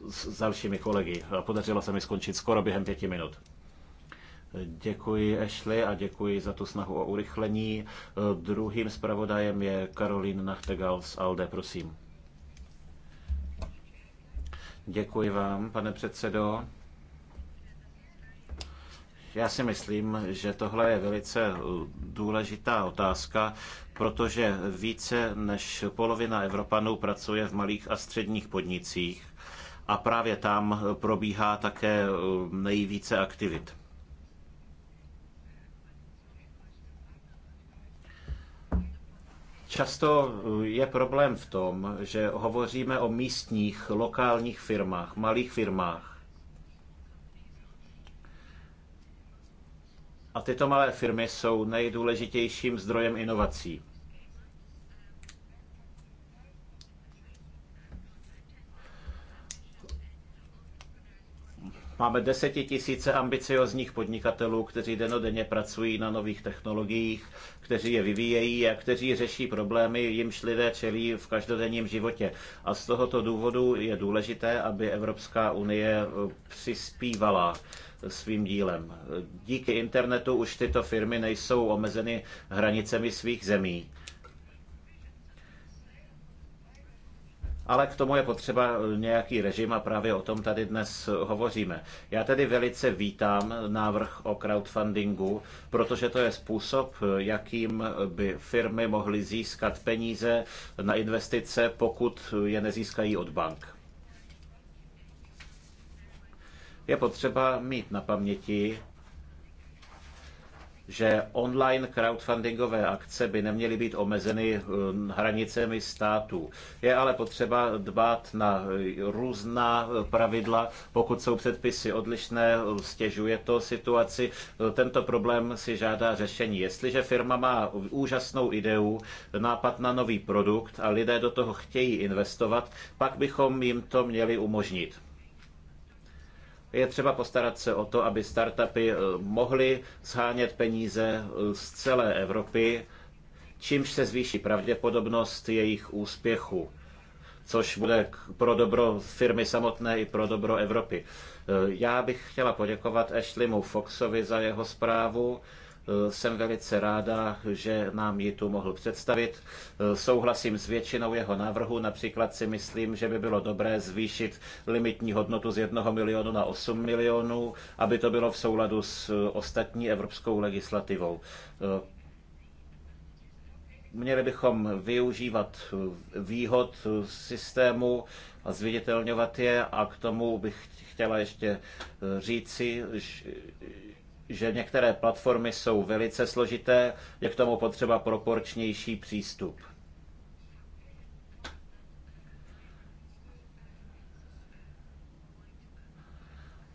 s dalšími kolegy. Podařilo se mi skončit skoro během pěti minut. Děkuji Ashley a děkuji za tu snahu o urychlení. Druhým zpravodajem je Karolín Nachtegal z ALDE, prosím. Děkuji vám, pane předsedo. Já si myslím, že tohle je velice důležitá otázka, protože více než polovina Evropanů pracuje v malých a středních podnicích a právě tam probíhá také nejvíce aktivit. Často eh, je problém v tom, že hovoříme o místních, lokálních firmách, malých firmách. A tyto malé firmy jsou nejdůležitějším zdrojem inovací. Máme desetitisíce ambiciozních podnikatelů, kteří denodenně pracují na nových technologiích, kteří je vyvíjejí a kteří řeší problémy, jimž lidé čelí v každodenním životě. A z tohoto důvodu je důležité, aby Evropská unie eh, přispívala eh, svým dílem. Díky internetu už tyto firmy nejsou omezeny hranicemi svých zemí ale k tomu je potřeba eh, nějaký režim a právě o tom tady dnes eh, hovoříme. Já tedy velice vítám návrh o crowdfundingu, protože to je způsob, eh, jakým by firmy mohly získat peníze na investice, pokud je nezískají od bank. Je potřeba mít na paměti, že online crowdfundingové akce by neměly být omezeny eh, hranicemi států. Je ale potřeba dbát na různá pravidla, pokud jsou předpisy odlišné, stěžuje to situaci. Eh, tento problém si žádá řešení. Jestliže firma má úžasnou ideu, nápad na nový produkt a lidé do toho chtějí investovat, pak bychom jim to měli umožnit. Je třeba postarat se o to, aby startupy eh, mohly shánět peníze eh, z celé Evropy, čímž se zvýší pravděpodobnost jejich úspěchu, což bude pro dobro firmy samotné i pro dobro Evropy. Eh, já bych chtěla poděkovat Ashleymu Foxovi za jeho zprávu Eh, jsem velice ráda, že nám ji tu mohl představit. Eh, souhlasím s většinou jeho návrhu, například si myslím, že by bylo dobré zvýšit limitní hodnotu z 1 milionu na 8 milionů, aby to bylo v souladu s eh, ostatní evropskou legislativou měli bychom využívat výhod systému a zviditelňovat je a k tomu bych chtěla ještě říci, že některé platformy jsou velice složité, je k tomu potřeba proporčnější přístup.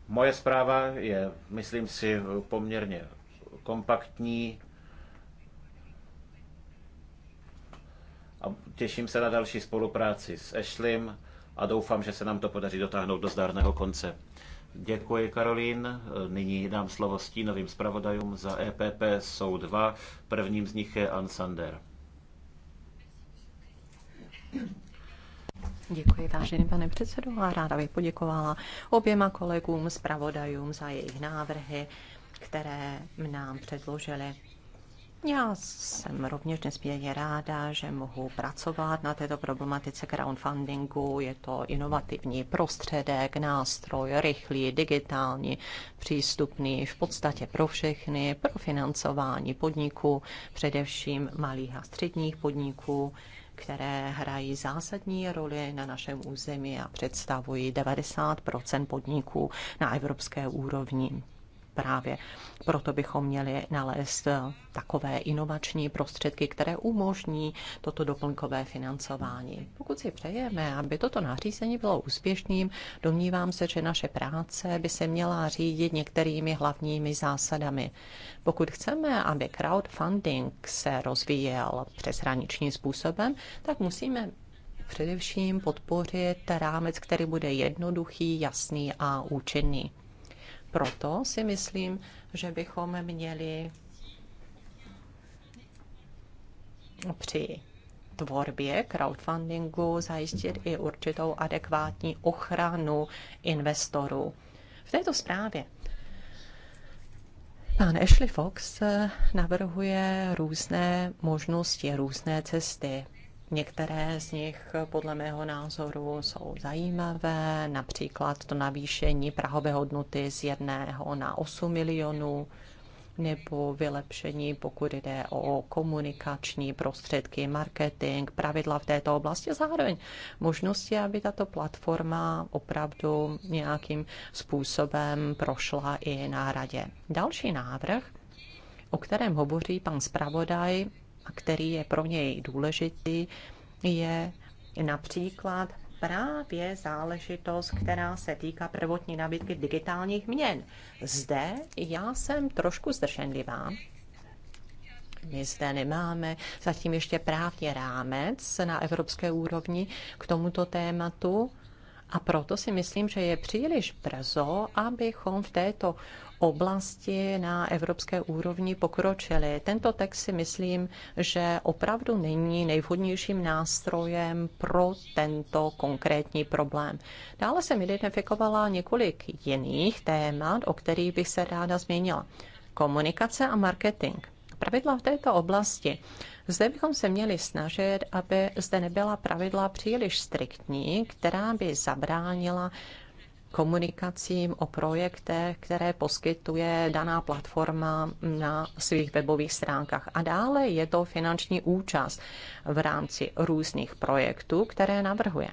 Moje zpráva je, myslím si, poměrně kompaktní a těším se na další spolupráci s Ashlym a doufám, že se nám to podaří dotáhnout do zdárného konce. Děkuji, Karolín. Nyní dám slovo stínovým zpravodajům za EPP. Jsou dva. Prvním z nich je Ansander. Děkuji, vážený pane předsedo, a ráda bych poděkovala oběma kolegům zpravodajům za jejich návrhy, které nám předložili. Já jsem rovněž nesmírně ráda, že mohu pracovat na této problematice crowdfundingu. Je to inovativní prostředek, nástroj, rychlý, digitální, přístupný v podstatě pro všechny, pro financování podniků, především malých a středních podniků, které hrají zásadní roli na našem území a představují 90 podniků na evropské úrovni právě proto bychom měli nalézt eh, takové inovační prostředky, které umožní toto doplňkové financování. Pokud si přejeme, aby toto nařízení bylo úspěšným, domnívám se, že naše práce by se měla řídit některými hlavními zásadami. Pokud chceme, aby crowdfunding se rozvíjel přeshraničním způsobem, tak musíme především podpořit rámec, který bude jednoduchý, jasný a účinný. Proto si myslím, že bychom měli při tvorbě crowdfundingu zajistit i určitou adekvátní ochranu investorů. V této zprávě Pan Ashley Fox navrhuje různé možnosti, různé cesty. Některé z nich podle mého názoru jsou zajímavé, například to navýšení prahové hodnoty z 1 na 8 milionů nebo vylepšení, pokud jde o komunikační prostředky, marketing, pravidla v této oblasti, zároveň možnosti, aby tato platforma opravdu nějakým způsobem prošla i na radě. Další návrh, o kterém hovoří pan zpravodaj, a který je pro něj důležitý, je například právě záležitost, která se týká prvotní nabídky digitálních měn. Zde já jsem trošku zdrženlivá. My zde nemáme zatím ještě právě rámec na evropské úrovni k tomuto tématu. A proto si myslím, že je příliš brzo, abychom v této oblasti na evropské úrovni pokročili. Tento text si myslím, že opravdu není nejvhodnějším nástrojem pro tento konkrétní problém. Dále jsem identifikovala několik jiných témat, o kterých bych se ráda změnila. Komunikace a marketing. Pravidla v této oblasti. Zde bychom se měli snažit, aby zde nebyla pravidla příliš striktní, která by zabránila komunikacím o projektech, které poskytuje daná platforma na svých webových stránkách. A dále je to finanční účast v rámci různých projektů, které navrhuje.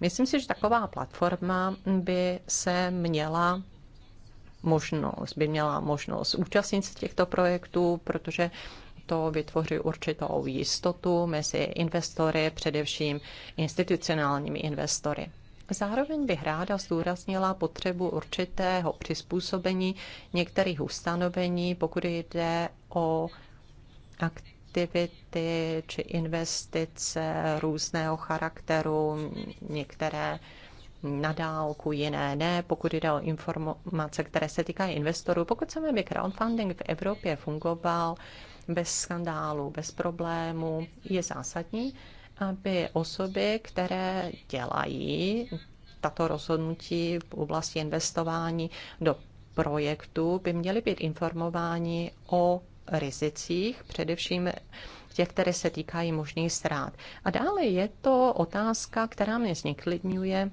Myslím si, že taková platforma by se měla možnost, by měla možnost účastnit se těchto projektů, protože to vytvoří určitou jistotu mezi investory, především institucionálními investory. Zároveň bych ráda zdůraznila potřebu určitého přizpůsobení některých ustanovení, pokud jde o aktivity či investice různého charakteru, některé na dálku, jiné ne, pokud jde o informace, které se týkají investorů. Pokud chceme, aby crowdfunding v Evropě fungoval bez skandálu, bez problémů, je zásadní, aby osoby, které dělají tato rozhodnutí v oblasti investování do projektu, by měly být informováni o rizicích, především těch, které se týkají možných ztrát. A dále je to otázka, která mě zniklidňuje,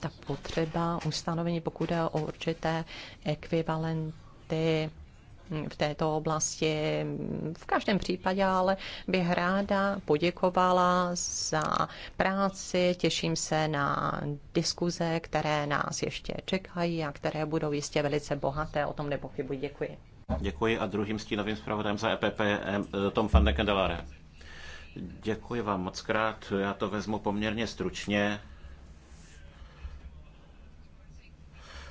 ta potřeba ustanovení, pokud je o určité ekvivalenty v této oblasti. V každém případě ale bych ráda poděkovala za práci, těším se na diskuze, které nás ještě čekají a které budou jistě velice bohaté, o tom nepochybuji. Děkuji. Děkuji a druhým stínovým zpravodajem za EPP Tom van de Kandelare. Děkuji vám moc krát, já to vezmu poměrně stručně.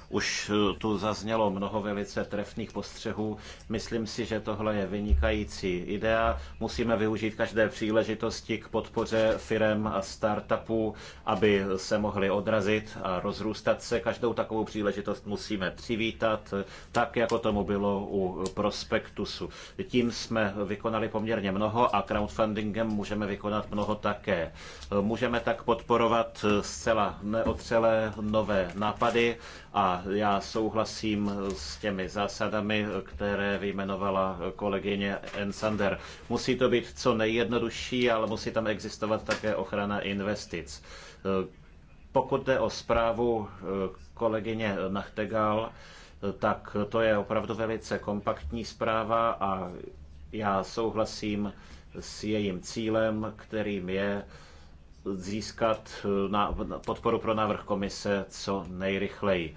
Už eh, tu zaznělo mnoho velice trefných postřehů. Myslím si, že tohle je vynikající idea. Musíme využít každé příležitosti k podpoře firem a startupů, aby se mohli odrazit a rozrůstat se. Každou takovou příležitost musíme přivítat, eh, tak jako tomu bylo u prospektusu. Tím jsme vykonali poměrně mnoho a crowdfundingem můžeme vykonat mnoho také. Eh, můžeme tak podporovat zcela neotřelé nové nápady a já souhlasím s těmi zásadami, které vyjmenovala kolegyně Ensander. Musí to být co nejjednodušší, ale musí tam existovat také ochrana investic. Pokud jde o zprávu eh, kolegyně Nachtegal, eh, tak to je opravdu velice kompaktní zpráva a já souhlasím s jejím cílem, kterým je získat eh, na podporu pro návrh komise co nejrychleji.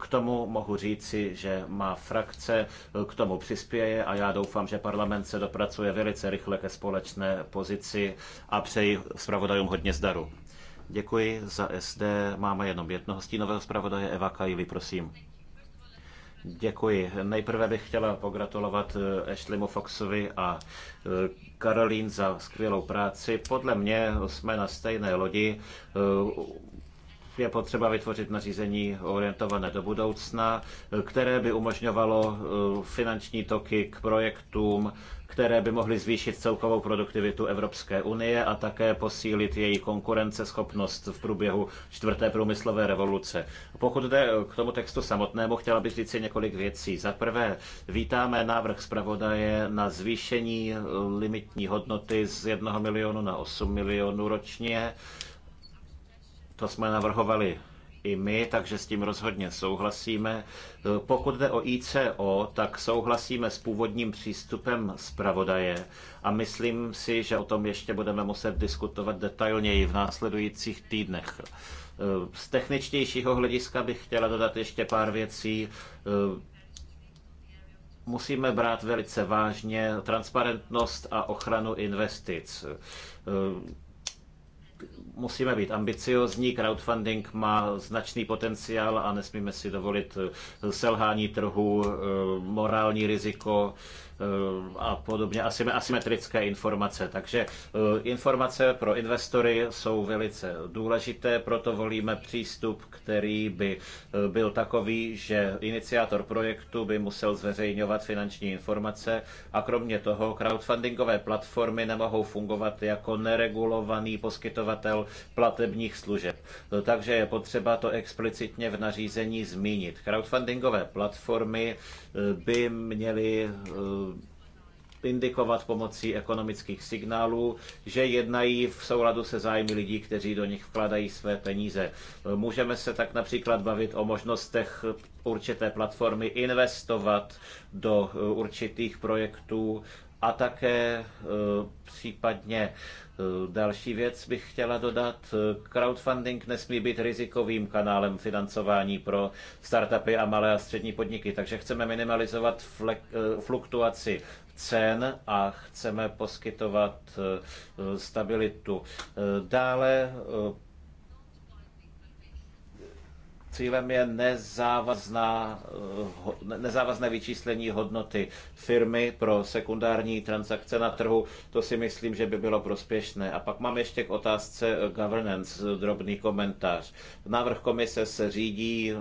K tomu mohu říci, že má frakce eh, k tomu přispěje a já doufám, že parlament se dopracuje velice rychle ke společné pozici a přeji zpravodajům hodně zdaru. Děkuji za SD. Máme jenom jednoho stínového zpravodaje. Eva Kajli, prosím. Děkuji. Nejprve bych chtěla pogratulovat eh, Ashleymu Foxovi a eh, Karolín za skvělou práci. Podle mě jsme na stejné lodi eh, je potřeba vytvořit nařízení orientované do budoucna, které by umožňovalo uh, finanční toky k projektům, které by mohly zvýšit celkovou produktivitu Evropské unie a také posílit její konkurenceschopnost v průběhu čtvrté průmyslové revoluce. Pokud jde uh, k tomu textu samotnému, chtěla bych říct si několik věcí. Za prvé, vítáme návrh zpravodaje na zvýšení uh, limitní hodnoty z 1 milionu na 8 milionů ročně to jsme navrhovali i my, takže s tím rozhodně souhlasíme. Pokud jde o ICO, tak souhlasíme s původním přístupem zpravodaje a myslím si, že o tom ještě budeme muset diskutovat detailněji v následujících týdnech. Z techničtějšího hlediska bych chtěla dodat ještě pár věcí musíme brát velice vážně transparentnost a ochranu investic musíme být ambiciozní, crowdfunding má značný potenciál a nesmíme si dovolit selhání trhu, eh, morální riziko, Eh, a podobně asymetrické informace. Takže eh, informace pro investory jsou velice důležité, proto volíme přístup, který by eh, byl takový, že iniciátor projektu by musel zveřejňovat finanční informace a kromě toho crowdfundingové platformy nemohou fungovat jako neregulovaný poskytovatel platebních služeb. Takže je potřeba to explicitně v nařízení zmínit. Crowdfundingové platformy by měli eh, indikovat pomocí ekonomických signálů, že jednají v souladu se zájmy lidí, kteří do nich vkladají své peníze. Můžeme se tak například bavit o možnostech určité platformy investovat do eh, určitých projektů a také e, případně e, další věc bych chtěla dodat. E, crowdfunding nesmí být rizikovým kanálem financování pro startupy a malé a střední podniky, takže chceme minimalizovat fluktuaci cen a chceme poskytovat stabilitu. Dále Cílem je nezávazná, eh, nezávazné vyčíslení hodnoty firmy pro sekundární transakce na trhu. To si myslím, že by bylo prospěšné. A pak mám ještě k otázce eh, governance eh, drobný komentář. Návrh komise se řídí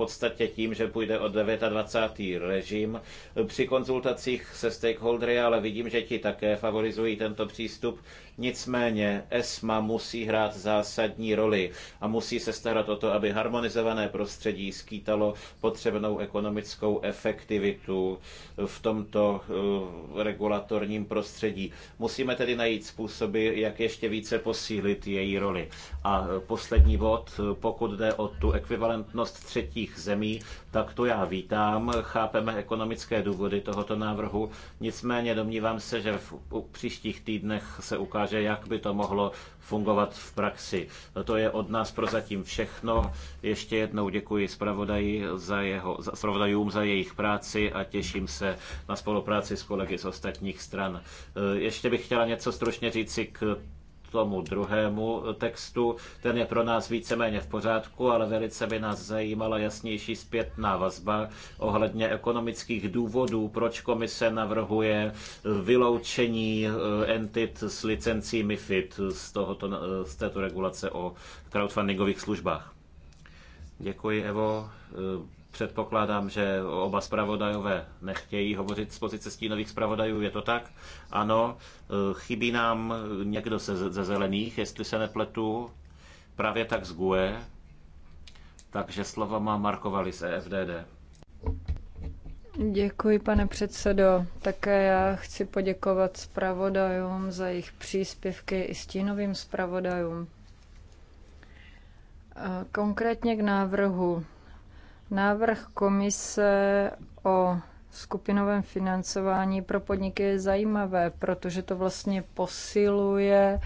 podstatě tím, že půjde o 29. režim. Při konzultacích se stakeholdery ale vidím, že ti také favorizují tento přístup. Nicméně ESMA musí hrát zásadní roli a musí se starat o to, aby harmonizované prostředí skýtalo potřebnou ekonomickou efektivitu v tomto eh, regulatorním prostředí. Musíme tedy najít způsoby, jak ještě více posílit její roli. A poslední bod, eh, pokud jde o tu ekvivalentnost třetích třetích zemí, tak to já vítám. Chápeme ekonomické důvody tohoto návrhu, nicméně domnívám se, že v příštích týdnech se ukáže, jak by to mohlo fungovat v praxi. To je od nás prozatím všechno. Ještě jednou děkuji zpravodaji za jeho, za, zpravodajům za jejich práci a těším se na spolupráci s kolegy z ostatních stran. E, ještě bych chtěla něco stručně říci k tomu druhému textu. Ten je pro nás víceméně v pořádku, ale velice by nás zajímala jasnější zpětná vazba ohledně ekonomických důvodů, proč komise navrhuje vyloučení eh, entit s licencí MIFID z, tohoto, eh, z této regulace o crowdfundingových službách. Děkuji, Evo. Eh, Předpokládám, že oba zpravodajové nechtějí hovořit z pozice stínových zpravodajů, je to tak? Ano, e, chybí nám někdo ze, ze zelených, jestli se nepletu, právě tak z GUE, takže slovo má Markovali Valis, EFDD. Děkuji, pane předsedo. Také já chci poděkovat zpravodajům za jejich příspěvky i stínovým zpravodajům. E, konkrétně k návrhu Návrh komise o skupinovém financování pro podniky je zajímavé, protože to vlastně posiluje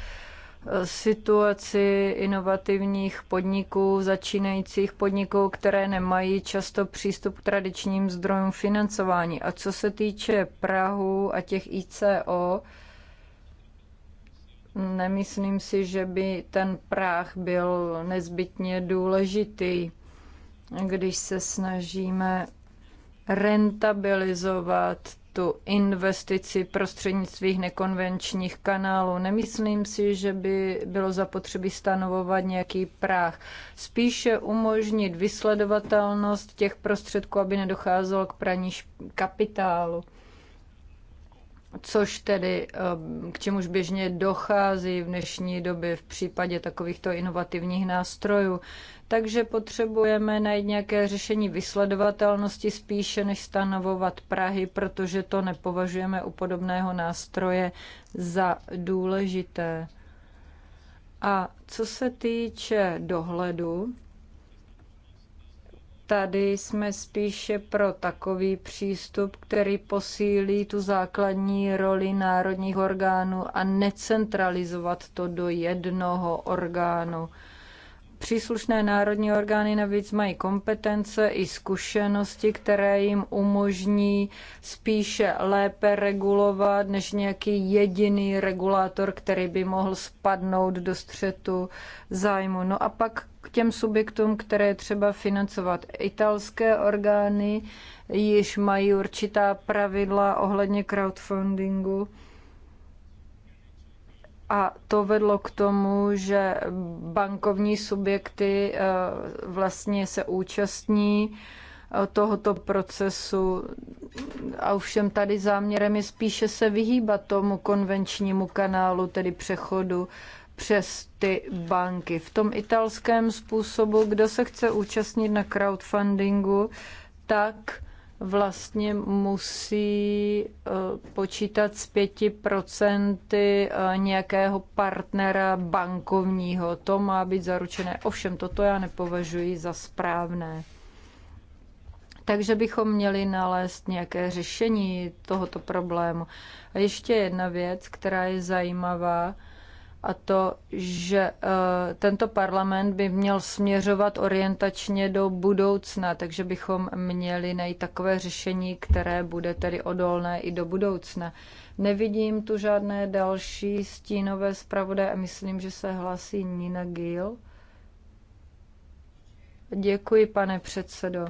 eh, situaci inovativních podniků, začínajících podniků, které nemají často přístup k tradičním zdrojům financování. A co se týče Prahu a těch ICO, nemyslím si, že by ten práh byl nezbytně důležitý když se snažíme rentabilizovat tu investici prostřednictvím nekonvenčních kanálů. Nemyslím si, že by bylo zapotřebí stanovovat nějaký práh. Spíše umožnit vysledovatelnost těch prostředků, aby nedocházelo k praní kapitálu což tedy eh, k čemuž běžně dochází v dnešní době v případě takovýchto inovativních nástrojů. Takže potřebujeme najít nějaké řešení vysledovatelnosti spíše než stanovovat Prahy, protože to nepovažujeme u podobného nástroje za důležité. A co se týče dohledu, Tady jsme spíše pro takový přístup, který posílí tu základní roli národních orgánů a necentralizovat to do jednoho orgánu. Příslušné národní orgány navíc mají kompetence i zkušenosti, které jim umožní spíše lépe regulovat než nějaký jediný regulátor, který by mohl spadnout do střetu zájmu. No a pak k těm subjektům, které třeba financovat. Italské orgány již mají určitá pravidla ohledně crowdfundingu. A to vedlo k tomu, že bankovní subjekty eh, vlastně se účastní eh, tohoto procesu. A ovšem tady záměrem je spíše se vyhýbat tomu konvenčnímu kanálu, tedy přechodu přes ty banky. V tom italském způsobu, kdo se chce účastnit na crowdfundingu, tak vlastně musí eh, počítat s 5% eh, nějakého partnera bankovního. To má být zaručené. Ovšem, toto já nepovažuji za správné. Takže bychom měli nalézt nějaké řešení tohoto problému. A ještě jedna věc, která je zajímavá, a to, že eh, tento parlament by měl směřovat orientačně do budoucna, takže bychom měli najít takové řešení, které bude tedy odolné i do budoucna. Nevidím tu žádné další stínové zpravodaje a myslím, že se hlásí Nina Gill. Děkuji, pane předsedo.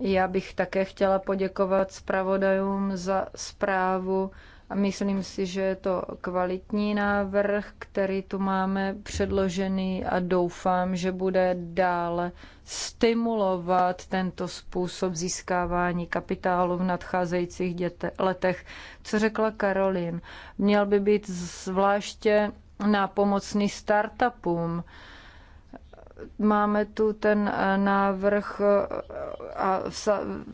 Já bych také chtěla poděkovat zpravodajům za zprávu Myslím si, že je to kvalitní návrh, který tu máme předložený a doufám, že bude dále stimulovat tento způsob získávání kapitálu v nadcházejících děte- letech. Co řekla Karolin? Měl by být zvláště na pomocný startupům máme tu ten eh, návrh eh, a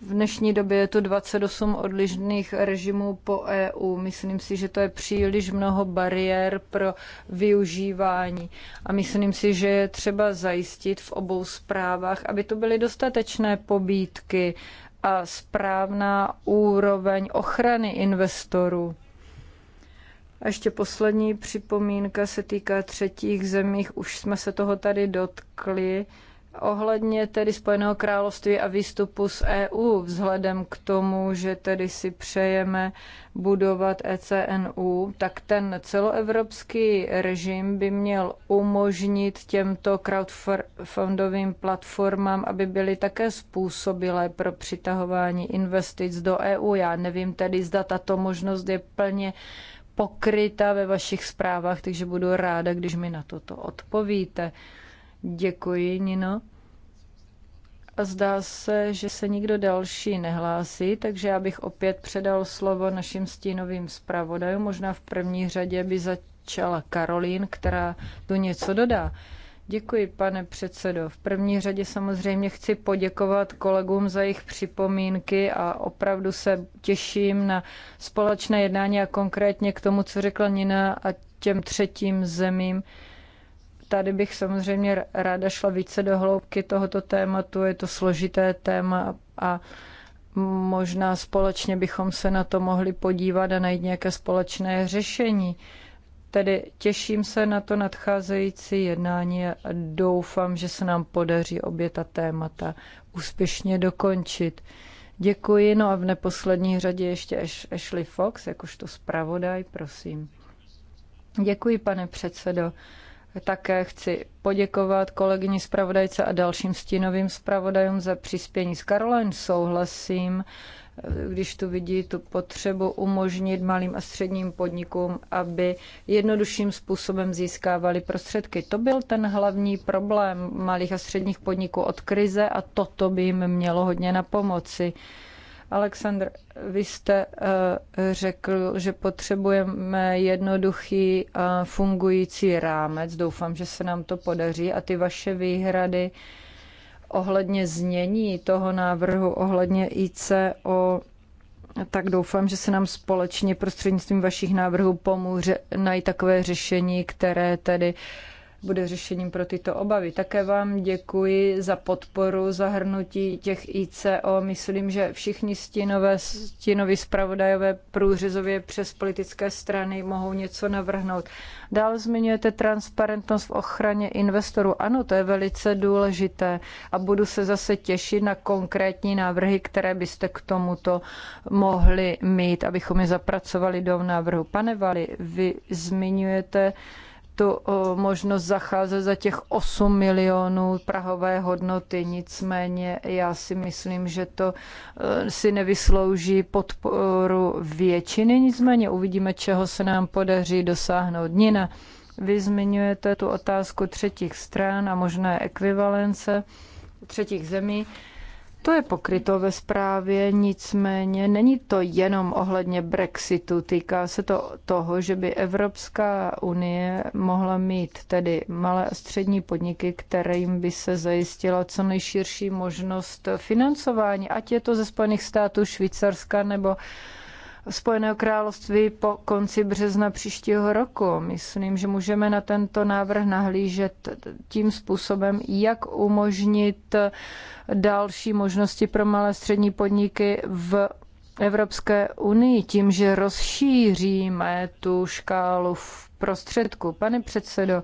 v dnešní době je tu 28 odlišných režimů po EU. Myslím si, že to je příliš mnoho bariér pro využívání a myslím si, že je třeba zajistit v obou zprávách, aby to byly dostatečné pobídky a správná úroveň ochrany investorů. A ještě poslední připomínka se týká třetích zemích. Už jsme se toho tady dotkli. Ohledně tedy Spojeného království a výstupu z EU, vzhledem k tomu, že tedy si přejeme budovat ECNU, tak ten celoevropský režim by měl umožnit těmto crowdfundovým platformám, aby byly také způsobilé pro přitahování investic do EU. Já nevím tedy, zda tato možnost je plně pokryta ve vašich zprávách, takže budu ráda, když mi na toto odpovíte. Děkuji, Nino. A zdá se, že se nikdo další nehlásí, takže já bych opět předal slovo našim stínovým zpravodajům. Možná v první řadě by začala Karolín, která tu něco dodá. Děkuji, pane předsedo. V první řadě samozřejmě chci poděkovat kolegům za jejich připomínky a opravdu se těším na společné jednání a konkrétně k tomu, co řekla Nina a těm třetím zemím. Tady bych samozřejmě ráda šla více do hloubky tohoto tématu. Je to složité téma a možná společně bychom se na to mohli podívat a najít nějaké společné řešení. Tedy těším se na to nadcházející jednání a doufám, že se nám podaří obě ta témata úspěšně dokončit. Děkuji, no a v neposlední řadě ještě Ashley Fox, jakožto zpravodaj, prosím. Děkuji, pane předsedo. Také chci poděkovat kolegyni zpravodajce a dalším stínovým zpravodajům za přispění. S Karolem souhlasím když tu vidí tu potřebu umožnit malým a středním podnikům, aby jednodušším způsobem získávali prostředky. To byl ten hlavní problém malých a středních podniků od krize a toto by jim mělo hodně na pomoci. Aleksandr, vy jste eh, řekl, že potřebujeme jednoduchý eh, fungující rámec. Doufám, že se nám to podaří a ty vaše výhrady ohledně znění toho návrhu, ohledně ICO, tak doufám, že se nám společně prostřednictvím vašich návrhů pomůže najít takové řešení, které tedy uh, bude řešením pro tyto obavy. Také vám děkuji za podporu zahrnutí těch ICO. Myslím, že všichni stínové, stínoví zpravodajové průřezově přes politické strany mohou něco navrhnout. Dál zmiňujete transparentnost v ochraně investorů. Ano, to je velice důležité a budu se zase těšit na konkrétní návrhy, které byste k tomuto mohli mít, abychom je zapracovali do návrhu. Pane Vali, vy zmiňujete, tu možnost zacházet za těch 8 milionů prahové hodnoty. Nicméně já si myslím, že to e, si nevyslouží podporu většiny. Nicméně uvidíme, čeho se nám podaří dosáhnout. Nina, vy zmiňujete tu otázku třetích stran a možné ekvivalence třetích zemí. To je pokryto ve zprávě, nicméně není to jenom ohledně Brexitu. Týká se to toho, že by Evropská unie mohla mít tedy malé a střední podniky, kterým by se zajistila co nejširší možnost financování, ať je to ze Spojených států, Švýcarska nebo Spojeného království po konci března příštího roku. Myslím, že můžeme na tento návrh nahlížet tím způsobem, jak umožnit další možnosti pro malé střední podniky v Evropské unii tím, že rozšíříme tu škálu v prostředku. Pane předsedo,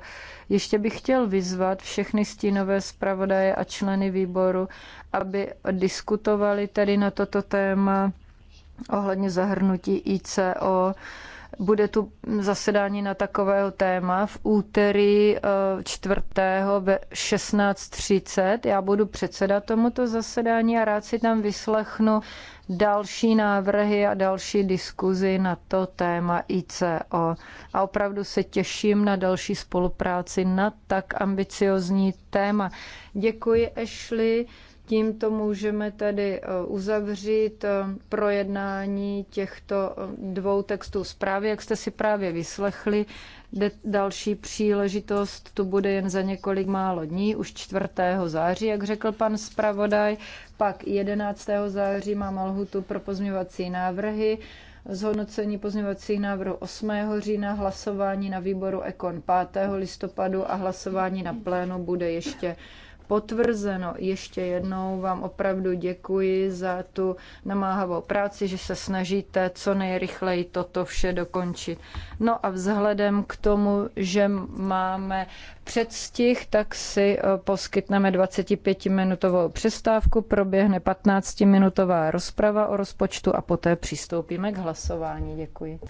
ještě bych chtěl vyzvat všechny stínové zpravodaje a členy výboru, aby diskutovali tedy na toto téma ohledně zahrnutí ICO. Bude tu zasedání na takového téma v úterý 4. Eh, ve 16.30. Já budu předsedat tomuto zasedání a rád si tam vyslechnu další návrhy a další diskuzi na to téma ICO. A opravdu se těším na další spolupráci na tak ambiciozní téma. Děkuji, Ashley. Tímto můžeme tedy eh, uzavřít eh, projednání těchto eh, dvou textů zprávy, jak jste si právě vyslechli. Další příležitost tu bude jen za několik málo dní, už 4. září, jak řekl pan zpravodaj. Pak 11. září má lhutu pro pozměvací návrhy zhodnocení pozměňovacích návrhů 8. října, hlasování na výboru Ekon 5. listopadu a hlasování na plénu bude ještě potvrzeno. Ještě jednou vám opravdu děkuji za tu namáhavou práci, že se snažíte co nejrychleji toto vše dokončit. No a vzhledem k tomu, že máme předstih, tak si eh, poskytneme 25-minutovou přestávku, proběhne 15-minutová rozprava o rozpočtu a poté přistoupíme k hlasování. Děkuji.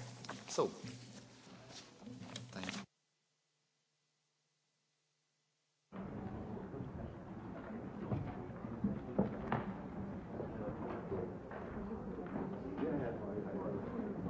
So.